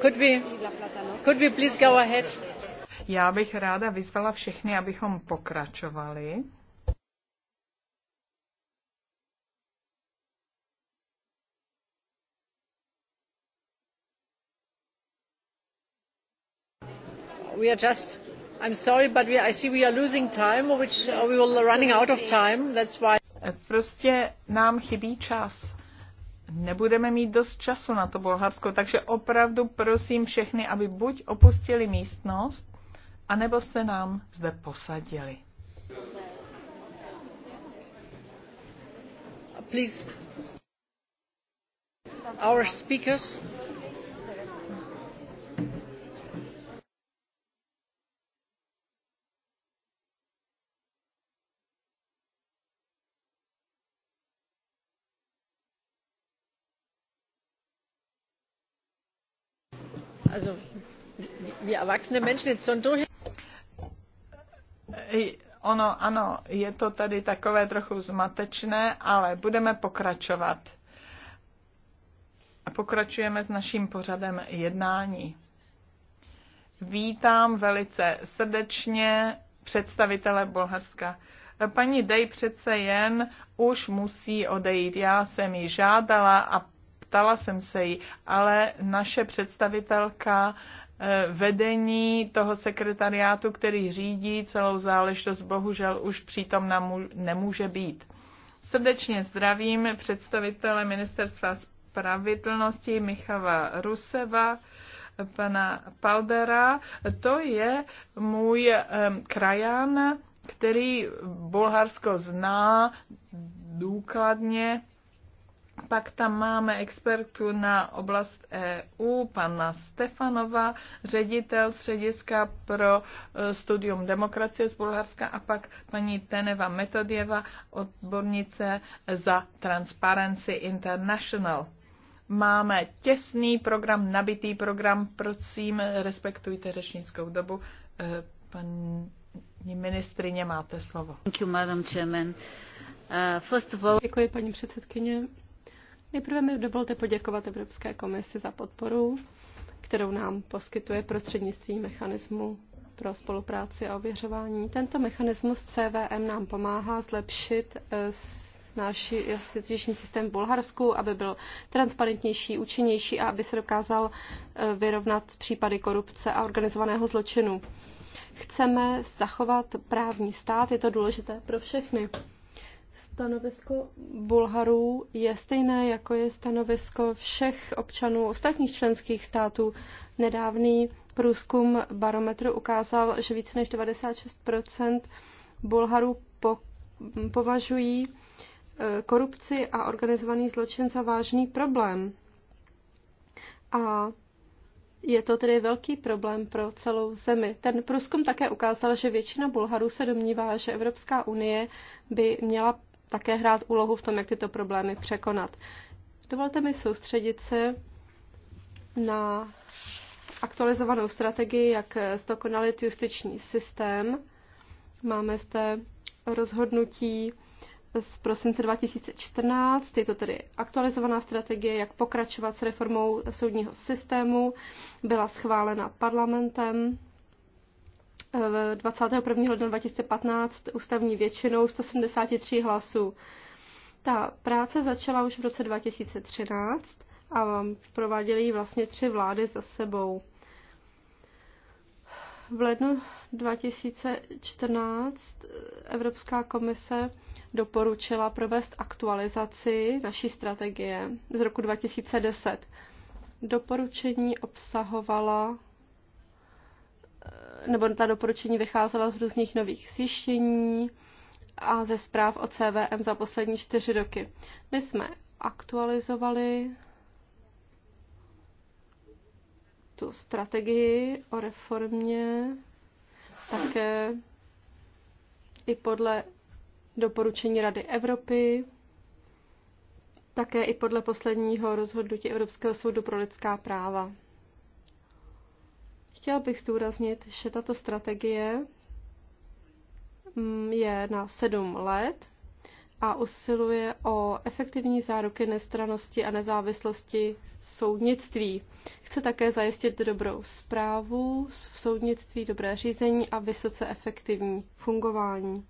Could we, could we please go ahead? Já bych ráda vyzvala všechny, abychom pokračovali. We are just, I'm sorry, but we, I see we are losing time, which uh, we are running out of time. That's why. Prostě nám chybí čas nebudeme mít dost času na to Bulharsko, takže opravdu prosím všechny, aby buď opustili místnost, anebo se nám zde posadili. Please, our speakers. Also, wir erwachsene Menschen jetzt schon durch. Ono, ano, je to tady takové trochu zmatečné, ale budeme pokračovat. Pokračujeme s naším pořadem jednání. Vítám velice srdečně představitele Bulharska. Paní Dej přece jen už musí odejít. Já jsem ji žádala a ptala jsem se jí, ale naše představitelka uh, Eh, vedení toho sekretariátu, který řídí celou záležitost, bohužel už přítom nemůže být. Srdečně zdravím představitele Ministerstva spravedlnosti Michava Ruseva, pana Paldera. To je můj eh, krajan, který Bulharsko zná důkladně pak tam máme expertu na oblast EU, pana Stefanova, ředitel střediska pro e, studium demokracie z Bulharska a pak paní Teneva Metodjeva, odbornice za Transparency International. Máme těsný program, nabitý program, prosím, respektujte řečnickou dobu. E, paní ministrině, máte slovo. Uh, Děkuji, paní předsedkyně. Nejprve mi dovolte poděkovat Evropské komisi za podporu, kterou nám poskytuje prostřednictvím mechanismu pro spolupráci a ověřování. Tento mechanismus CVM nám pomáhá zlepšit náš justiční systém v Bulharsku, aby byl transparentnější, účinnější a aby se dokázal eh, vyrovnat případy korupce a organizovaného zločinu. Chceme zachovat právní stát, je to důležité pro všechny. Stanovisko Bulharů je stejné, jako je stanovisko všech občanů ostatních členských států. Nedávný průzkum barometru ukázal, že více než 96 Bulharů po, považují e, korupci a organizovaný zločin za vážný problém. A je to tedy velký problém pro celou zemi. Ten průzkum také ukázal, že většina Bulharů se domnívá, že Evropská unie by měla také hrát úlohu v tom, jak tyto problémy překonat. Dovolte mi soustředit se na aktualizovanou strategii, jak zdokonalit justiční systém. Máme zde rozhodnutí z prosince 2014. Je to tedy aktualizovaná strategie, jak pokračovat s reformou soudního systému. Byla schválena parlamentem 21. ledna 2015 ústavní většinou 173 hlasů. Ta práce začala už v roce 2013 a prováděly ji vlastně tři vlády za sebou. V lednu 2014 Evropská komise doporučila provést aktualizaci naší strategie z roku 2010. Doporučení obsahovala eh, nebo ta doporučení vycházela z různých nových zjištění a ze zpráv o CVM za poslední čtyři roky. My jsme aktualizovali tu strategii o reformě také i podle doporučení Rady Evropy, také i podle posledního rozhodnutí Evropského soudu pro lidská práva. Chtěl bych zdůraznit, že tato strategie mm, je na sedm let a usiluje o efektivní záruky nestranosti a nezávislosti soudnictví. Chce také zajistit dobrou zprávu v soudnictví, dobré řízení a vysoce efektivní fungování.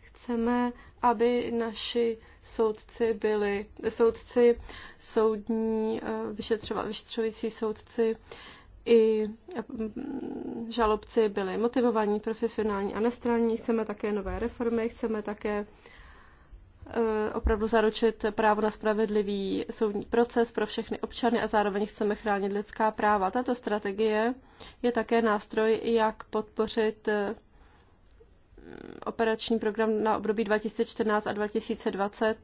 Chceme, aby naši soudci byli, soudci, soudní, eh, vyšetřovací soudci i mm, žalobci byli motivovaní, profesionální a nestranní. Chceme také nové reformy, chceme také e, opravdu zaručit právo na spravedlivý soudní proces pro všechny občany a zároveň chceme chránit lidská práva. Tato strategie je také nástroj, jak podpořit e, operační program na období 2014 a 2020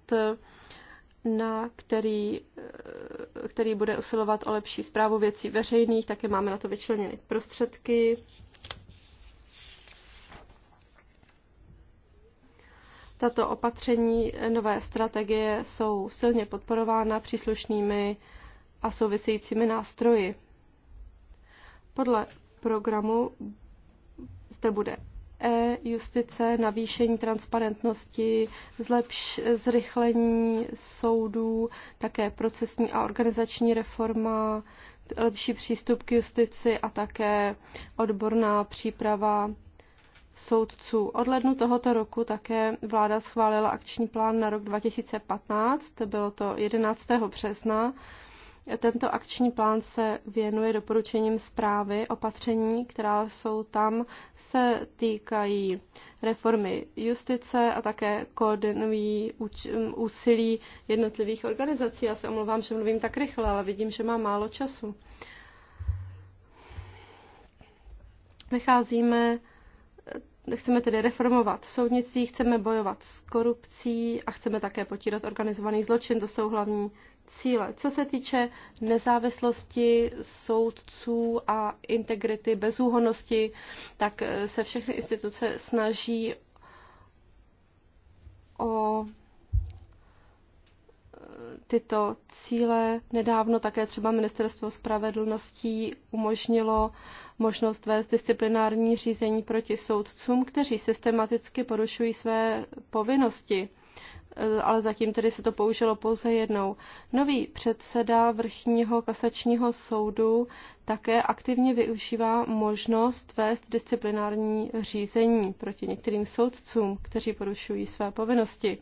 na který, který bude usilovat o lepší zprávu věcí veřejných, také máme na to vyčleněny prostředky. Tato opatření nové strategie jsou silně podporována příslušnými a souvisejícími nástroji. Podle programu zde bude e-justice, navýšení transparentnosti, zlepš, zrychlení soudů, také procesní a organizační reforma, lepší přístup k justici a také odborná příprava soudců. Od lednu tohoto roku také vláda schválila akční plán na rok 2015, bylo to 11. března. Tento akční plán se věnuje doporučením zprávy. Opatření, která jsou tam, se týkají reformy justice a také koordinují úsilí jednotlivých organizací. Já se omlouvám, že mluvím tak rychle, ale vidím, že mám málo času. Vycházíme chceme tedy reformovat soudnictví, chceme bojovat s korupcí a chceme také potírat organizovaný zločin. To jsou hlavní cíle. Co se týče nezávislosti soudců a integrity, bezúhonosti, tak se všechny instituce snaží o tyto cíle. Nedávno také třeba Ministerstvo spravedlností umožnilo možnost vést disciplinární řízení proti soudcům, kteří systematicky porušují své povinnosti e, ale zatím tedy se to použilo pouze jednou. Nový předseda vrchního kasačního soudu také aktivně využívá možnost vést disciplinární řízení proti některým soudcům, kteří porušují své povinnosti.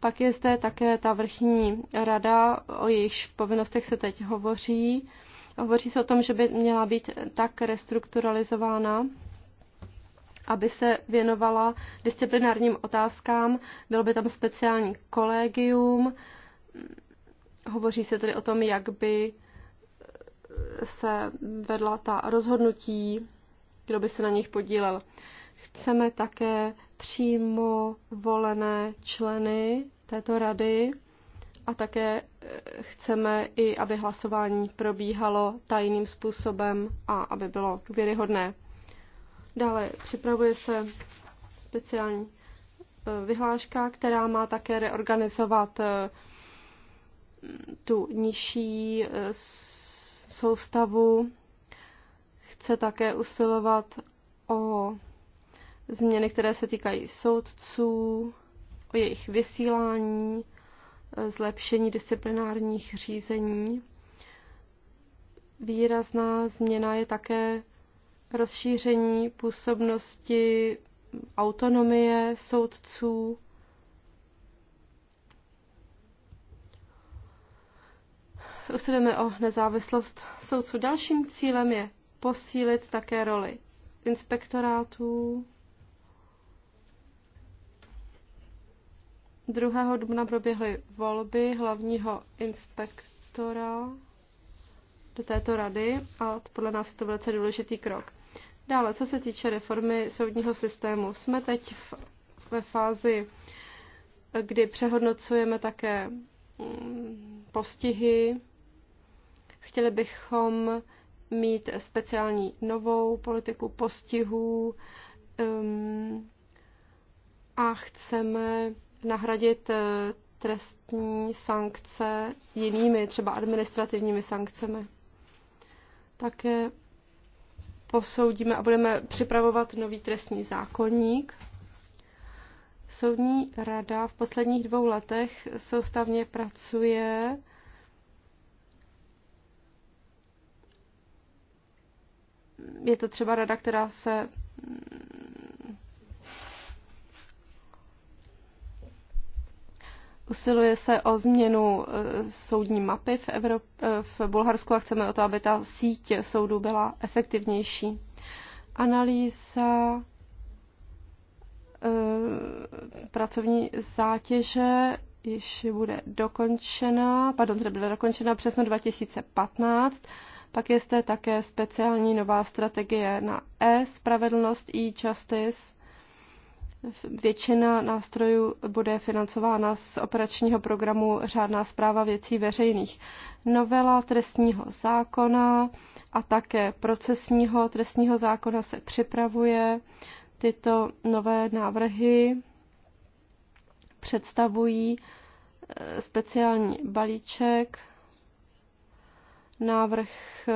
Pak je zde také ta vrchní rada, o jejichž povinnostech se teď hovoří. Hovoří se o tom, že by měla být tak restrukturalizována, aby se věnovala disciplinárním otázkám. Bylo by tam speciální kolegium. Hovoří se tedy o tom, jak by se vedla ta rozhodnutí, kdo by se na nich podílel. Chceme také přímo volené členy této rady a také eh, chceme i, aby hlasování probíhalo tajným způsobem a aby bylo důvěryhodné. Dále připravuje se speciální eh, vyhláška, která má také reorganizovat eh, tu nižší soustavu. Chce také usilovat o změny, které se týkají soudců, o jejich vysílání, zlepšení disciplinárních řízení. Výrazná změna je také rozšíření působnosti autonomie soudců. Usilujeme o nezávislost soudců. Dalším cílem je posílit také roli inspektorátů 2. dubna proběhly volby hlavního inspektora do této rady a podle nás je to velice důležitý krok. Dále, co se týče reformy soudního systému, jsme teď v, ve fázi, kdy přehodnocujeme také mm, postihy. Chtěli bychom mít speciální novou politiku postihů um, a chceme nahradit eh, trestní sankce jinými, třeba administrativními sankcemi. Také posoudíme a budeme připravovat nový trestní zákonník. Soudní rada v posledních dvou letech soustavně pracuje je to třeba rada, která se Usiluje se o změnu eh, soudní mapy v, Evrop- eh, v Bulharsku a chceme o to, aby ta síť soudů byla efektivnější. Analýza eh, pracovní zátěže již bude dokončena, pardon, tedy byla dokončena přesně 2015. Pak je zde také speciální nová strategie na e-spravedlnost, e-justice Většina nástrojů bude financována z operačního programu Řádná zpráva věcí veřejných. Novela trestního zákona a také procesního trestního zákona se připravuje. Tyto nové návrhy představují eh, speciální balíček, návrh eh,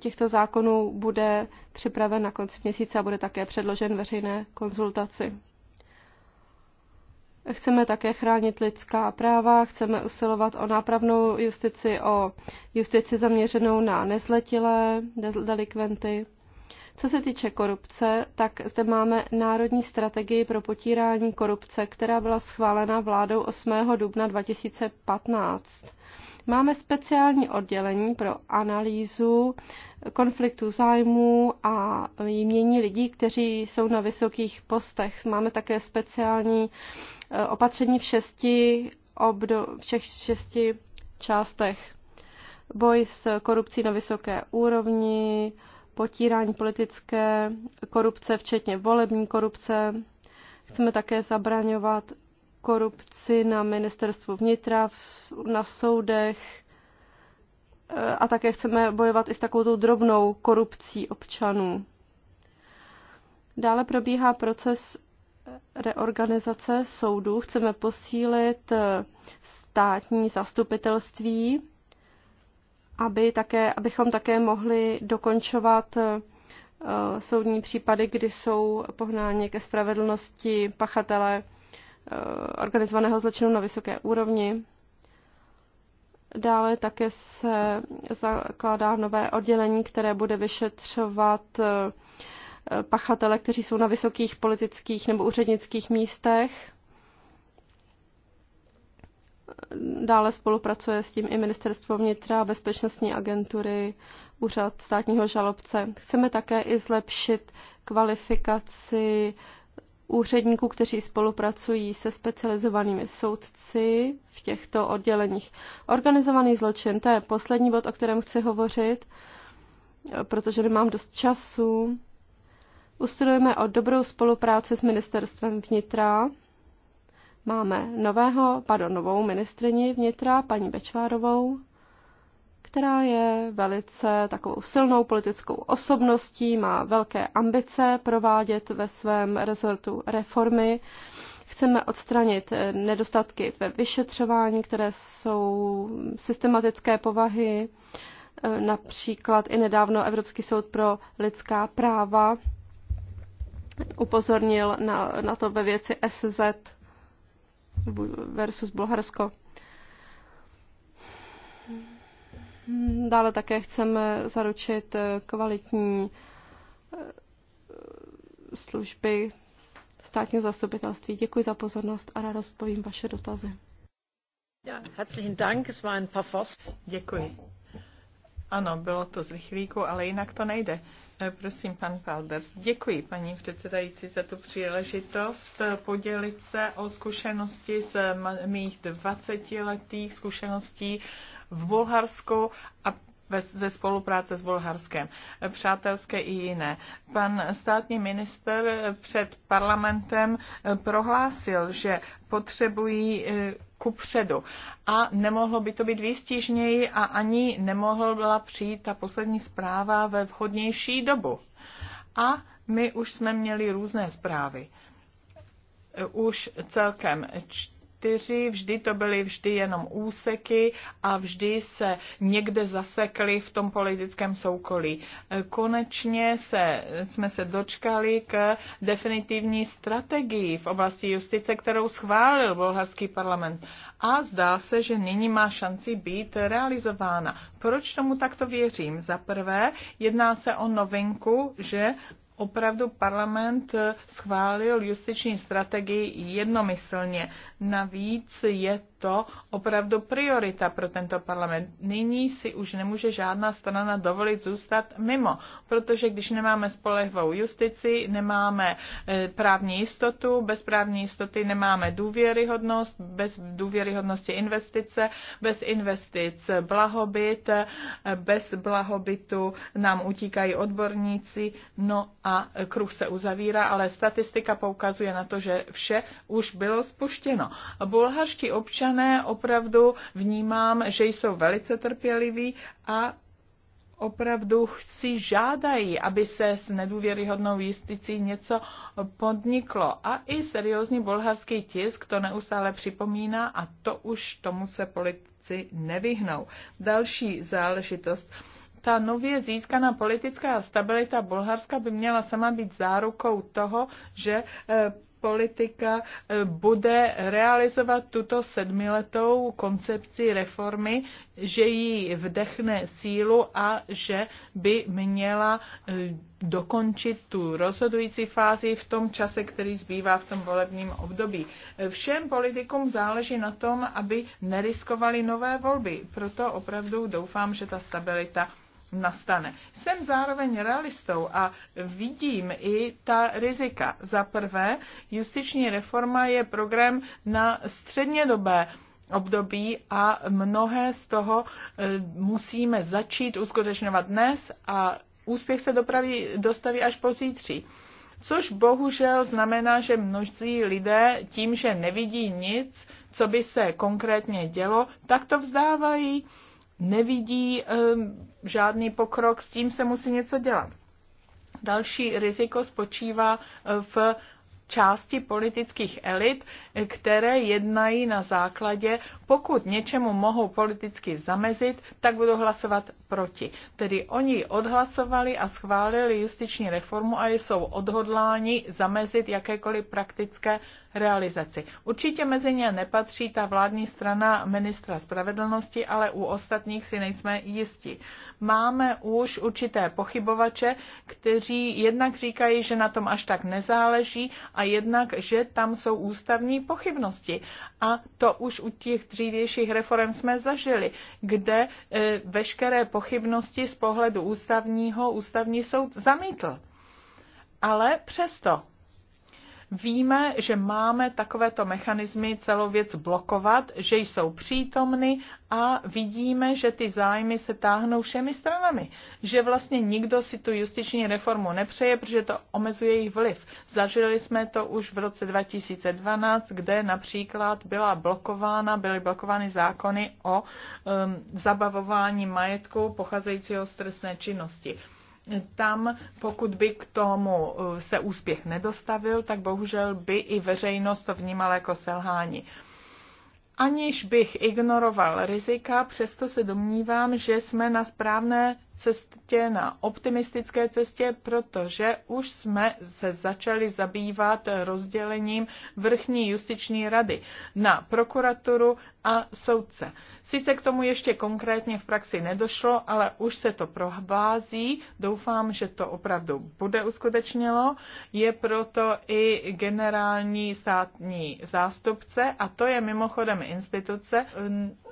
těchto zákonů bude připraven na konci měsíce a bude také předložen veřejné konzultaci. Chceme také chránit lidská práva, chceme usilovat o nápravnou justici, o justici zaměřenou na nezletilé delikventy. Co se týče korupce, tak zde máme Národní strategii pro potírání korupce, která byla schválena vládou 8. dubna 2015. Máme speciální oddělení pro analýzu konfliktu zájmů a jmění lidí, kteří jsou na vysokých postech. Máme také speciální eh, opatření v šesti, obdo, všech šesti částech. Boj s korupcí na vysoké úrovni, potírání politické korupce, včetně volební korupce. Chceme také zabraňovat korupci na ministerstvu vnitra, na soudech eh, a také chceme bojovat i s takovou drobnou korupcí občanů. Dále probíhá proces eh, reorganizace soudů. Chceme posílit eh, státní zastupitelství, aby také, abychom také mohli dokončovat soudní případy, kdy jsou pohnáni ke spravedlnosti pachatelé Eh, organizovaného zločinu na vysoké úrovni. Dále také se zakládá nové oddělení, které bude vyšetřovat eh, pachatele, kteří jsou na vysokých politických nebo úřednických místech. Dále spolupracuje s tím i Ministerstvo vnitra, bezpečnostní agentury, úřad státního žalobce. Chceme také i zlepšit kvalifikaci úředníků, kteří spolupracují se specializovanými soudci v těchto odděleních. Organizovaný zločin, to je poslední bod, o kterém chci hovořit, protože nemám dost času. Ustudujeme o dobrou spolupráci s ministerstvem vnitra. Máme nového, pardon, novou ministrini vnitra, paní Bečvárovou, která je velice takovou silnou politickou osobností, má velké ambice provádět ve svém rezortu reformy. Chceme odstranit nedostatky ve vyšetřování, které jsou systematické povahy, například i nedávno Evropský soud pro lidská práva upozornil na, na to ve věci SZ versus Bulharsko. Hmm, dále také chceme zaručit eh, kvalitní eh, služby státního zastupitelství. Děkuji za pozornost a ráda zpovím vaše dotazy. Děkuji. Ano, bylo to z lichvíku, ale jinak to nejde. Eh, prosím, pan Falders. Děkuji, paní předsedající, za tu příležitost eh, podělit se o zkušenosti z eh, mých 20-letých zkušeností v Bulharsku a ze spolupráce s Bulharskem, přátelské i jiné. Pan státní minister před parlamentem prohlásil, že potřebují eh, ku předu. A nemohlo by to být výstižněji a ani nemohla přijít ta poslední zpráva ve vhodnější dobu. A my už jsme měli různé zprávy. Už celkem čtyři, vždy to byly vždy jenom úseky a vždy se někde zasekli v tom politickém soukolí. E, konečně se, jsme se dočkali k definitivní strategii v oblasti justice, kterou schválil bulharský parlament. A zdá se, že nyní má šanci být realizována. Proč tomu takto věřím? Za prvé, jedná se o novinku, že opravdu parlament eh, schválil justiční strategii jednomyslně. Navíc je to opravdu priorita pro tento parlament. Nyní si už nemůže žádná strana dovolit zůstat mimo, protože když nemáme spolehlivou justici, nemáme e, právní jistotu, bez právní jistoty nemáme důvěryhodnost, bez důvěryhodnosti investice, bez investic blahobyt, e, bez blahobytu nám utíkají odborníci, no a kruh se uzavírá, ale statistika poukazuje na to, že vše už bylo spuštěno. Bulharští občan občané opravdu vnímám, že jsou velice trpěliví a opravdu chci, žádají, aby se s nedůvěryhodnou justicí něco podniklo. A i seriózní bulharský tisk to neustále připomíná a to už tomu se politici nevyhnou. Další záležitost. Ta nově získaná politická stabilita Bulharska by měla sama být zárukou toho, že eh, politika eh, bude realizovat tuto sedmiletou koncepci reformy, že jí vdechne sílu a že by měla eh, dokončit tu rozhodující fázi v tom čase, který zbývá v tom volebním období. Všem politikům záleží na tom, aby neriskovali nové volby. Proto opravdu doufám, že ta stabilita nastane. Jsem zároveň realistou a vidím i ta rizika. Za prvé, justiční reforma je program na střednědobé období a mnohé z toho eh, musíme začít uskutečňovat dnes a úspěch se dopraví, dostaví až pozítří. Což bohužel znamená, že množství lidé tím, že nevidí nic, co by se konkrétně dělo, tak to vzdávají nevidí ehm, žádný pokrok, s tím se musí něco dělat. Další riziko spočívá eh, v části politických elit, které jednají na základě, pokud něčemu mohou politicky zamezit, tak budou hlasovat proti. Tedy oni odhlasovali a schválili justiční reformu a jsou odhodláni zamezit jakékoliv praktické realizaci. Určitě mezi ně nepatří ta vládní strana ministra spravedlnosti, ale u ostatních si nejsme jisti. Máme už určité pochybovače, kteří jednak říkají, že na tom až tak nezáleží a jednak, že tam jsou ústavní pochybnosti. A to už u těch dřívějších reform jsme zažili, kde e, veškeré pochybnosti z pohledu ústavního ústavní soud zamítl. Ale přesto Víme, že máme takovéto mechanismy celou věc blokovat, že jsou přítomny a vidíme, že ty zájmy se táhnou všemi stranami. Že vlastně nikdo si tu justiční reformu nepřeje, protože to omezuje jejich vliv. Zažili jsme to už v roce 2012, kde například byla blokována, byly blokovány zákony o um, zabavování majetku pocházejícího z trestné činnosti tam, pokud by k tomu eh, se úspěch nedostavil, tak bohužel by i veřejnost to vnímala jako selhání. Aniž bych ignoroval rizika, přesto se domnívám, že jsme na správné cestě, na optimistické cestě, protože už jsme se začali zabývat rozdělením vrchní justiční rady na prokuraturu a soudce. Sice k tomu ještě konkrétně v praxi nedošlo, ale už se to prohvází. Doufám, že to opravdu bude uskutečněno. Je proto i generální státní zástupce a to je mimochodem instituce.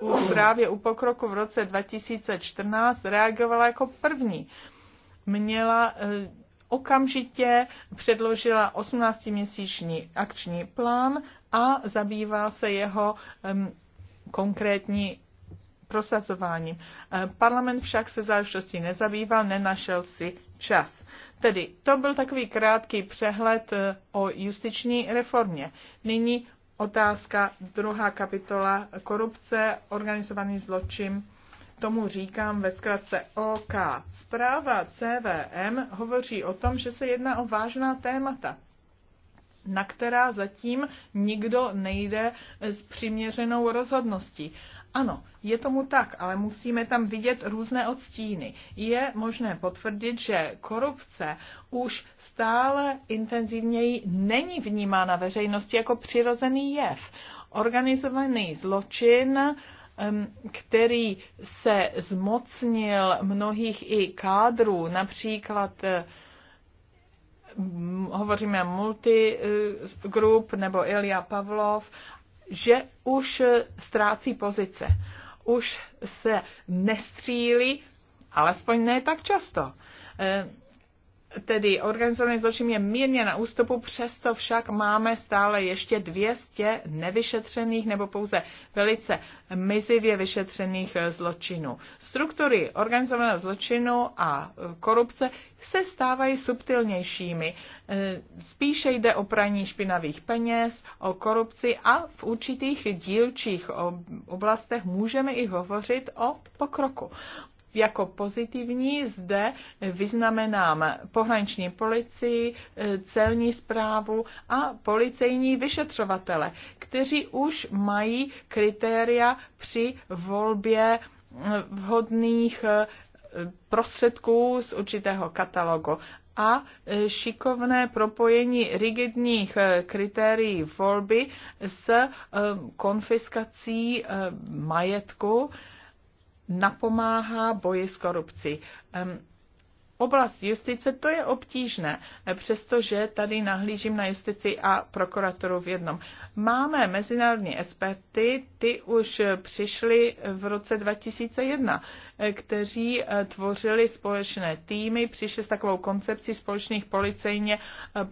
Už právě u pokroku v roce 2014 reagovala jako první měla eh, okamžitě předložila 18-měsíční akční plán a zabývá se jeho konkrétní prosazováním. Eh, parlament však se záležitostí nezabýval, nenašel si čas. Tedy to byl takový krátký přehled eh, o justiční reformě. Nyní otázka druhá kapitola korupce, organizovaný zločin tomu říkám ve zkratce OK. Zpráva CVM hovoří o tom, že se jedná o vážná témata na která zatím nikdo nejde s přiměřenou rozhodností. Ano, je tomu tak, ale musíme tam vidět různé odstíny. Je možné potvrdit, že korupce už stále intenzivněji není vnímána veřejnosti jako přirozený jev. Organizovaný zločin uh, který se zmocnil mnohých i kádrů, například eh, hovoříme multigroup nebo Ilja Pavlov, že už eh, ztrácí pozice. Už se nestřílí, alespoň ne tak často. Eh, tedy organizovaný zločin je mírně na ústupu, přesto však máme stále ještě 200 nevyšetřených nebo pouze velice mizivě vyšetřených eh, zločinů. Struktury organizovaného zločinu a eh, korupce se stávají subtilnějšími. Eh, spíše jde o praní špinavých peněz, o korupci a v určitých dílčích oblastech můžeme i hovořit o pokroku jako pozitivní zde vyznamenám pohraniční policii, eh, celní zprávu a policejní vyšetřovatele, kteří už mají kritéria při volbě eh, vhodných eh, prostředků z určitého katalogu a šikovné propojení rigidních kritérií volby s konfiskací majetku, napomáhá boji s korupcí. Oblast justice to je obtížné, přestože tady nahlížím na justici a prokuraturu v jednom. Máme mezinárodní experty, ty už přišli v roce 2001, kteří eh, tvořili společné týmy, přišli s takovou koncepcí společných policejně eh,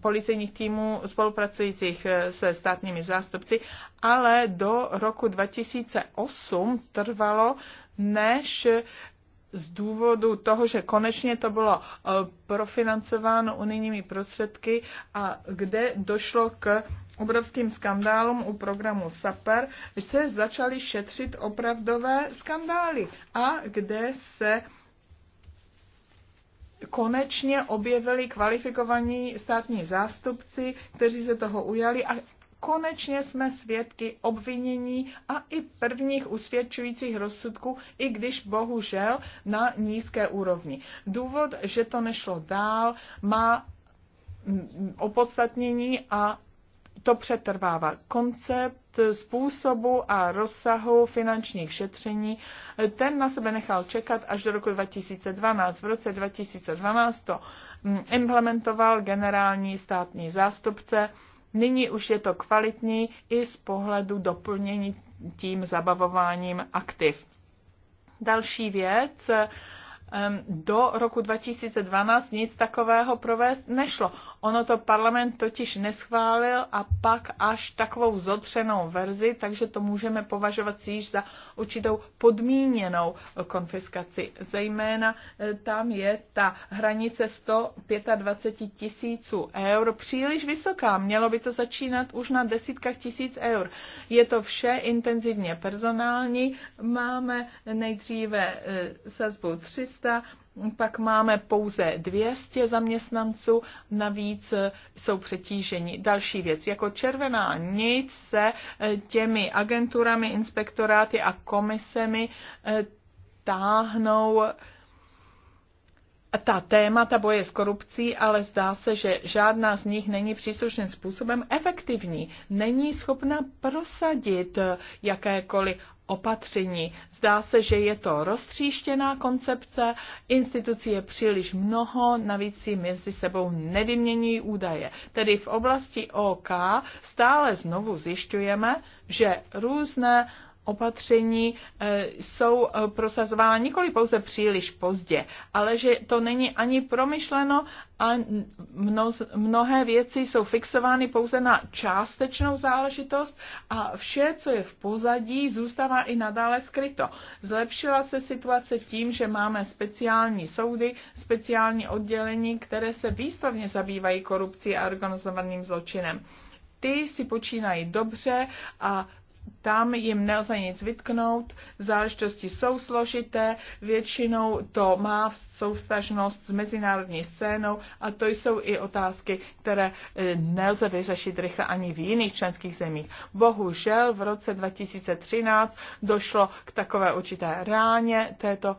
policejních týmů spolupracujících eh, se státními zástupci, ale do roku 2008 trvalo, než eh, z důvodu toho, že konečně to bylo eh, profinancováno unijními prostředky a kde došlo k obrovským skandálům u programu SAPER, se začaly šetřit opravdové skandály a kde se konečně objevili kvalifikovaní státní zástupci, kteří se toho ujali a konečně jsme svědky obvinění a i prvních usvědčujících rozsudků, i když bohužel na nízké úrovni. Důvod, že to nešlo dál, má mm, opodstatnění a to přetrvává. Koncept způsobu a rozsahu finančních šetření, ten na sebe nechal čekat až do roku 2012. V roce 2012 to mm, implementoval generální státní zástupce. Nyní už je to kvalitní i z pohledu doplnění tím zabavováním aktiv. Další věc, do roku 2012 nic takového provést nešlo. Ono to parlament totiž neschválil a pak až takovou zotřenou verzi, takže to můžeme považovat si již za určitou podmíněnou konfiskaci. Zejména e, tam je ta hranice 125 tisíců eur příliš vysoká. Mělo by to začínat už na desítkách tisíc eur. Je to vše intenzivně personální. Máme nejdříve e, sazbu 300 místa, pak máme pouze 200 zaměstnanců, navíc e, jsou přetíženi. Další věc, jako červená nic se e, těmi agenturami, inspektoráty a komisemi e, táhnou ta témata boje s korupcí, ale zdá se, že žádná z nich není příslušným způsobem efektivní. Není schopna prosadit jakékoliv opatření. Zdá se, že je to roztříštěná koncepce, institucí je příliš mnoho, navíc si mezi sebou nevymění údaje. Tedy v oblasti OK stále znovu zjišťujeme, že různé opatření eh, jsou eh, prosazována nikoli pouze příliš pozdě, ale že to není ani promyšleno a mno, mnohé věci jsou fixovány pouze na částečnou záležitost a vše, co je v pozadí, zůstává i nadále skryto. Zlepšila se situace tím, že máme speciální soudy, speciální oddělení, které se výslovně zabývají korupcí a organizovaným zločinem ty si počínají dobře a tam jim nelze nic vytknout, záležitosti jsou složité, většinou to má soustažnost s mezinárodní scénou a to jsou i otázky, které e, nelze vyřešit rychle ani v jiných členských zemích. Bohužel v roce 2013 došlo k takové určité ráně této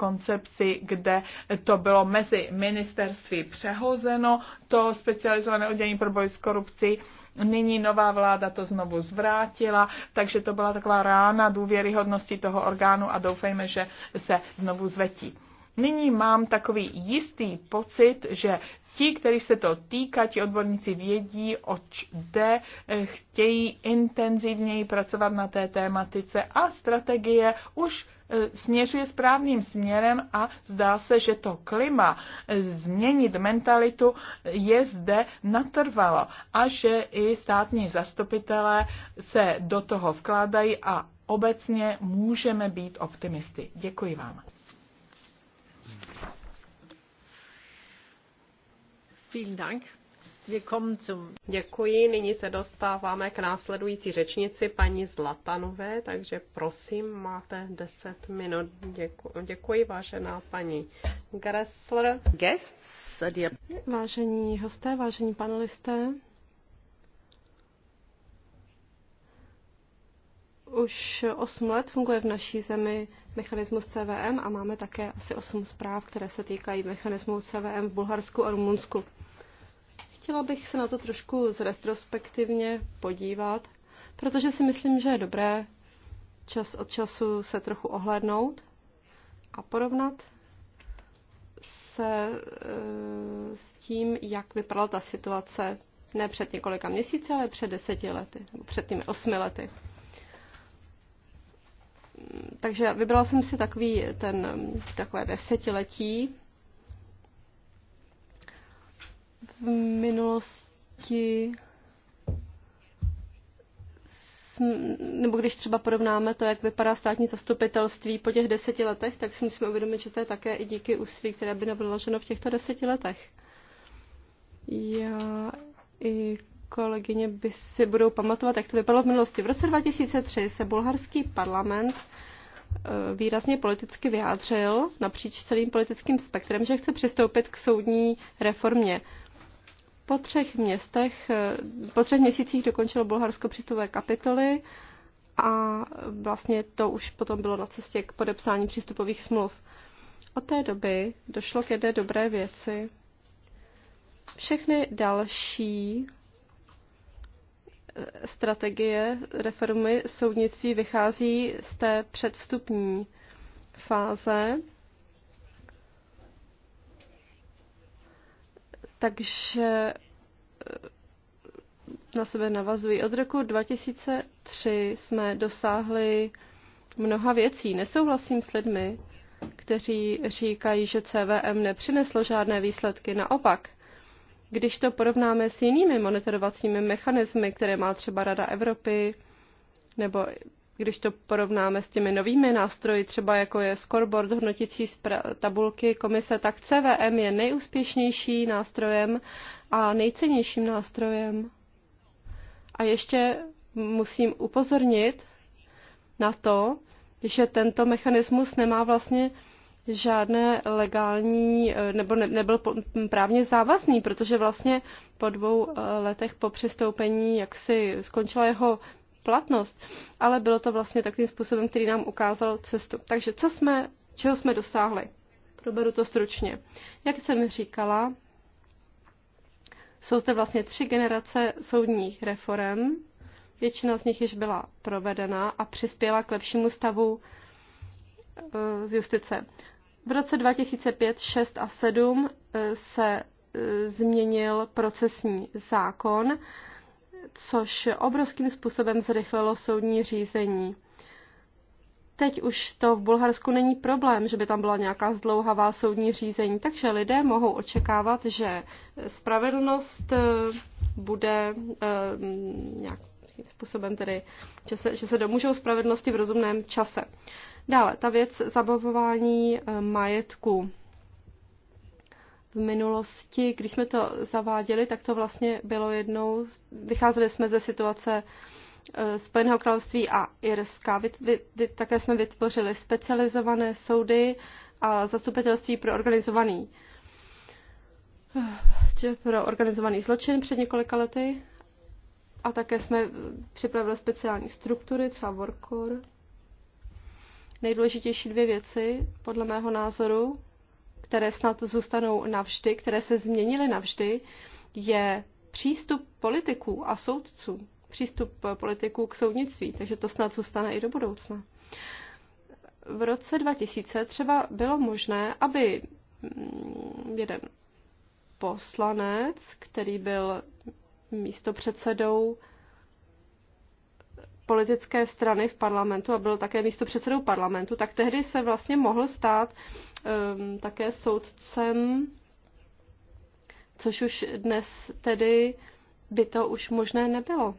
koncepci, kde to bylo mezi ministerství přehozeno, to specializované oddělení pro boj s korupcí, Nyní nová vláda to znovu zvrátila, takže to byla taková rána důvěryhodnosti toho orgánu a doufejme, že se znovu zvetí. Nyní mám takový jistý pocit, že ti, kteří se to týká, ti odborníci vědí, oč jde, eh, chtějí intenzivněji pracovat na té tématice a strategie už eh, směřuje správným směrem a zdá se, že to klima eh, změnit mentalitu je zde natrvalo a že i státní zastupitelé se do toho vkládají a obecně můžeme být optimisty. Děkuji vám. Děkuji. Nyní se dostáváme k následující řečnici, paní Zlatanové, takže prosím, máte 10 minut. Děkuji, děkuji vážená paní Gressler. Guests. Vážení hosté, vážení panelisté, Už 8 let funguje v naší zemi mechanismus CVM a máme také asi 8 zpráv, které se týkají mechanismu CVM v Bulharsku a Rumunsku. Chtěla bych se na to trošku zretrospektivně podívat, protože si myslím, že je dobré čas od času se trochu ohlédnout a porovnat se eh, s tím, jak vypadala ta situace ne před několika měsíci, ale před deseti lety, nebo před těmi osmi lety takže vybrala jsem si takový ten, takové desetiletí. V minulosti nebo když třeba porovnáme to, jak vypadá státní zastupitelství po těch deseti letech, tak si musíme uvědomit, že to je také i díky úsilí, které by bylo v těchto deseti letech. Já i kolegyně by si budou pamatovat, jak to vypadalo v minulosti. V roce 2003 se bulharský parlament eh, výrazně politicky vyjádřil napříč celým politickým spektrem, že chce přistoupit k soudní reformě. Po třech, městech, eh, po třech měsících dokončilo Bulharsko přístupové kapitoly a vlastně to už potom bylo na cestě k podepsání přístupových smluv. Od té doby došlo k jedné dobré věci. Všechny další strategie reformy soudnictví vychází z té předvstupní fáze. Takže eh, na sebe navazují. Od roku 2003 jsme dosáhli mnoha věcí. Nesouhlasím s lidmi, kteří říkají, že CVM nepřineslo žádné výsledky. Naopak, když to porovnáme s jinými monitorovacími mechanismy, které má třeba Rada Evropy, nebo když to porovnáme s těmi novými nástroji, třeba jako je scoreboard, hodnotící tabulky komise, tak CVM je nejúspěšnější nástrojem a nejcennějším nástrojem. A ještě musím upozornit na to, že tento mechanismus nemá vlastně žádné legální, eh, nebo ne, nebyl právně závazný, protože vlastně po dvou eh, letech po přistoupení si skončila jeho platnost, ale bylo to vlastně takovým způsobem, který nám ukázal cestu. Takže co jsme, čeho jsme dosáhli? Proberu to stručně. Jak jsem říkala, jsou zde vlastně tři generace soudních reform. Většina z nich již byla provedena a přispěla k lepšímu stavu Eh, z justice. V roce 2005, 6 a 7 eh, se eh, změnil procesní zákon, což obrovským způsobem zrychlilo soudní řízení. Teď už to v Bulharsku není problém, že by tam byla nějaká zdlouhavá soudní řízení, takže lidé mohou očekávat, že spravedlnost bude nějak způsobem tedy, že se, že se domůžou spravedlnosti v rozumném čase. Dále, ta věc zabavování eh, majetku. V minulosti, když jsme to zaváděli, tak to vlastně bylo jednou, vycházeli jsme ze situace eh, Spojeného království a Irska. Vy, vy, vy, také jsme vytvořili specializované soudy a zastupitelství pro organizovaný eh, pro organizovaný zločin před několika lety. A také jsme připravili speciální struktury, třeba Workor nejdůležitější dvě věci, podle mého názoru, které snad zůstanou navždy, které se změnily navždy, je přístup politiků a soudců, přístup eh, politiků k soudnictví, takže to snad zůstane i do budoucna. V roce 2000 třeba bylo možné, aby mm, jeden poslanec, který byl místopředsedou politické strany v parlamentu a byl také místo předsedou parlamentu, tak tehdy se vlastně mohl stát um, také soudcem, což už dnes tedy by to už možné nebylo.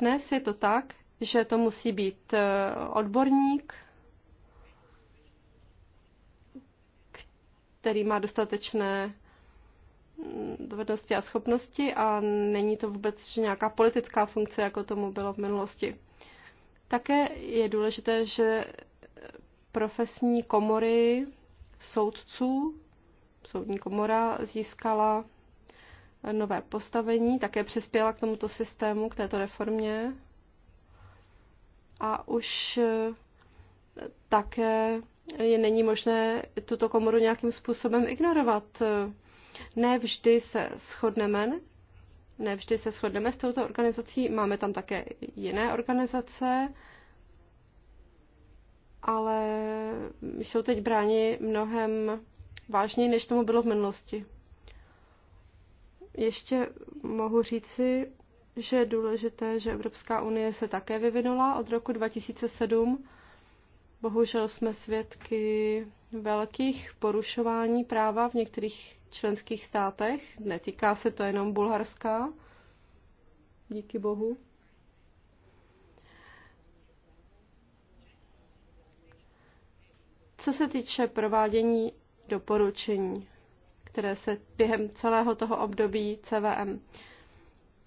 Dnes je to tak, že to musí být eh, odborník, který má dostatečné dovednosti a schopnosti a není to vůbec nějaká politická funkce, jako tomu bylo v minulosti. Také je důležité, že profesní komory soudců, soudní komora získala nové postavení, také přispěla k tomuto systému, k této reformě. A už eh, také je není možné tuto komoru nějakým způsobem ignorovat. Ne vždy se shodneme, ne vždy se shodneme s touto organizací, máme tam také jiné organizace, ale jsou teď bráni mnohem vážněji, než tomu bylo v minulosti. Ještě mohu říci, že je důležité, že Evropská unie se také vyvinula od roku 2007. Bohužel jsme svědky velkých porušování práva v některých členských státech. Netýká se to jenom Bulharska, díky bohu. Co se týče provádění doporučení, které se během celého toho období CVM.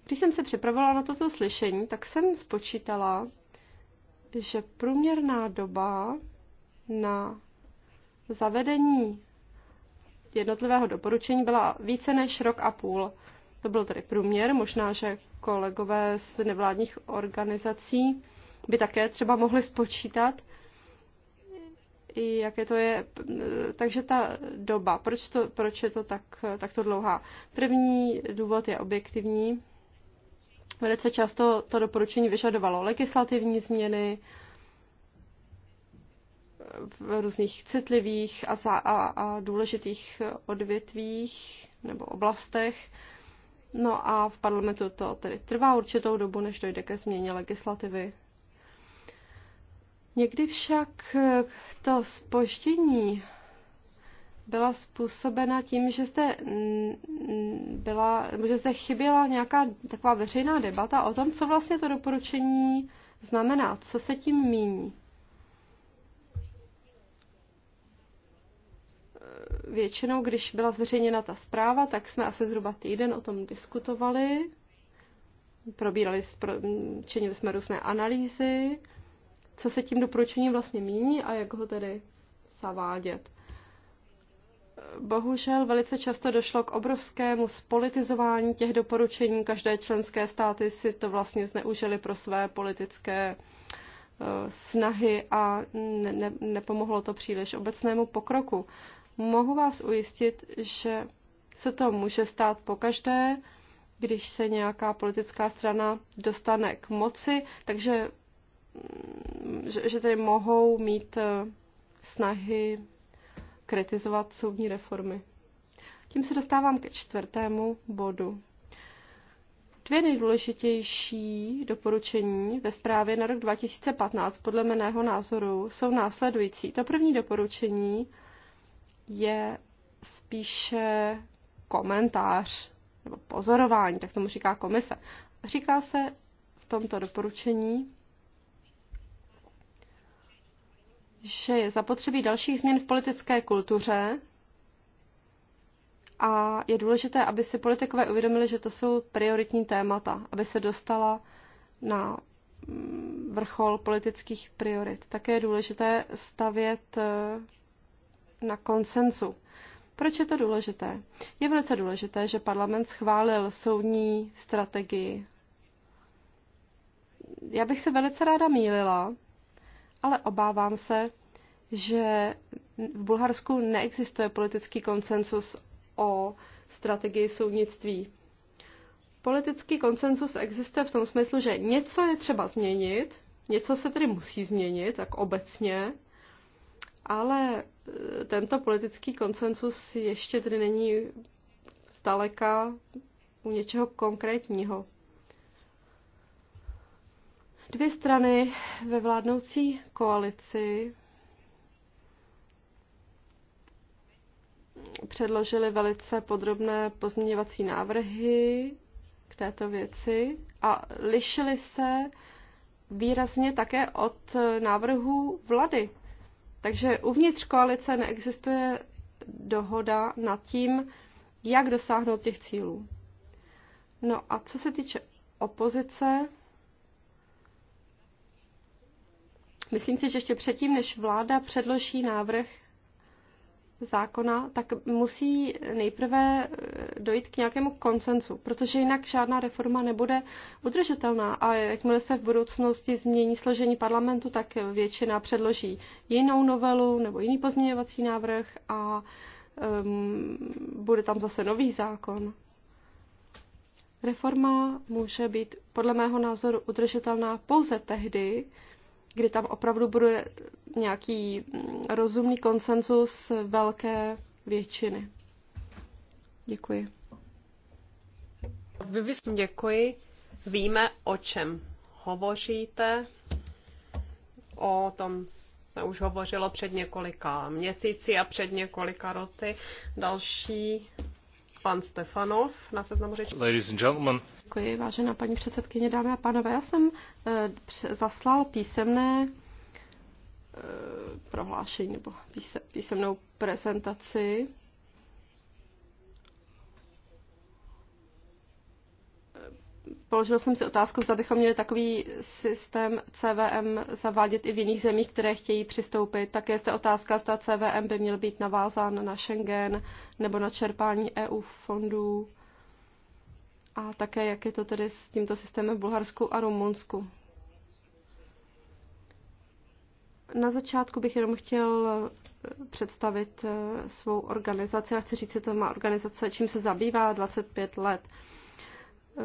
Když jsem se připravovala na toto slyšení, tak jsem spočítala, že průměrná doba na zavedení jednotlivého doporučení byla více než rok a půl. To byl tedy průměr, možná, že kolegové z nevládních organizací by také třeba mohli spočítat, jaké to je. Takže ta doba, proč, to, proč je to tak, takto dlouhá? První důvod je objektivní. Velice často to doporučení vyžadovalo legislativní změny, v různých citlivých a, za, a, a důležitých odvětvích nebo oblastech. No a v parlamentu to tedy trvá určitou dobu, než dojde ke změně legislativy. Někdy však to spoždění byla způsobena tím, že zde, byla, nebo že zde chyběla nějaká taková veřejná debata o tom, co vlastně to doporučení znamená, co se tím míní. většinou, když byla zveřejněna ta zpráva, tak jsme asi zhruba týden o tom diskutovali. Probírali, činili jsme různé analýzy, co se tím doporučením vlastně míní a jak ho tedy zavádět. Bohužel velice často došlo k obrovskému spolitizování těch doporučení. Každé členské státy si to vlastně zneužili pro své politické eh, snahy a ne, ne, nepomohlo to příliš obecnému pokroku. Mohu vás ujistit, že se to může stát pokaždé, když se nějaká politická strana dostane k moci, takže mm, že, že tedy mohou mít eh, snahy kritizovat soudní reformy. Tím se dostávám ke čtvrtému bodu. Dvě nejdůležitější doporučení ve zprávě na rok 2015 podle mého názoru jsou následující. To první doporučení je spíše komentář nebo pozorování, tak tomu říká komise. Říká se v tomto doporučení, že je zapotřebí dalších změn v politické kultuře a je důležité, aby si politikové uvědomili, že to jsou prioritní témata, aby se dostala na mm, vrchol politických priorit. Také je důležité stavět eh, na konsenzu. Proč je to důležité? Je velice důležité, že parlament schválil soudní strategii. Já bych se velice ráda mýlila, ale obávám se, že v Bulharsku neexistuje politický konsensus o strategii soudnictví. Politický konsensus existuje v tom smyslu, že něco je třeba změnit, něco se tedy musí změnit, tak obecně, ale tento politický konsensus ještě tedy není zdaleka u něčeho konkrétního. Dvě strany ve vládnoucí koalici předložily velice podrobné pozměňovací návrhy k této věci a lišily se výrazně také od návrhů vlady. Takže uvnitř koalice neexistuje dohoda nad tím, jak dosáhnout těch cílů. No a co se týče opozice, myslím si, že ještě předtím, než vláda předloží návrh zákona, tak musí nejprve eh, dojít k nějakému koncensu, protože jinak žádná reforma nebude udržitelná a jakmile se v budoucnosti změní složení parlamentu, tak většina předloží jinou novelu nebo jiný pozměňovací návrh a um, bude tam zase nový zákon. Reforma může být podle mého názoru udržitelná pouze tehdy, kdy tam opravdu bude nějaký rozumný konsenzus velké většiny. Děkuji. Děkuji. Víme, o čem hovoříte. O tom se už hovořilo před několika měsíci a před několika roty. Další pan Stefanov na seznamu řečníků. Ladies and gentlemen. Děkuji, vážená paní předsedkyně, dámy a pánové. Já jsem eh, zaslal písemné eh, prohlášení nebo písemnou prezentaci položil jsem si otázku, zda bychom měli takový systém CVM zavádět i v jiných zemích, které chtějí přistoupit. Také zde otázka, zda CVM by měl být navázán na Schengen nebo na čerpání EU fondů. A také, jak je to tedy s tímto systémem v Bulharsku a Rumunsku. Na začátku bych jenom chtěl představit eh, svou organizaci. Já chci říct, že to má organizace, čím se zabývá 25 let. Eh,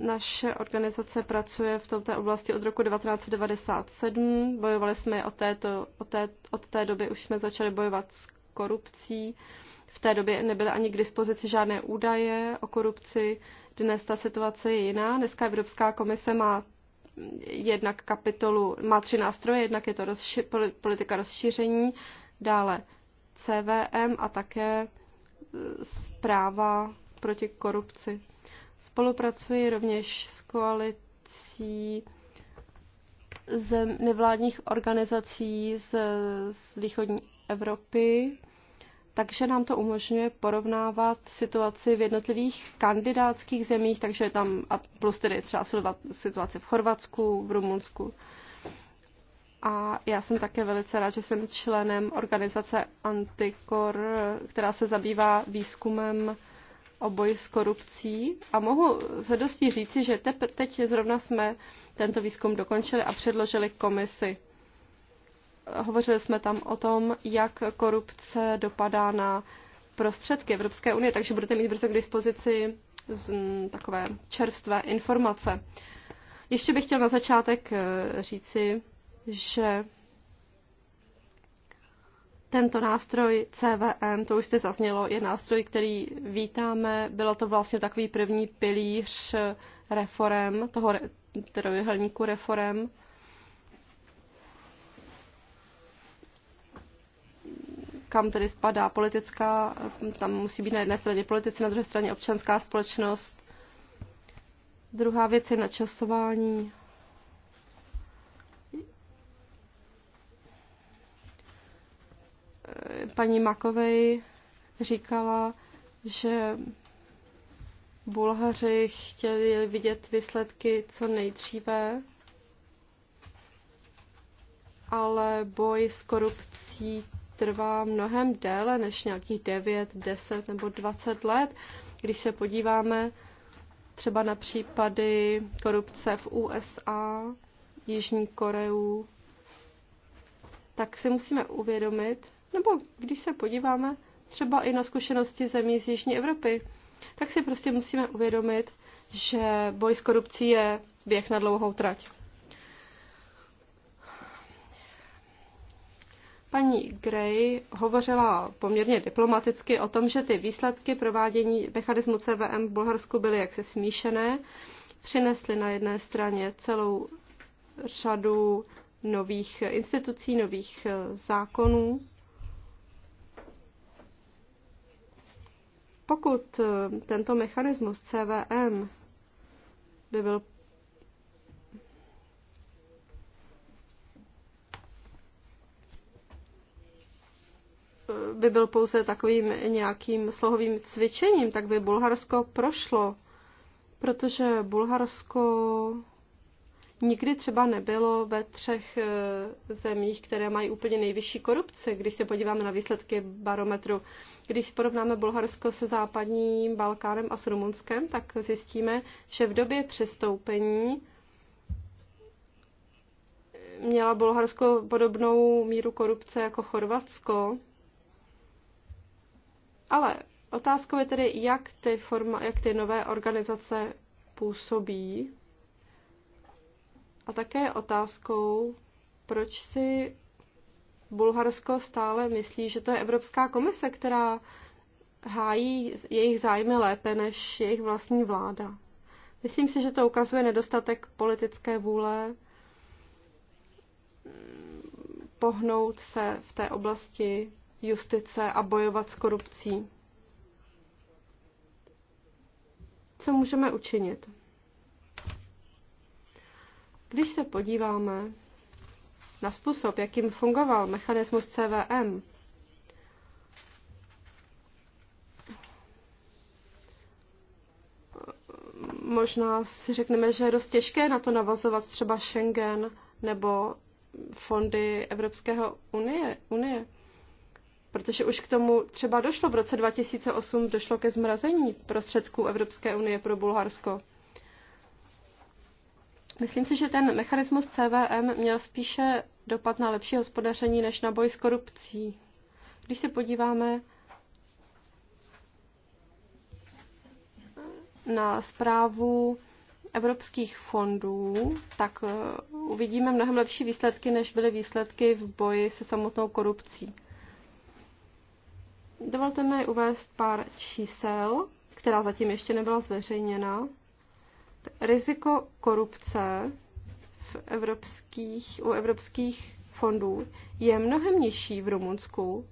naše organizace pracuje v této oblasti od roku 1997. Bojovali jsme od, této, od, té, od té doby, už jsme začali bojovat s korupcí. V té době nebyly ani k dispozici žádné údaje o korupci. Dnes ta situace je jiná. Dneska Evropská komise má jednak kapitolu, má tři nástroje, jednak je to rozši, politika rozšíření, dále CVM a také eh, zpráva proti korupci. Spolupracuji rovněž s koalicí z nevládních organizací z, z východní Evropy, takže nám to umožňuje porovnávat situaci v jednotlivých kandidátských zemích, takže tam a plus tedy třeba situace v Chorvatsku, v Rumunsku. A já jsem také velice rád, že jsem členem organizace Antikor, která se zabývá výzkumem o boji s korupcí a mohu s hrdostí říci, že tep, teď zrovna jsme tento výzkum dokončili a předložili komisi. Hovořili jsme tam o tom, jak korupce dopadá na prostředky Evropské unie, takže budete mít brzo k dispozici z, takové čerstvé informace. Ještě bych chtěl na začátek e, říci, že tento nástroj CVM, to už jste zaznělo, je nástroj, který vítáme. Bylo to vlastně takový první pilíř reform, toho trojuhelníku reform. kam tedy spadá politická, tam musí být na jedné straně politici, na druhé straně občanská společnost. Druhá věc je načasování. paní Makovej říkala, že Bulhaři chtěli vidět výsledky co nejdříve, ale boj s korupcí trvá mnohem déle než nějakých 9, 10 nebo 20 let. Když se podíváme třeba na případy korupce v USA, Jižní Koreu, tak si musíme uvědomit, nebo když se podíváme třeba i na zkušenosti zemí z Jižní Evropy, tak si prostě musíme uvědomit, že boj s korupcí je běh na dlouhou trať. Paní Gray hovořila poměrně diplomaticky o tom, že ty výsledky provádění mechanismu CVM v Bulharsku byly jaksi smíšené. Přinesly na jedné straně celou řadu nových institucí, nových eh, zákonů, Pokud eh, tento mechanismus CVM by byl by byl pouze takovým nějakým slohovým cvičením, tak by Bulharsko prošlo, protože Bulharsko nikdy třeba nebylo ve třech e, zemích, které mají úplně nejvyšší korupci, když se podíváme na výsledky barometru. Když porovnáme Bulharsko se západním Balkánem a s Rumunskem, tak zjistíme, že v době přestoupení měla Bulharsko podobnou míru korupce jako Chorvatsko. Ale otázkou je tedy, jak ty, forma, jak ty nové organizace působí a také otázkou, proč si Bulharsko stále myslí, že to je Evropská komise, která hájí jejich zájmy lépe než jejich vlastní vláda. Myslím si, že to ukazuje nedostatek politické vůle pohnout se v té oblasti justice a bojovat s korupcí. Co můžeme učinit? Když se podíváme na způsob, jakým fungoval mechanismus CVM, možná si řekneme, že je dost těžké na to navazovat třeba Schengen nebo fondy Evropského unie, unie. Protože už k tomu třeba došlo v roce 2008, došlo ke zmrazení prostředků Evropské unie pro Bulharsko. Myslím si, že ten mechanismus CVM měl spíše dopad na lepší hospodaření než na boj s korupcí. Když se podíváme na zprávu evropských fondů, tak eh, uvidíme mnohem lepší výsledky, než byly výsledky v boji se samotnou korupcí. Dovolte mi uvést pár čísel, která zatím ještě nebyla zveřejněna riziko korupce v evropských, u evropských fondů je mnohem nižší v Rumunsku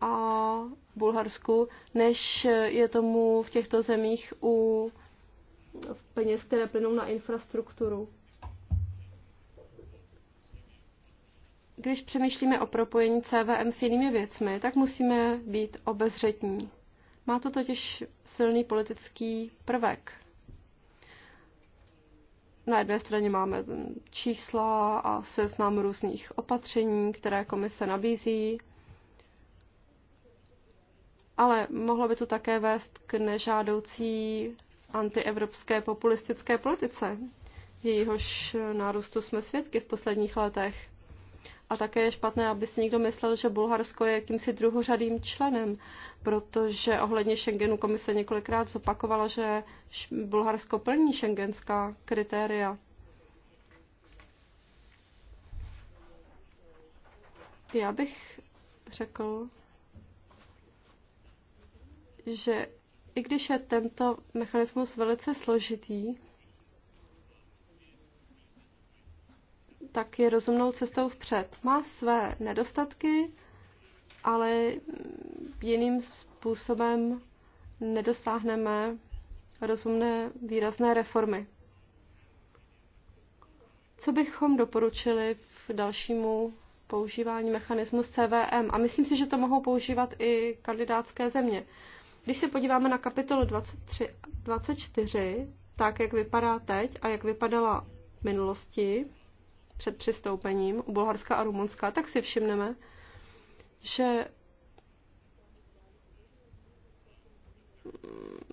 a Bulharsku, než je tomu v těchto zemích u peněz, které plynou na infrastrukturu. Když přemýšlíme o propojení CVM s jinými věcmi, tak musíme být obezřetní. Má to totiž silný politický prvek. Na jedné straně máme čísla a seznam různých opatření, které komise nabízí, ale mohlo by to také vést k nežádoucí antievropské populistické politice, jejíhož nárůstu jsme svědky v posledních letech. A také je špatné, aby si někdo myslel, že Bulharsko je jakýmsi druhořadým členem, protože ohledně Schengenu komise několikrát zopakovala, že Bulharsko plní šengenská kritéria. Já bych řekl, že i když je tento mechanismus velice složitý, tak je rozumnou cestou vpřed. Má své nedostatky, ale jiným způsobem nedosáhneme rozumné výrazné reformy. Co bychom doporučili v dalšímu používání mechanismu CVM? A myslím si, že to mohou používat i kandidátské země. Když se podíváme na kapitolu 23, 24, tak jak vypadá teď a jak vypadala v minulosti, před přistoupením u Bulharska a Rumunska, tak si všimneme, že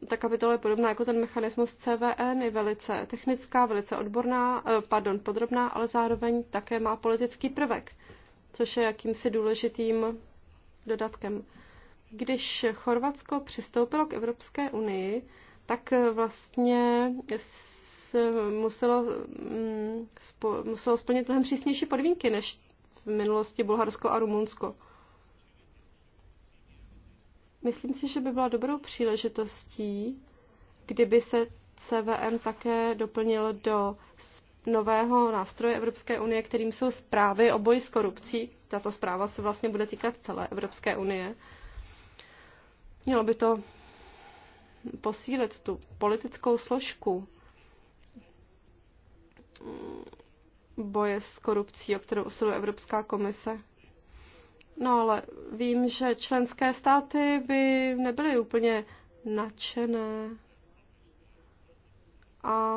ta kapitola je podobná jako ten mechanismus CVN, e, je velice technická, velice odborná, eh, pardon, podrobná, ale zároveň také má politický prvek, což je jakýmsi důležitým dodatkem. Když Chorvatsko přistoupilo k Evropské unii, tak eh, vlastně muselo, mm, spo, muselo splnit mnohem přísnější podmínky než v minulosti Bulharsko a Rumunsko. Myslím si, že by byla dobrou příležitostí, kdyby se CVM také doplnil do nového nástroje Evropské unie, kterým jsou zprávy o boji s korupcí. Tato zpráva se vlastně bude týkat celé Evropské unie. Mělo by to posílit tu politickou složku boje s korupcí, o kterou usiluje Evropská komise. No ale vím, že členské státy by nebyly úplně nadšené. A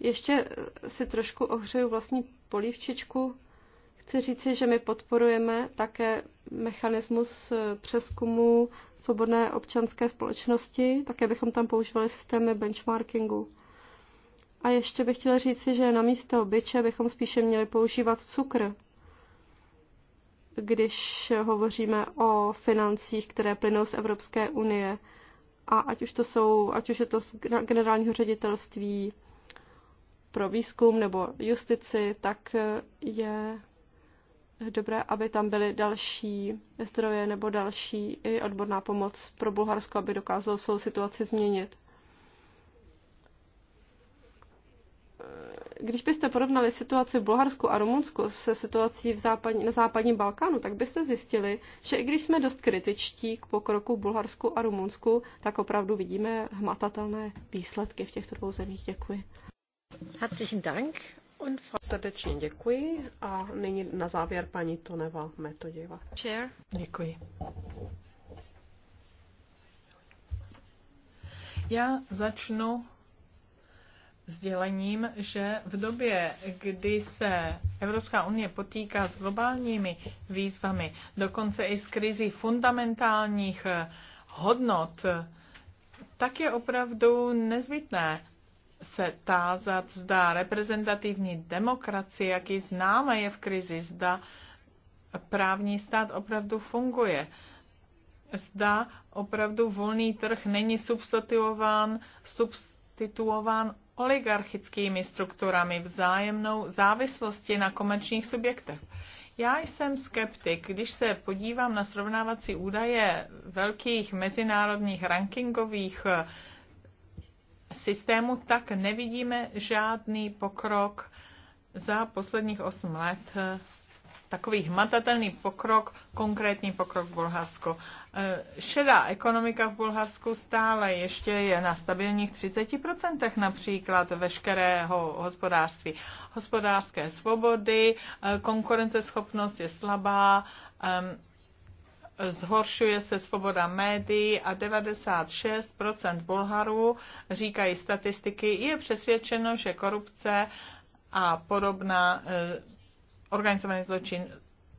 ještě si trošku ohřeju vlastní polívčičku. Chci říci, že my podporujeme také mechanismus eh, přeskumu svobodné občanské společnosti, také bychom tam používali systémy benchmarkingu. A ještě bych chtěla říci, že na místo byče bychom spíše měli používat cukr, když hovoříme o financích, které plynou z Evropské unie. A ať už, to jsou, ať už je to z generálního ředitelství pro výzkum nebo justici, tak eh, je dobré, aby tam byly další zdroje nebo další i odborná pomoc pro Bulharsko, aby dokázalo svou situaci změnit. Když byste porovnali situaci v Bulharsku a Rumunsku se situací v západní, na západním Balkánu, tak byste zjistili, že i když jsme dost kritičtí k pokroku v Bulharsku a Rumunsku, tak opravdu vidíme hmatatelné výsledky v těchto dvou zemích. Děkuji. Herzlichen Dank. Srdečně děkuji a nyní na závěr paní Toneva Metoděva. Chair. Děkuji. Já začnu sdělením, že v době, kdy se Evropská unie potýká s globálními výzvami, dokonce i s krizí fundamentálních hodnot, tak je opravdu nezbytné se tázat, zda reprezentativní demokracie, jaký známe, je v krizi, zda právní stát opravdu funguje, zda opravdu volný trh není substituován, substituován oligarchickými strukturami vzájemnou závislosti na komerčních subjektech. Já jsem skeptik, když se podívám na srovnávací údaje velkých mezinárodních rankingových systému, tak nevidíme žádný pokrok za posledních 8 let takový hmatatelný pokrok, konkrétní pokrok v Bulharsku. Eh, šedá ekonomika v Bulharsku stále ještě je na stabilních 30% například veškerého hospodářství. Hospodářské svobody, eh, konkurenceschopnost je slabá, ehm, zhoršuje se svoboda médií a 96% Bulharů, říkají statistiky, je přesvědčeno, že korupce a podobná e, organizovaný zločin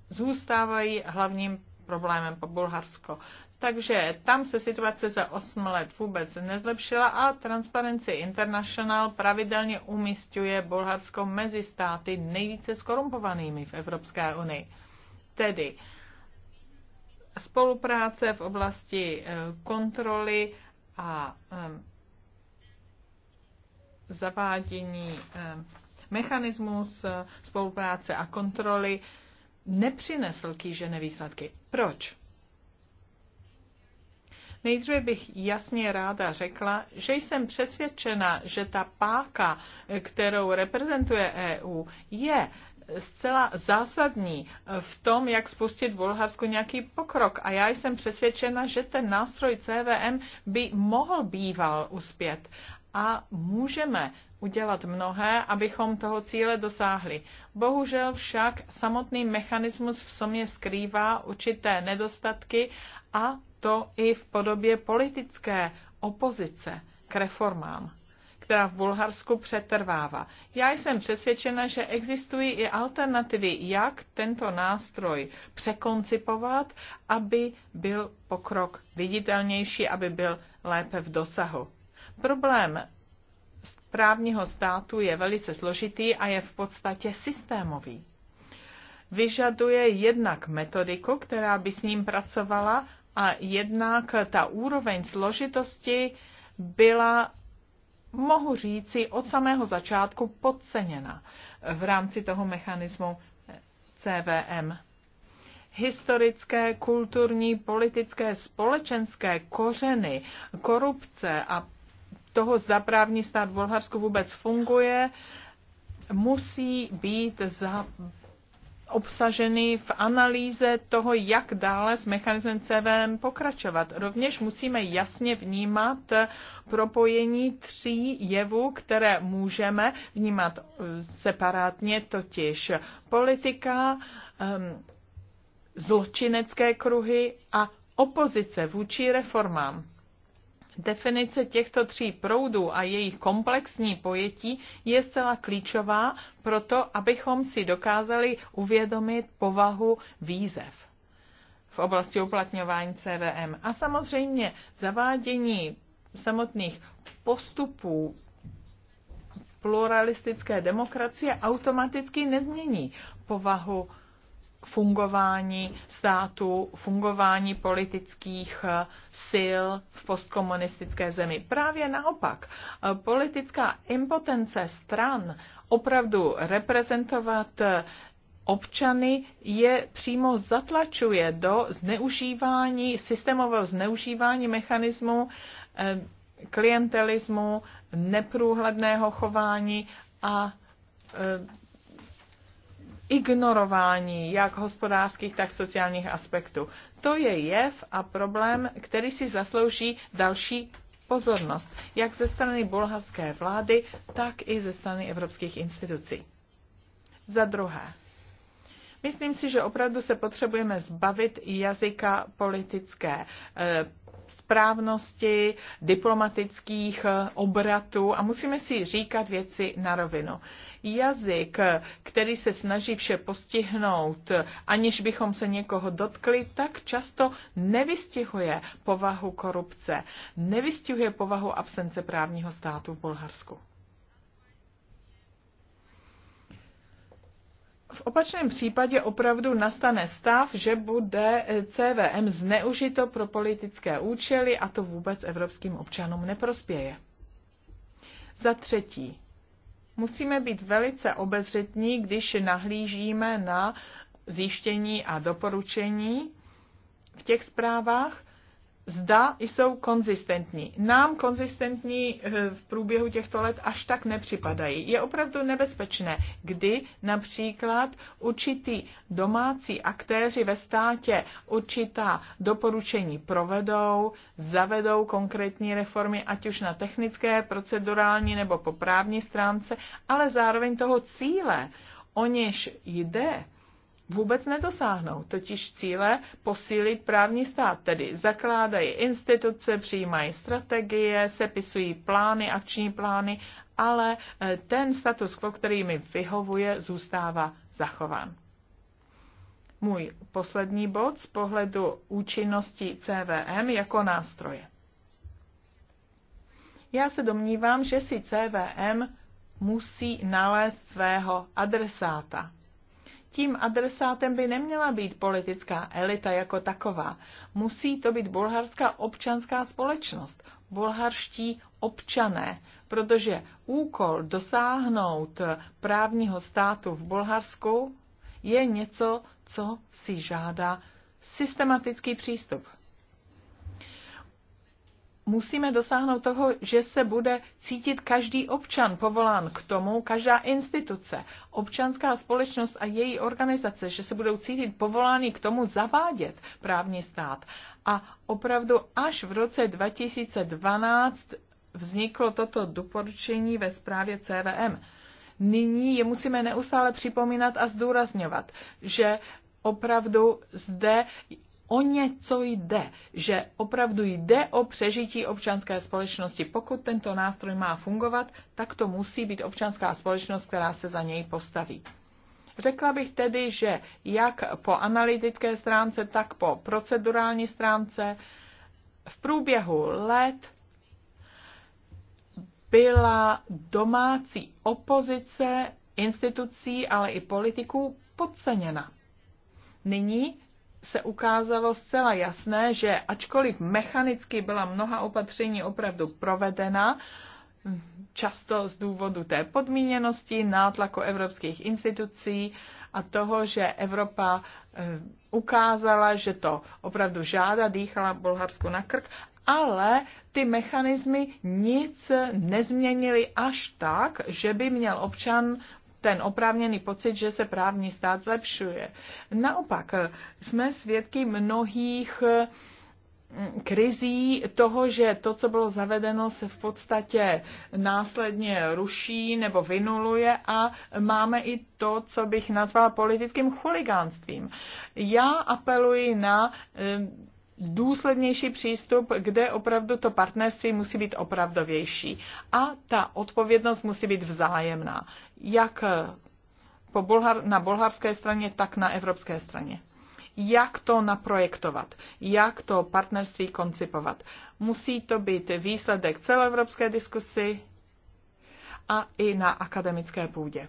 zůstávají hlavním problémem po Bulharsko. Takže tam se situace za 8 let vůbec nezlepšila a Transparency International pravidelně umistuje Bulharsko mezi státy nejvíce skorumpovanými v Evropské unii. Tedy spolupráce v oblasti eh, kontroly a ehm, zavádění ehm, mechanismus eh, spolupráce a kontroly nepřinesl kýžené výsledky. Proč? Nejdříve bych jasně ráda řekla, že jsem přesvědčena, že ta páka, eh, kterou reprezentuje EU, je zcela zásadní v tom, jak spustit v Bulharsku nějaký pokrok. A já jsem přesvědčena, že ten nástroj CVM by mohl býval uspět. A můžeme udělat mnohé, abychom toho cíle dosáhli. Bohužel však samotný mechanismus v somě skrývá určité nedostatky a to i v podobě politické opozice k reformám která v Bulharsku přetrvává. Já jsem přesvědčena, že existují i alternativy, jak tento nástroj překoncipovat, aby byl pokrok viditelnější, aby byl lépe v dosahu. Problém právního státu je velice složitý a je v podstatě systémový. Vyžaduje jednak metodiku, která by s ním pracovala, a jednak ta úroveň složitosti byla mohu říci, od samého začátku podceněna v rámci toho mechanismu CVM. Historické, kulturní, politické, společenské kořeny, korupce a toho, zda právní stát v Bulharsku vůbec funguje, musí být za obsaženy v analýze toho, jak dále s mechanismem CVM pokračovat. Rovněž musíme jasně vnímat propojení tří jevů, které můžeme vnímat eh, separátně, totiž politika, ehm, zločinecké kruhy a opozice vůči reformám. Definice těchto tří proudů a jejich komplexní pojetí je zcela klíčová pro to, abychom si dokázali uvědomit povahu výzev v oblasti uplatňování CVM. A samozřejmě zavádění samotných postupů pluralistické demokracie automaticky nezmění povahu fungování státu, fungování politických eh, sil v postkomunistické zemi. Právě naopak, eh, politická impotence stran opravdu reprezentovat eh, občany je přímo zatlačuje do zneužívání, systémového zneužívání mechanismu klientelismu, neprůhledného chování a ignorování jak hospodářských, tak sociálních aspektů. To je jev a problém, který si zaslouží další pozornost, jak ze strany bulharské vlády, tak i ze strany evropských institucí. Za druhé, Myslím si, že opravdu se potřebujeme zbavit jazyka politické eh, správnosti, diplomatických eh, obratů a musíme si říkat věci na rovinu. Jazyk, který se snaží vše postihnout, aniž bychom se někoho dotkli, tak často nevystihuje povahu korupce, nevystihuje povahu absence právního státu v Bulharsku. V opačném případě opravdu nastane stav, že bude eh, CVM zneužito pro politické účely a to vůbec evropským občanům neprospěje. Za třetí, musíme být velice obezřetní, když nahlížíme na zjištění a doporučení v těch zprávách, zda jsou konzistentní. Nám konzistentní eh, v průběhu těchto let až tak nepřipadají. Je opravdu nebezpečné, kdy například určitý domácí aktéři ve státě určitá doporučení provedou, zavedou konkrétní reformy, ať už na technické, procedurální nebo po právní stránce, ale zároveň toho cíle, o něž jde, vůbec nedosáhnou, totiž cíle posílit právní stát, tedy zakládají instituce, přijímají strategie, sepisují plány, akční plány, ale eh, ten status quo, který mi vyhovuje, zůstává zachován. Můj poslední bod z pohledu účinnosti CVM jako nástroje. Já se domnívám, že si CVM musí nalézt svého adresáta tím adresátem by neměla být politická elita jako taková. Musí to být bulharská občanská společnost, bulharští občané, protože úkol dosáhnout právního státu v Bulharsku je něco, co si žádá systematický přístup musíme dosáhnout toho, že se bude cítit každý občan povolán k tomu, každá instituce, občanská společnost a její organizace, že se budou cítit povoláni k tomu zavádět právní stát. A opravdu až v roce 2012 vzniklo toto doporučení ve zprávě CVM. Nyní je musíme neustále připomínat a zdůrazňovat, že opravdu zde o něco jde, že opravdu jde o přežití občanské společnosti. Pokud tento nástroj má fungovat, tak to musí být občanská společnost, která se za něj postaví. Řekla bych tedy, že jak po analytické stránce, tak po procedurální stránce v průběhu let byla domácí opozice institucí, ale i politiků podceněna. Nyní se ukázalo zcela jasné, že ačkoliv mechanicky byla mnoha opatření opravdu provedena, často z důvodu té podmíněnosti, nátlaku evropských institucí a toho, že Evropa eh, ukázala, že to opravdu žáda dýchala Bulharsku na krk, ale ty mechanismy nic nezměnily až tak, že by měl občan ten oprávněný pocit, že se právní stát zlepšuje. Naopak, jsme svědky mnohých mm, krizí toho, že to, co bylo zavedeno, se v podstatě následně ruší nebo vynuluje a máme i to, co bych nazvala politickým chuligánstvím. Já apeluji na eh, důslednější přístup, kde opravdu to partnerství musí být opravdovější. A ta odpovědnost musí být vzájemná. Jak po Bulhar, na bulharské straně, tak na evropské straně. Jak to naprojektovat? Jak to partnerství koncipovat? Musí to být výsledek celoevropské diskusy a i na akademické půdě.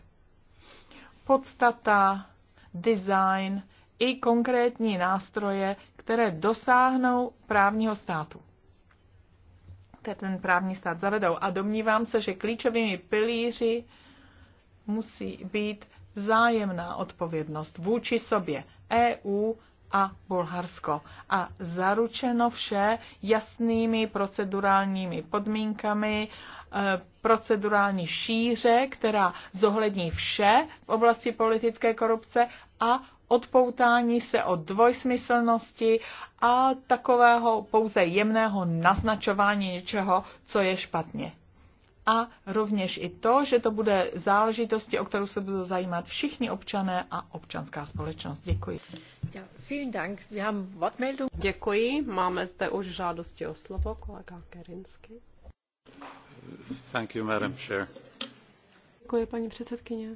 Podstata, design, i konkrétní nástroje, které dosáhnou právního státu které ten právní stát zavedou. A domnívám se, že klíčovými pilíři musí být vzájemná odpovědnost vůči sobě EU a Bulharsko. A zaručeno vše jasnými procedurálními podmínkami, e, procedurální šíře, která zohlední vše v oblasti politické korupce a odpoutání se od dvojsmyslnosti a takového pouze jemného naznačování něčeho, co je špatně. A rovněž i to, že to bude záležitosti, o kterou se budou zajímat všichni občané a občanská společnost. Děkuji. Děkuji. Máme zde už žádosti o slovo, kolega Kerinsky. Thank you, Madam Chair. Děkuji, paní předsedkyně.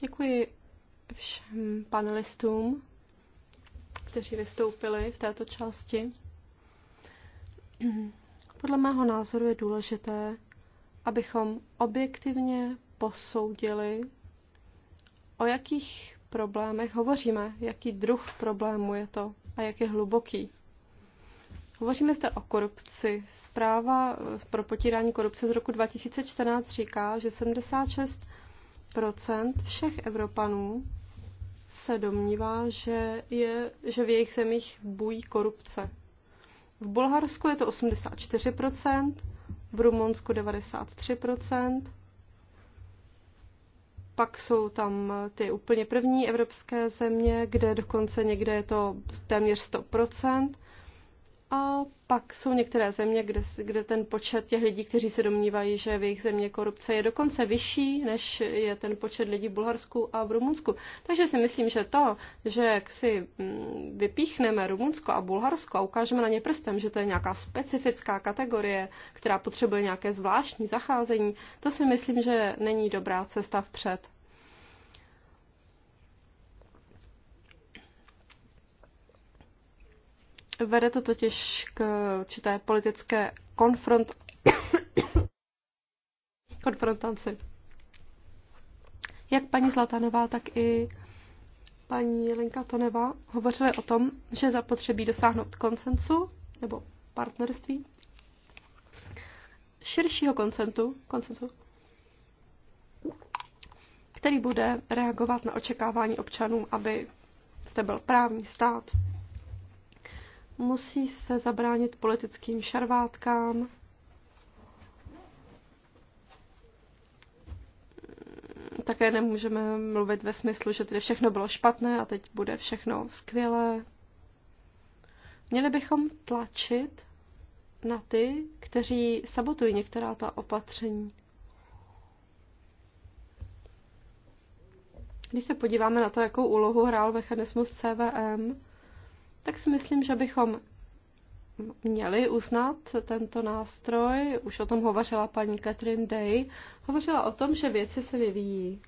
Děkuji všem panelistům, kteří vystoupili v této části. Podle mého názoru je důležité, abychom objektivně posoudili, o jakých problémech hovoříme, jaký druh problému je to a jak je hluboký. Hovoříme zde o korupci. Zpráva pro potírání korupce z roku 2014 říká, že 76 všech Evropanů se domnívá, že, je, že v jejich zemích bují korupce. V Bulharsku je to 84%, v Rumunsku 93%, pak jsou tam ty úplně první evropské země, kde dokonce někde je to téměř 100%, a pak jsou některé země, kde, kde ten počet těch lidí, kteří se domnívají, že v jejich země korupce je dokonce vyšší, než je ten počet lidí v Bulharsku a v Rumunsku. Takže si myslím, že to, že jak si mm, vypíchneme Rumunsko a Bulharsko a ukážeme na ně prstem, že to je nějaká specifická kategorie, která potřebuje nějaké zvláštní zacházení, to si myslím, že není dobrá cesta vpřed. Vede to totiž k určité politické konfront... konfrontaci. Jak paní Zlatanová, tak i paní Lenka Toneva hovořili o tom, že zapotřebí dosáhnout koncensu nebo partnerství, širšího koncentu, koncentu, který bude reagovat na očekávání občanů, aby zde byl právní stát, Musí se zabránit politickým šarvátkám. Také nemůžeme mluvit ve smyslu, že tedy všechno bylo špatné a teď bude všechno skvělé. Měli bychom tlačit na ty, kteří sabotují některá ta opatření. Když se podíváme na to, jakou úlohu hrál mechanismus CVM, tak si myslím, že bychom měli uznat tento nástroj. Už o tom hovořila paní Catherine Day. Hovořila o tom, že věci se vyvíjí.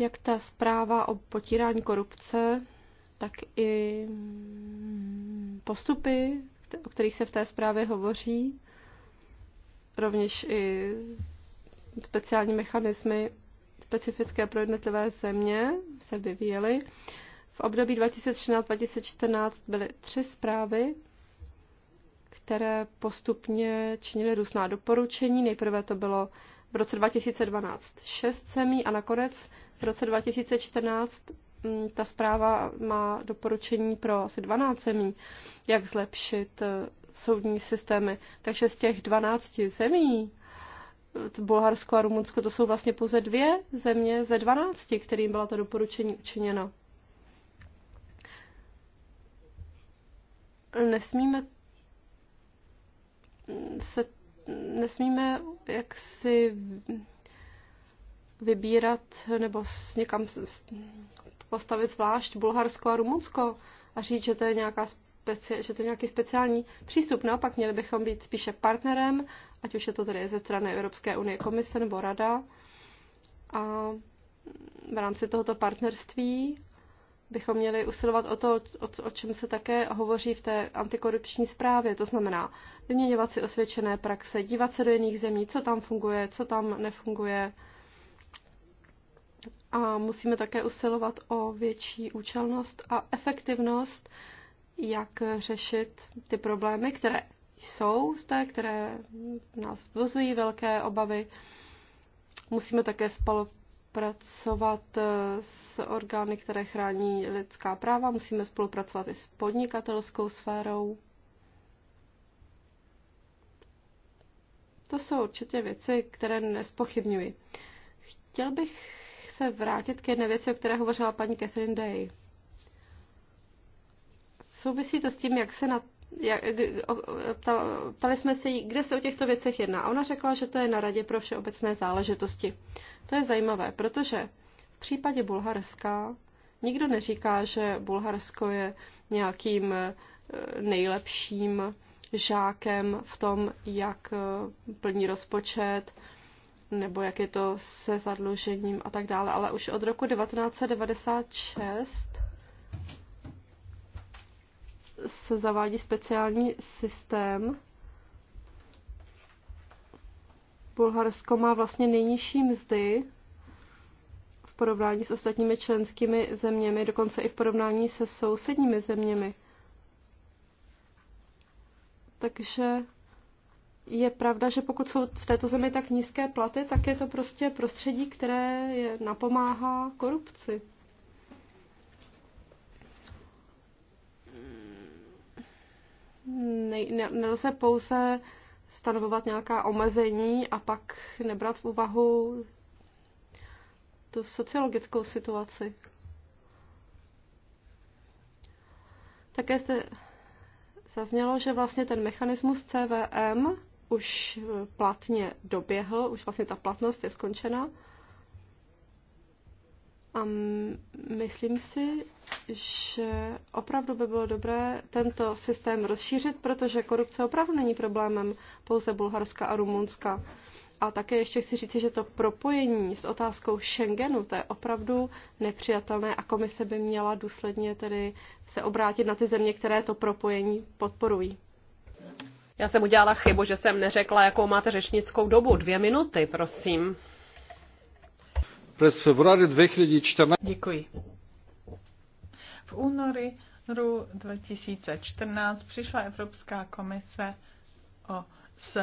Jak ta zpráva o potírání korupce, tak i postupy, o kterých se v té zprávě hovoří, rovněž i speciální mechanismy specifické pro jednotlivé země se vyvíjely. V období 2013-2014 byly tři zprávy, které postupně činily různá doporučení. Nejprve to bylo v roce 2012 šest zemí a nakonec v roce 2014 mm, ta zpráva má doporučení pro asi 12 zemí, jak zlepšit eh, soudní systémy. Takže z těch 12 zemí Bulharsko a Rumunsko, to jsou vlastně pouze dvě země ze dvanácti, kterým byla ta doporučení učiněna. Nesmíme se nesmíme jaksi vybírat nebo někam postavit zvlášť Bulharsko a Rumunsko a říct, že to je nějaká speci- že to je nějaký speciální přístup. Naopak měli bychom být spíše partnerem, ať už je to tedy ze strany Evropské unie komise nebo rada. A v rámci tohoto partnerství bychom měli usilovat o to, o, o čem se také hovoří v té antikorupční zprávě. To znamená vyměňovat si osvědčené praxe, dívat se do jiných zemí, co tam funguje, co tam nefunguje. A musíme také usilovat o větší účelnost a efektivnost jak řešit ty problémy, které jsou zde, které nás vzbuzují velké obavy. Musíme také spolupracovat eh, s orgány, které chrání lidská práva, musíme spolupracovat i s podnikatelskou sférou. To jsou určitě věci, které nespochybňuji. Chtěl bych se vrátit k jedné věci, o které hovořila paní Catherine Day. Souvisí to s tím, jak se na jak, ptali jsme se jí, kde se o těchto věcech jedná. A ona řekla, že to je na Radě pro všeobecné záležitosti. To je zajímavé, protože v případě Bulharska nikdo neříká, že Bulharsko je nějakým e, nejlepším žákem v tom, jak e, plní rozpočet, nebo jak je to se zadlužením a tak dále. Ale už od roku 1996 se zavádí speciální systém. Bulharsko má vlastně nejnižší mzdy v porovnání s ostatními členskými zeměmi, dokonce i v porovnání se sousedními zeměmi. Takže je pravda, že pokud jsou v této zemi tak nízké platy, tak je to prostě prostředí, které je napomáhá korupci. nelze pouze stanovovat nějaká omezení a pak nebrat v úvahu tu sociologickou situaci. Také zde zaznělo, že vlastně ten mechanismus CVM už platně doběhl, už vlastně ta platnost je skončena. A myslím si, že opravdu by bylo dobré tento systém rozšířit, protože korupce opravdu není problémem pouze Bulharska a Rumunska. A také ještě chci říci, že to propojení s otázkou Schengenu, to je opravdu nepřijatelné a komise by měla důsledně tedy se obrátit na ty země, které to propojení podporují. Já jsem udělala chybu, že jsem neřekla, jakou máte řečnickou dobu. Dvě minuty, prosím přes февруари 2014... Děkuji. V únoru 2014 přišla Evropská komise o, s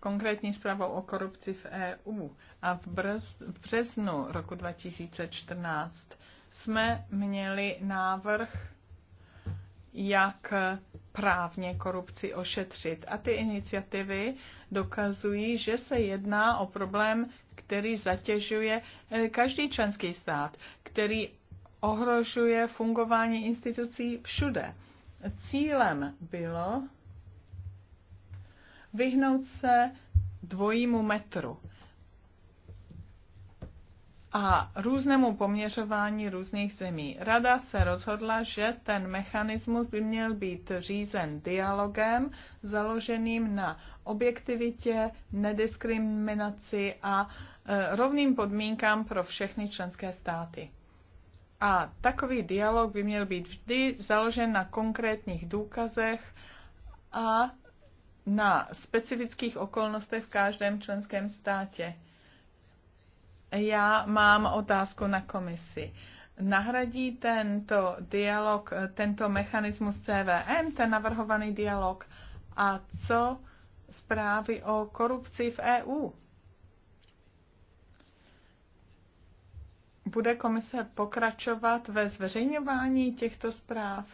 konkrétní zprávou o korupci v EU a v, brz, v březnu roku 2014 jsme měli návrh, jak právně korupci ošetřit. A ty iniciativy dokazují, že se jedná o problém, který zatěžuje eh, každý členský stát, který ohrožuje fungování institucí všude. Cílem bylo vyhnout se dvojímu metru a různému poměřování různých zemí. Rada se rozhodla, že ten mechanismus by měl být řízen dialogem založeným na objektivitě, nediskriminaci a e, rovným podmínkám pro všechny členské státy. A takový dialog by měl být vždy založen na konkrétních důkazech a na specifických okolnostech v každém členském státě já mám otázku na komisi. Nahradí tento dialog, tento mechanismus CVM, ten navrhovaný dialog, a co zprávy o korupci v EU? Bude komise pokračovat ve zveřejňování těchto zpráv?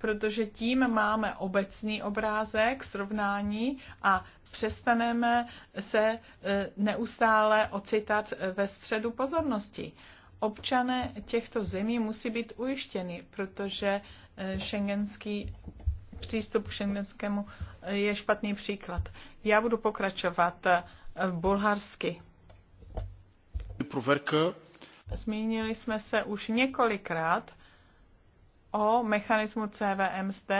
protože tím máme obecný obrázek, srovnání a přestaneme se e, neustále ocitat ve středu pozornosti. Občané těchto zemí musí být ujištěny, protože e, šengenský přístup k šengenskému e, je špatný příklad. Já budu pokračovat bulharsky. Proverka. Zmínili jsme se už několikrát o mechanismu CVMSD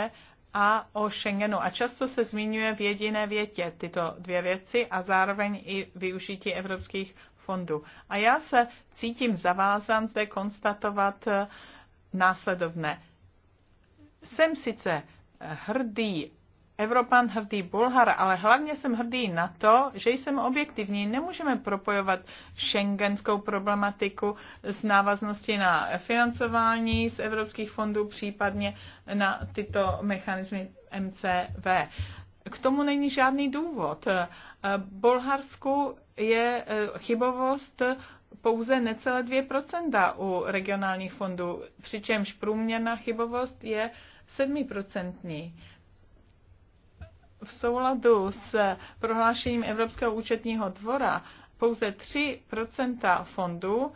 a o Schengenu. A často se zmiňuje v jediné větě tyto dvě věci a zároveň i využití evropských fondů. A já se cítím zavázan zde konstatovat eh, následovné. Jsem sice hrdý Evropan hrdý Bulhar, ale hlavně jsem hrdý na to, že jsem objektivní. Nemůžeme propojovat šengenskou problematiku s návazností na financování z evropských fondů, případně na tyto mechanismy MCV. K tomu není žádný důvod. Bulharsku je eh, chybovost pouze necelé 2% u regionálních fondů, přičemž průměrná chybovost je 7% v souladu s prohlášením Evropského účetního dvora pouze 3 fondů,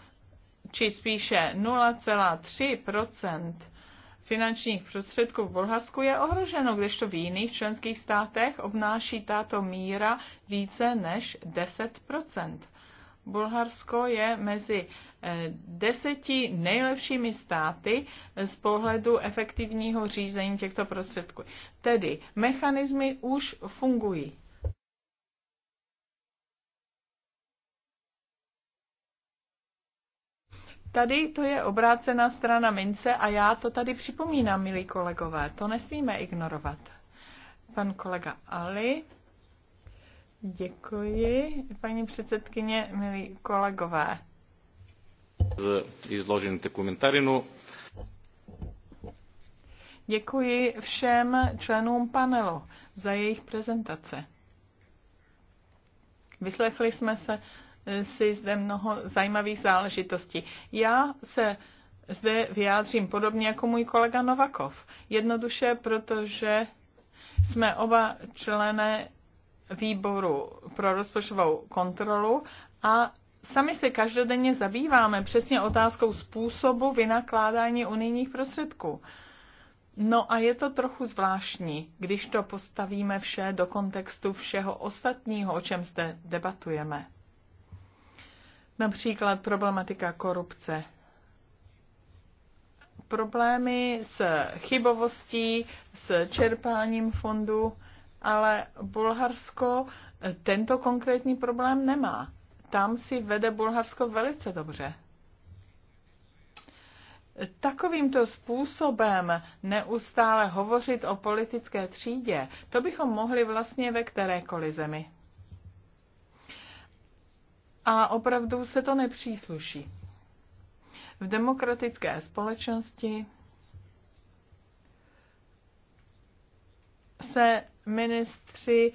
či spíše 0,3 finančních prostředků v Bulharsku je ohroženo, kdežto v jiných členských státech obnáší tato míra více než 10 Bulharsko je mezi eh, deseti nejlepšími státy eh, z pohledu efektivního řízení těchto prostředků. Tedy mechanismy už fungují. Tady to je obrácená strana mince a já to tady připomínám, milí kolegové. To nesmíme ignorovat. Pan kolega Ali Děkuji, paní předsedkyně, milí kolegové. Za izložené komentáře, Děkuji všem členům panelu za jejich prezentace. Vyslechli jsme se eh, si zde mnoho zajímavých záležitostí. Já se zde vyjádřím podobně jako můj kolega Novakov. Jednoduše, protože jsme oba člené výboru pro rozpočtovou kontrolu a sami se každodenně zabýváme přesně otázkou způsobu vynakládání unijních prostředků. No a je to trochu zvláštní, když to postavíme vše do kontextu všeho ostatního, o čem zde debatujeme. Například problematika korupce. Problémy s chybovostí, s čerpáním fondu ale Bulharsko eh, tento konkrétní problém nemá. Tam si vede Bulharsko velice dobře. Takovýmto způsobem neustále hovořit o politické třídě, to bychom mohli vlastně ve kterékoliv zemi. A opravdu se to nepřísluší. V demokratické společnosti se ministři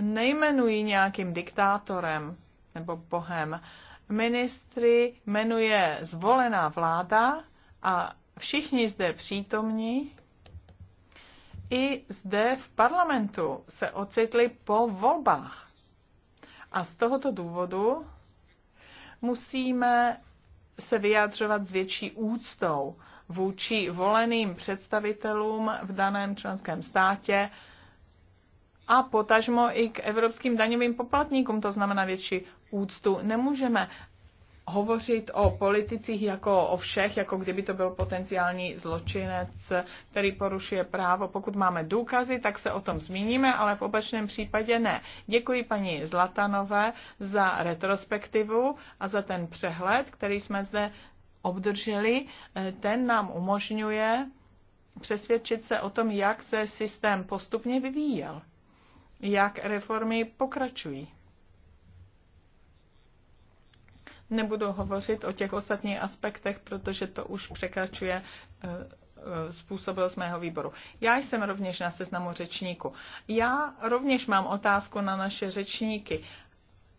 nejmenují nějakým diktátorem nebo bohem. Ministry jmenuje zvolená vláda a všichni zde přítomní i zde v parlamentu se ocitli po volbách. A z tohoto důvodu musíme se vyjádřovat s větší úctou vůči voleným představitelům v daném členském státě a potažmo i k evropským daňovým poplatníkům, to znamená větší úctu. Nemůžeme hovořit o politicích jako o všech, jako kdyby to byl potenciální zločinec, který porušuje právo. Pokud máme důkazy, tak se o tom zmíníme, ale v opačném případě ne. Děkuji paní Zlatanové za retrospektivu a za ten přehled, který jsme zde obdrželi, eh, ten nám umožňuje přesvědčit se o tom, jak se systém postupně vyvíjel, jak reformy pokračují. Nebudu hovořit o těch ostatních aspektech, protože to už překračuje eh, eh, způsobil z mého výboru. Já jsem rovněž na seznamu řečníku. Já rovněž mám otázku na naše řečníky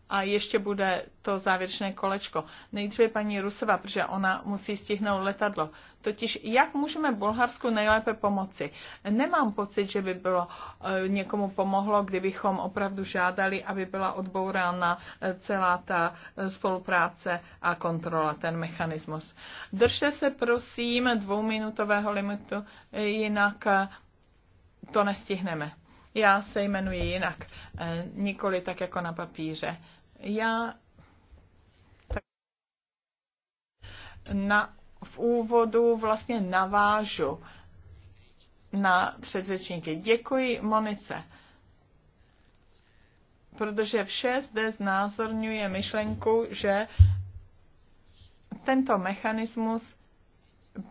a ještě bude to závěrečné kolečko. Nejdříve paní Rusova, protože ona musí stihnout letadlo. Totiž jak můžeme Bulharsku nejlépe pomoci? Nemám pocit, že by bylo e, někomu pomohlo, kdybychom opravdu žádali, aby byla odbourána e, celá ta e, spolupráce a kontrola, ten mechanismus. Držte se prosím dvouminutového limitu, jinak to nestihneme. Já se jmenuji jinak, eh, nikoli tak jako na papíře. Já na, v úvodu vlastně navážu na předřečníky. Děkuji Monice, protože vše zde znázorňuje myšlenku, že tento mechanismus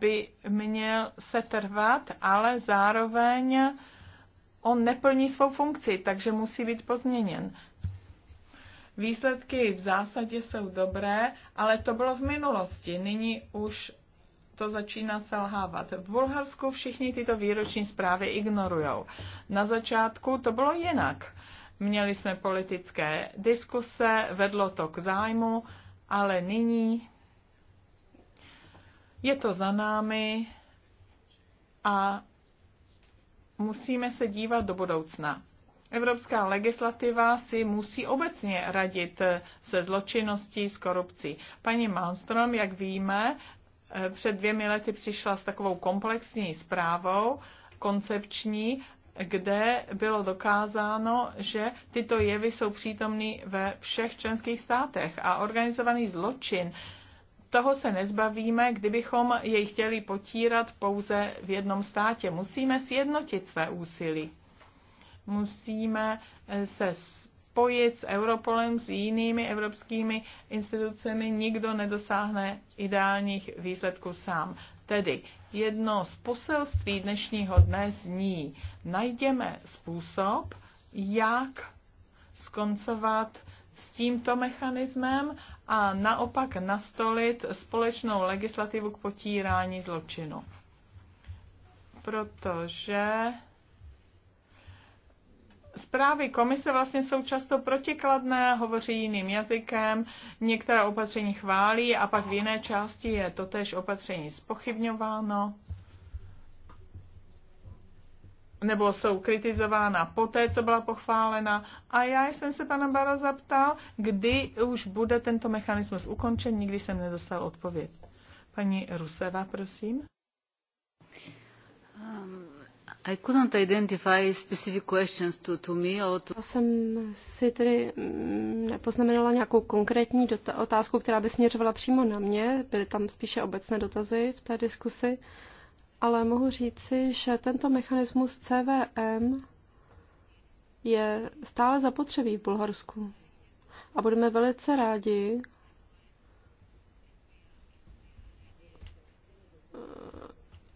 by měl se trvat, ale zároveň on neplní svou funkci, takže musí být pozměněn. Výsledky v zásadě jsou dobré, ale to bylo v minulosti. Nyní už to začíná selhávat. V Bulharsku všichni tyto výroční zprávy ignorují. Na začátku to bylo jinak. Měli jsme politické diskuse, vedlo to k zájmu, ale nyní je to za námi a musíme se dívat do budoucna. Evropská legislativa si musí obecně radit se eh, zločinností, s korupcí. Paní Malmström, jak víme, eh, před dvěmi lety přišla s takovou komplexní zprávou, koncepční, kde bylo dokázáno, že tyto jevy jsou přítomny ve všech členských státech a organizovaný zločin toho se nezbavíme, kdybychom jej chtěli potírat pouze v jednom státě. Musíme sjednotit své úsilí. Musíme eh, se spojit s Europolem, s jinými evropskými institucemi. Nikdo nedosáhne ideálních výsledků sám. Tedy jedno z poselství dnešního dne zní, najděme způsob, jak skoncovat s tímto mechanismem a naopak nastolit společnou legislativu k potírání zločinu. Protože zprávy komise vlastně jsou často protikladné, hovoří jiným jazykem, některé opatření chválí a pak v jiné části je totež opatření spochybňováno nebo jsou kritizována poté, co byla pochválena. A já jsem se pana Bara zaptal, kdy už bude tento mechanismus ukončen, nikdy jsem nedostal odpověď. Paní Ruseva, prosím. Um, I couldn't identify specific questions to, to me or to... Já jsem si tedy mm, nepoznamenala nějakou konkrétní otázku, která by směřovala přímo na mě. Byly tam spíše obecné dotazy v té diskusi. Uh, ale mohu říci, že tento mechanismus CVM je stále zapotřebí v Bulharsku. A budeme velice rádi,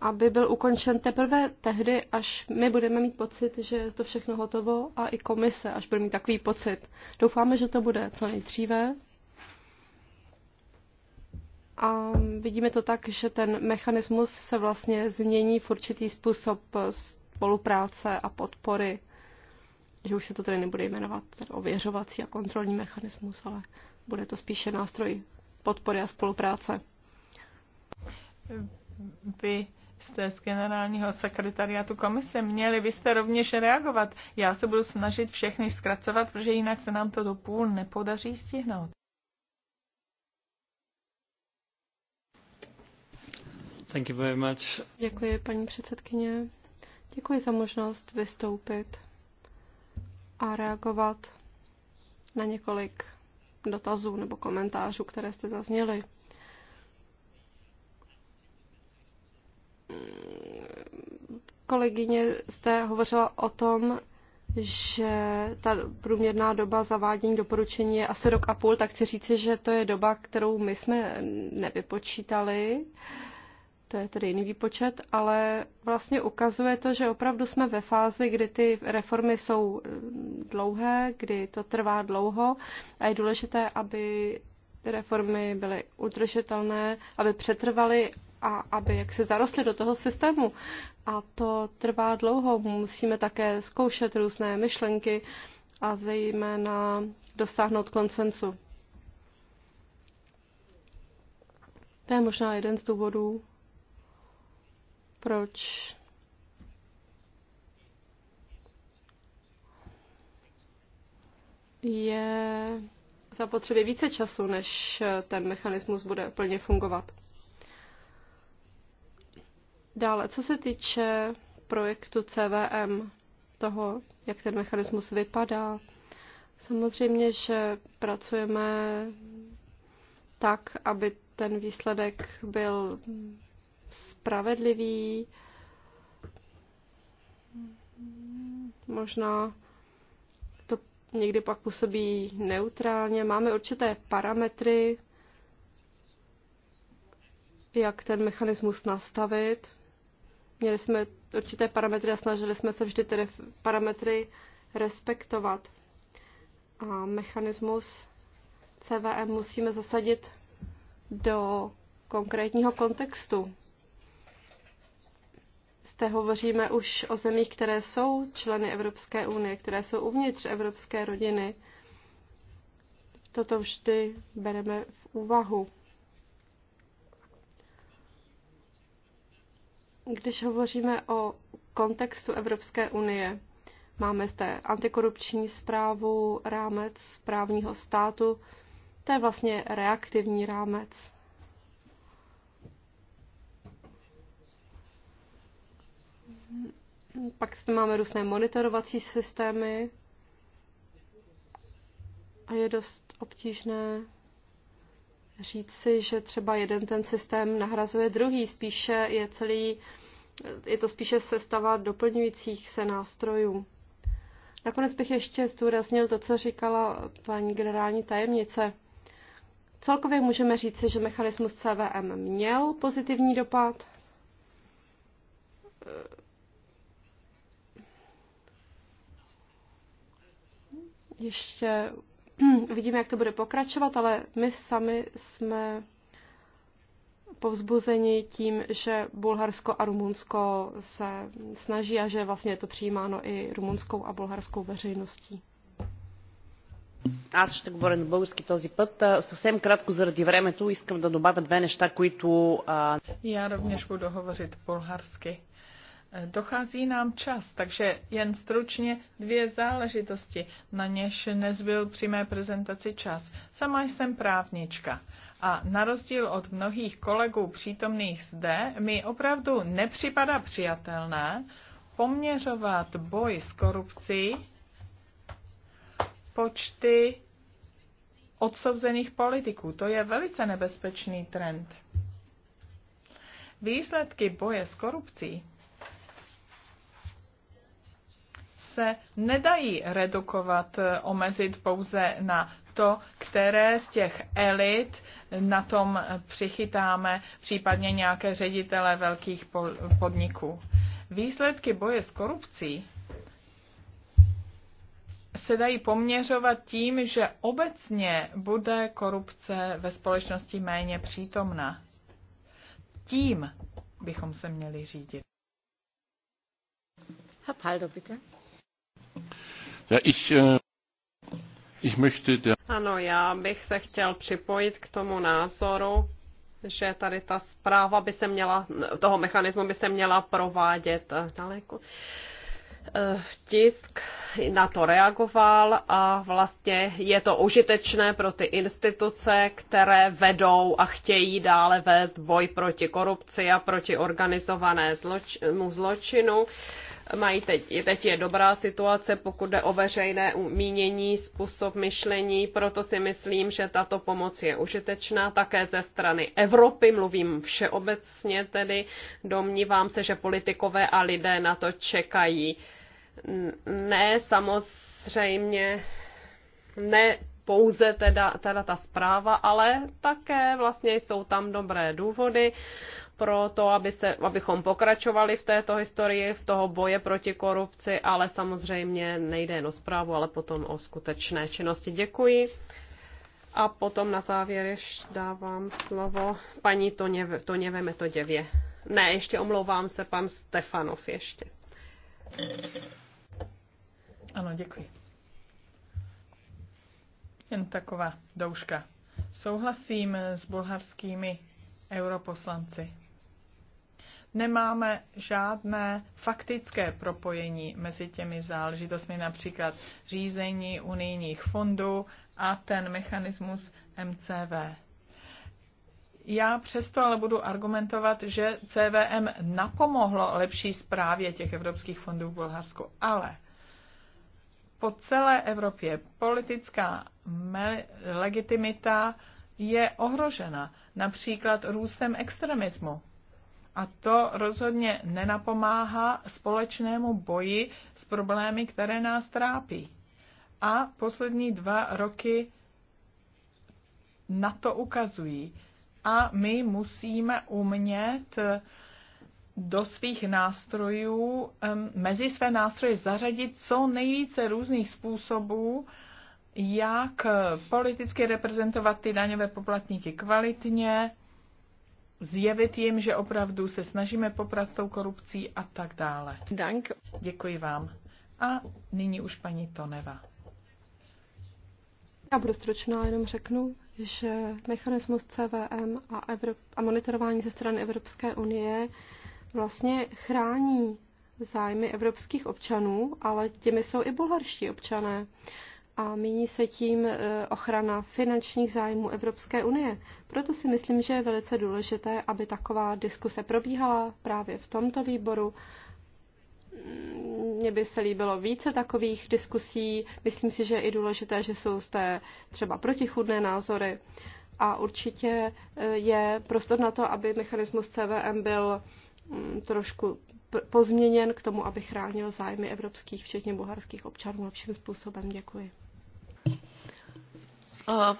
aby byl ukončen teprve tehdy, až my budeme mít pocit, že je to všechno hotovo a i komise, až bude mít takový pocit. Doufáme, že to bude co nejdříve. A vidíme to tak, že ten mechanismus se vlastně změní v určitý způsob spolupráce a podpory, že už se to tedy nebude jmenovat ověřovací a kontrolní mechanismus, ale bude to spíše nástroj podpory a spolupráce. Vy jste z generálního sekretariátu komise měli, byste rovněž reagovat. Já se budu snažit všechny zkracovat, protože jinak se nám to do půl nepodaří stihnout. Děkuji, paní předsedkyně. Děkuji za možnost vystoupit a reagovat na několik dotazů nebo komentářů, které jste zazněli. Kolegyně jste hovořila o tom, že ta průměrná doba zavádění doporučení je asi rok a půl, tak chci říci, že to je doba, kterou my jsme nevypočítali. Uh, to je tedy jiný výpočet, ale vlastně ukazuje to, že opravdu jsme ve fázi, kdy ty reformy jsou eh, dlouhé, kdy to trvá dlouho a je důležité, aby ty reformy byly udržitelné, aby přetrvaly a aby jak se zarostly do toho systému. A to trvá dlouho. Musíme také zkoušet různé myšlenky a zejména dosáhnout konsensu. To je možná jeden z důvodů, proč je zapotřebí více času, než ten mechanismus bude plně fungovat. Dále, co se týče projektu CVM, toho, jak ten mechanismus vypadá, samozřejmě, že pracujeme tak, aby ten výsledek byl spravedlivý, možná to někdy pak působí neutrálně. Máme určité parametry, jak ten mechanismus nastavit. Měli jsme určité parametry a snažili jsme se vždy ty parametry respektovat. A mechanismus CVM e musíme zasadit do konkrétního kontextu. Zde hovoříme už o zemích, které jsou členy Evropské unie, které jsou uvnitř evropské rodiny. Toto vždy bereme v úvahu. Když hovoříme o kontextu Evropské unie, máme zde antikorupční zprávu, rámec správního státu, to je vlastně reaktivní rámec. Pak zde máme různé monitorovací systémy a je dost obtížné říct si, že třeba jeden ten systém nahrazuje druhý. Spíše je celý, je to spíše sestava doplňujících se nástrojů. Nakonec bych ještě zdůraznil to, co říkala paní generální tajemnice. Celkově můžeme říci, že mechanismus CVM měl pozitivní dopad. ještě uvidíme, jak to bude pokračovat, ale my sami jsme povzbuzeni tím, že Bulharsko a Rumunsko se snaží a že vlastně je to přijímáno i rumunskou a bulharskou veřejností. Аз ще говоря на български този път. Съвсем кратко заради времето искам да добавя две неща, които... Я również буду говорить по-болгарски. Dochází nám čas, takže jen stručně dvě záležitosti, na něž nezbyl při mé prezentaci čas. Sama jsem právnička a na rozdíl od mnohých kolegů přítomných zde mi opravdu nepřipadá přijatelné poměřovat boj s korupcí počty odsouzených politiků. To je velice nebezpečný trend. Výsledky boje s korupcí se nedají redukovat, eh, omezit pouze na to, které z těch elit na tom eh, přichytáme, případně nějaké ředitele velkých podniků. Výsledky boje s korupcí se dají poměřovat tím, že obecně bude korupce ve společnosti méně přítomna. Tím bychom se měli řídit. Herr Paldo, bitte. Ja, ich, äh, ich möchte der... Ano, já bych se chtěl připojit k tomu názoru, že tady ta zpráva by se měla, toho mechanismu by se měla provádět eh, daleko. Eh, tisk na to reagoval a vlastně je to užitečné pro ty instituce, které vedou a chtějí dále vést boj proti korupci a proti organizovanému zločinu mají teď, teď je dobrá situace, pokud jde o veřejné mínění, způsob myšlení, proto si myslím, že tato pomoc je užitečná také ze strany Evropy, mluvím všeobecně tedy, domnívám se, že politikové a lidé na to čekají. Ne, samozřejmě, ne pouze teda, teda ta zpráva, ale také vlastně jsou tam dobré důvody pro to, aby se, abychom pokračovali v této historii, v toho boje proti korupci, ale samozřejmě nejde jen o zprávu, ale potom o skutečné činnosti. Děkuji. A potom na závěr ještě dávám slovo paní Toněve, to Metoděvě. Ne, ještě omlouvám se, pan Stefanov ještě. Ano, děkuji. Jen taková douška. Souhlasím s bulharskými europoslanci nemáme žádné faktické propojení mezi těmi záležitostmi, například řízení unijních fondů a ten mechanismus MCV. Já přesto ale budu argumentovat, že CVM napomohlo lepší zprávě těch evropských fondů v Bulharsku, ale po celé Evropě politická legitimita je ohrožena například růstem extremismu. A to rozhodně nenapomáhá společnému boji s problémy, které nás trápí. A poslední dva roky na to ukazují. A my musíme umět do svých nástrojů, mezi své nástroje zařadit co nejvíce různých způsobů, jak politicky reprezentovat ty daňové poplatníky kvalitně, zjevit jim, že opravdu se snažíme poprat s tou korupcí a tak dále. Dank. Děkuji vám. A nyní už paní Toneva. Já budu stručná, jenom řeknu, že mechanismus CVM a, Evrop- a monitorování ze strany Evropské unie vlastně chrání zájmy evropských občanů, ale těmi jsou i bulharští občané a míní se tím e, ochrana finančních zájmů Evropské unie. Proto si myslím, že je velice důležité, aby taková diskuse probíhala právě v tomto výboru. Mm, mně by se líbilo více takových diskusí. Myslím si, že je i důležité, že jsou zde třeba protichudné názory. A určitě e, je prostor na to, aby mechanismus CVM byl mm, trošku pozměněn k tomu, aby chránil zájmy evropských, včetně bulharských občanů lepším způsobem. Děkuji. Uh,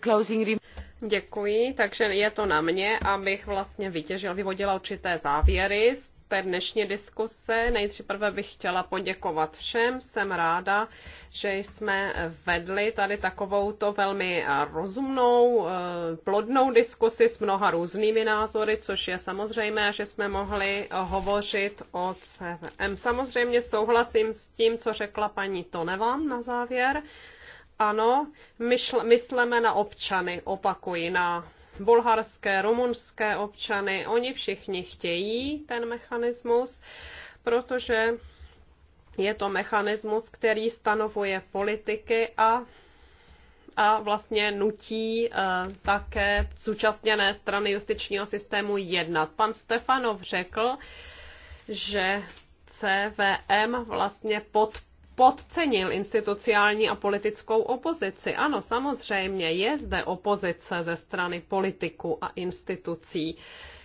closing Děkuji, takže je to na mě, abych vlastně vytěžil, vyvodila určité závěry z té dnešní diskuse. Nejdříve bych chtěla poděkovat všem. Jsem ráda, že jsme vedli tady takovouto velmi rozumnou, eh, plodnou diskusi s mnoha různými názory, což je samozřejmé, že jsme mohli hovořit o CVM. Samozřejmě souhlasím s tím, co řekla paní Tonevan na závěr. Ano, myšl, mysleme na občany, opakuji, na bulharské, rumunské občany. Oni všichni chtějí ten mechanismus, protože je to mechanismus, který stanovuje politiky a a vlastně nutí eh, také zúčastněné strany justičního systému jednat. Pan Stefanov řekl, že CVM vlastně podporuje podcenil institucionální a politickou opozici. Ano, samozřejmě je zde opozice ze strany politiků a institucí.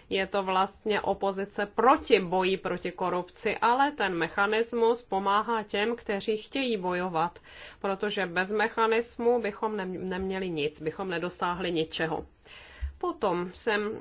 Je to vlastně opozice proti boji proti korupci, ale ten mechanismus pomáhá těm, kteří chtějí bojovat, protože bez mechanismu bychom neměli nic, bychom nedosáhli ničeho. Potom jsem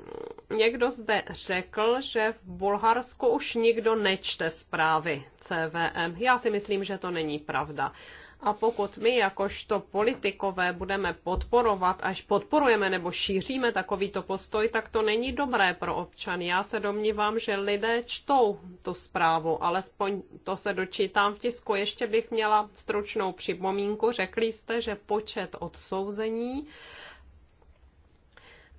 někdo zde řekl, že v Bulharsku už nikdo nečte zprávy CVM. Já si myslím, že to není pravda. A pokud my jakožto politikové budeme podporovat, až podporujeme nebo šíříme takovýto postoj, tak to není dobré pro občany. Já se domnívám, že lidé čtou tu zprávu, alespoň to se dočítám v tisku. Ještě bych měla stručnou připomínku. Řekli jste, že počet odsouzení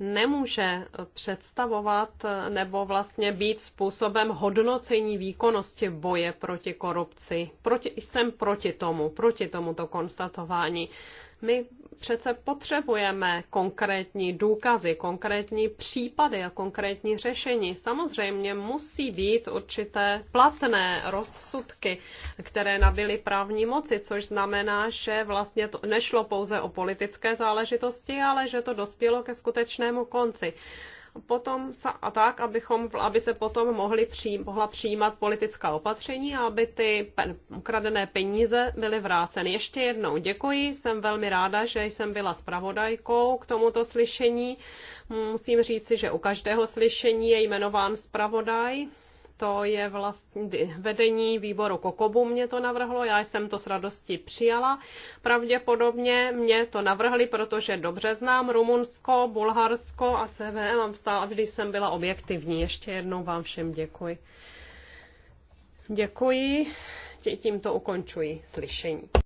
nemůže představovat nebo vlastně být způsobem hodnocení výkonnosti boje proti korupci. Proti, jsem proti tomu, proti tomuto konstatování. My přece potřebujeme konkrétní důkazy, konkrétní případy a konkrétní řešení. Samozřejmě musí být určité platné rozsudky, které nabyly právní moci, což znamená, že vlastně to nešlo pouze o politické záležitosti, ale že to dospělo ke skutečnému konci potom a tak, abychom, aby se potom mohli přijím, mohla přijímat politická opatření a aby ty ukradené peníze byly vráceny. Ještě jednou děkuji, jsem velmi ráda, že jsem byla spravodajkou k tomuto slyšení. Musím říci, že u každého slyšení je jmenován spravodaj to je vlastně vedení výboru Kokobu mě to navrhlo, já jsem to s radostí přijala. Pravděpodobně mě to navrhli, protože dobře znám Rumunsko, Bulharsko a CV e a stále vždy jsem byla objektivní. Ještě jednou vám všem děkuji. Děkuji, tímto ukončuji slyšení.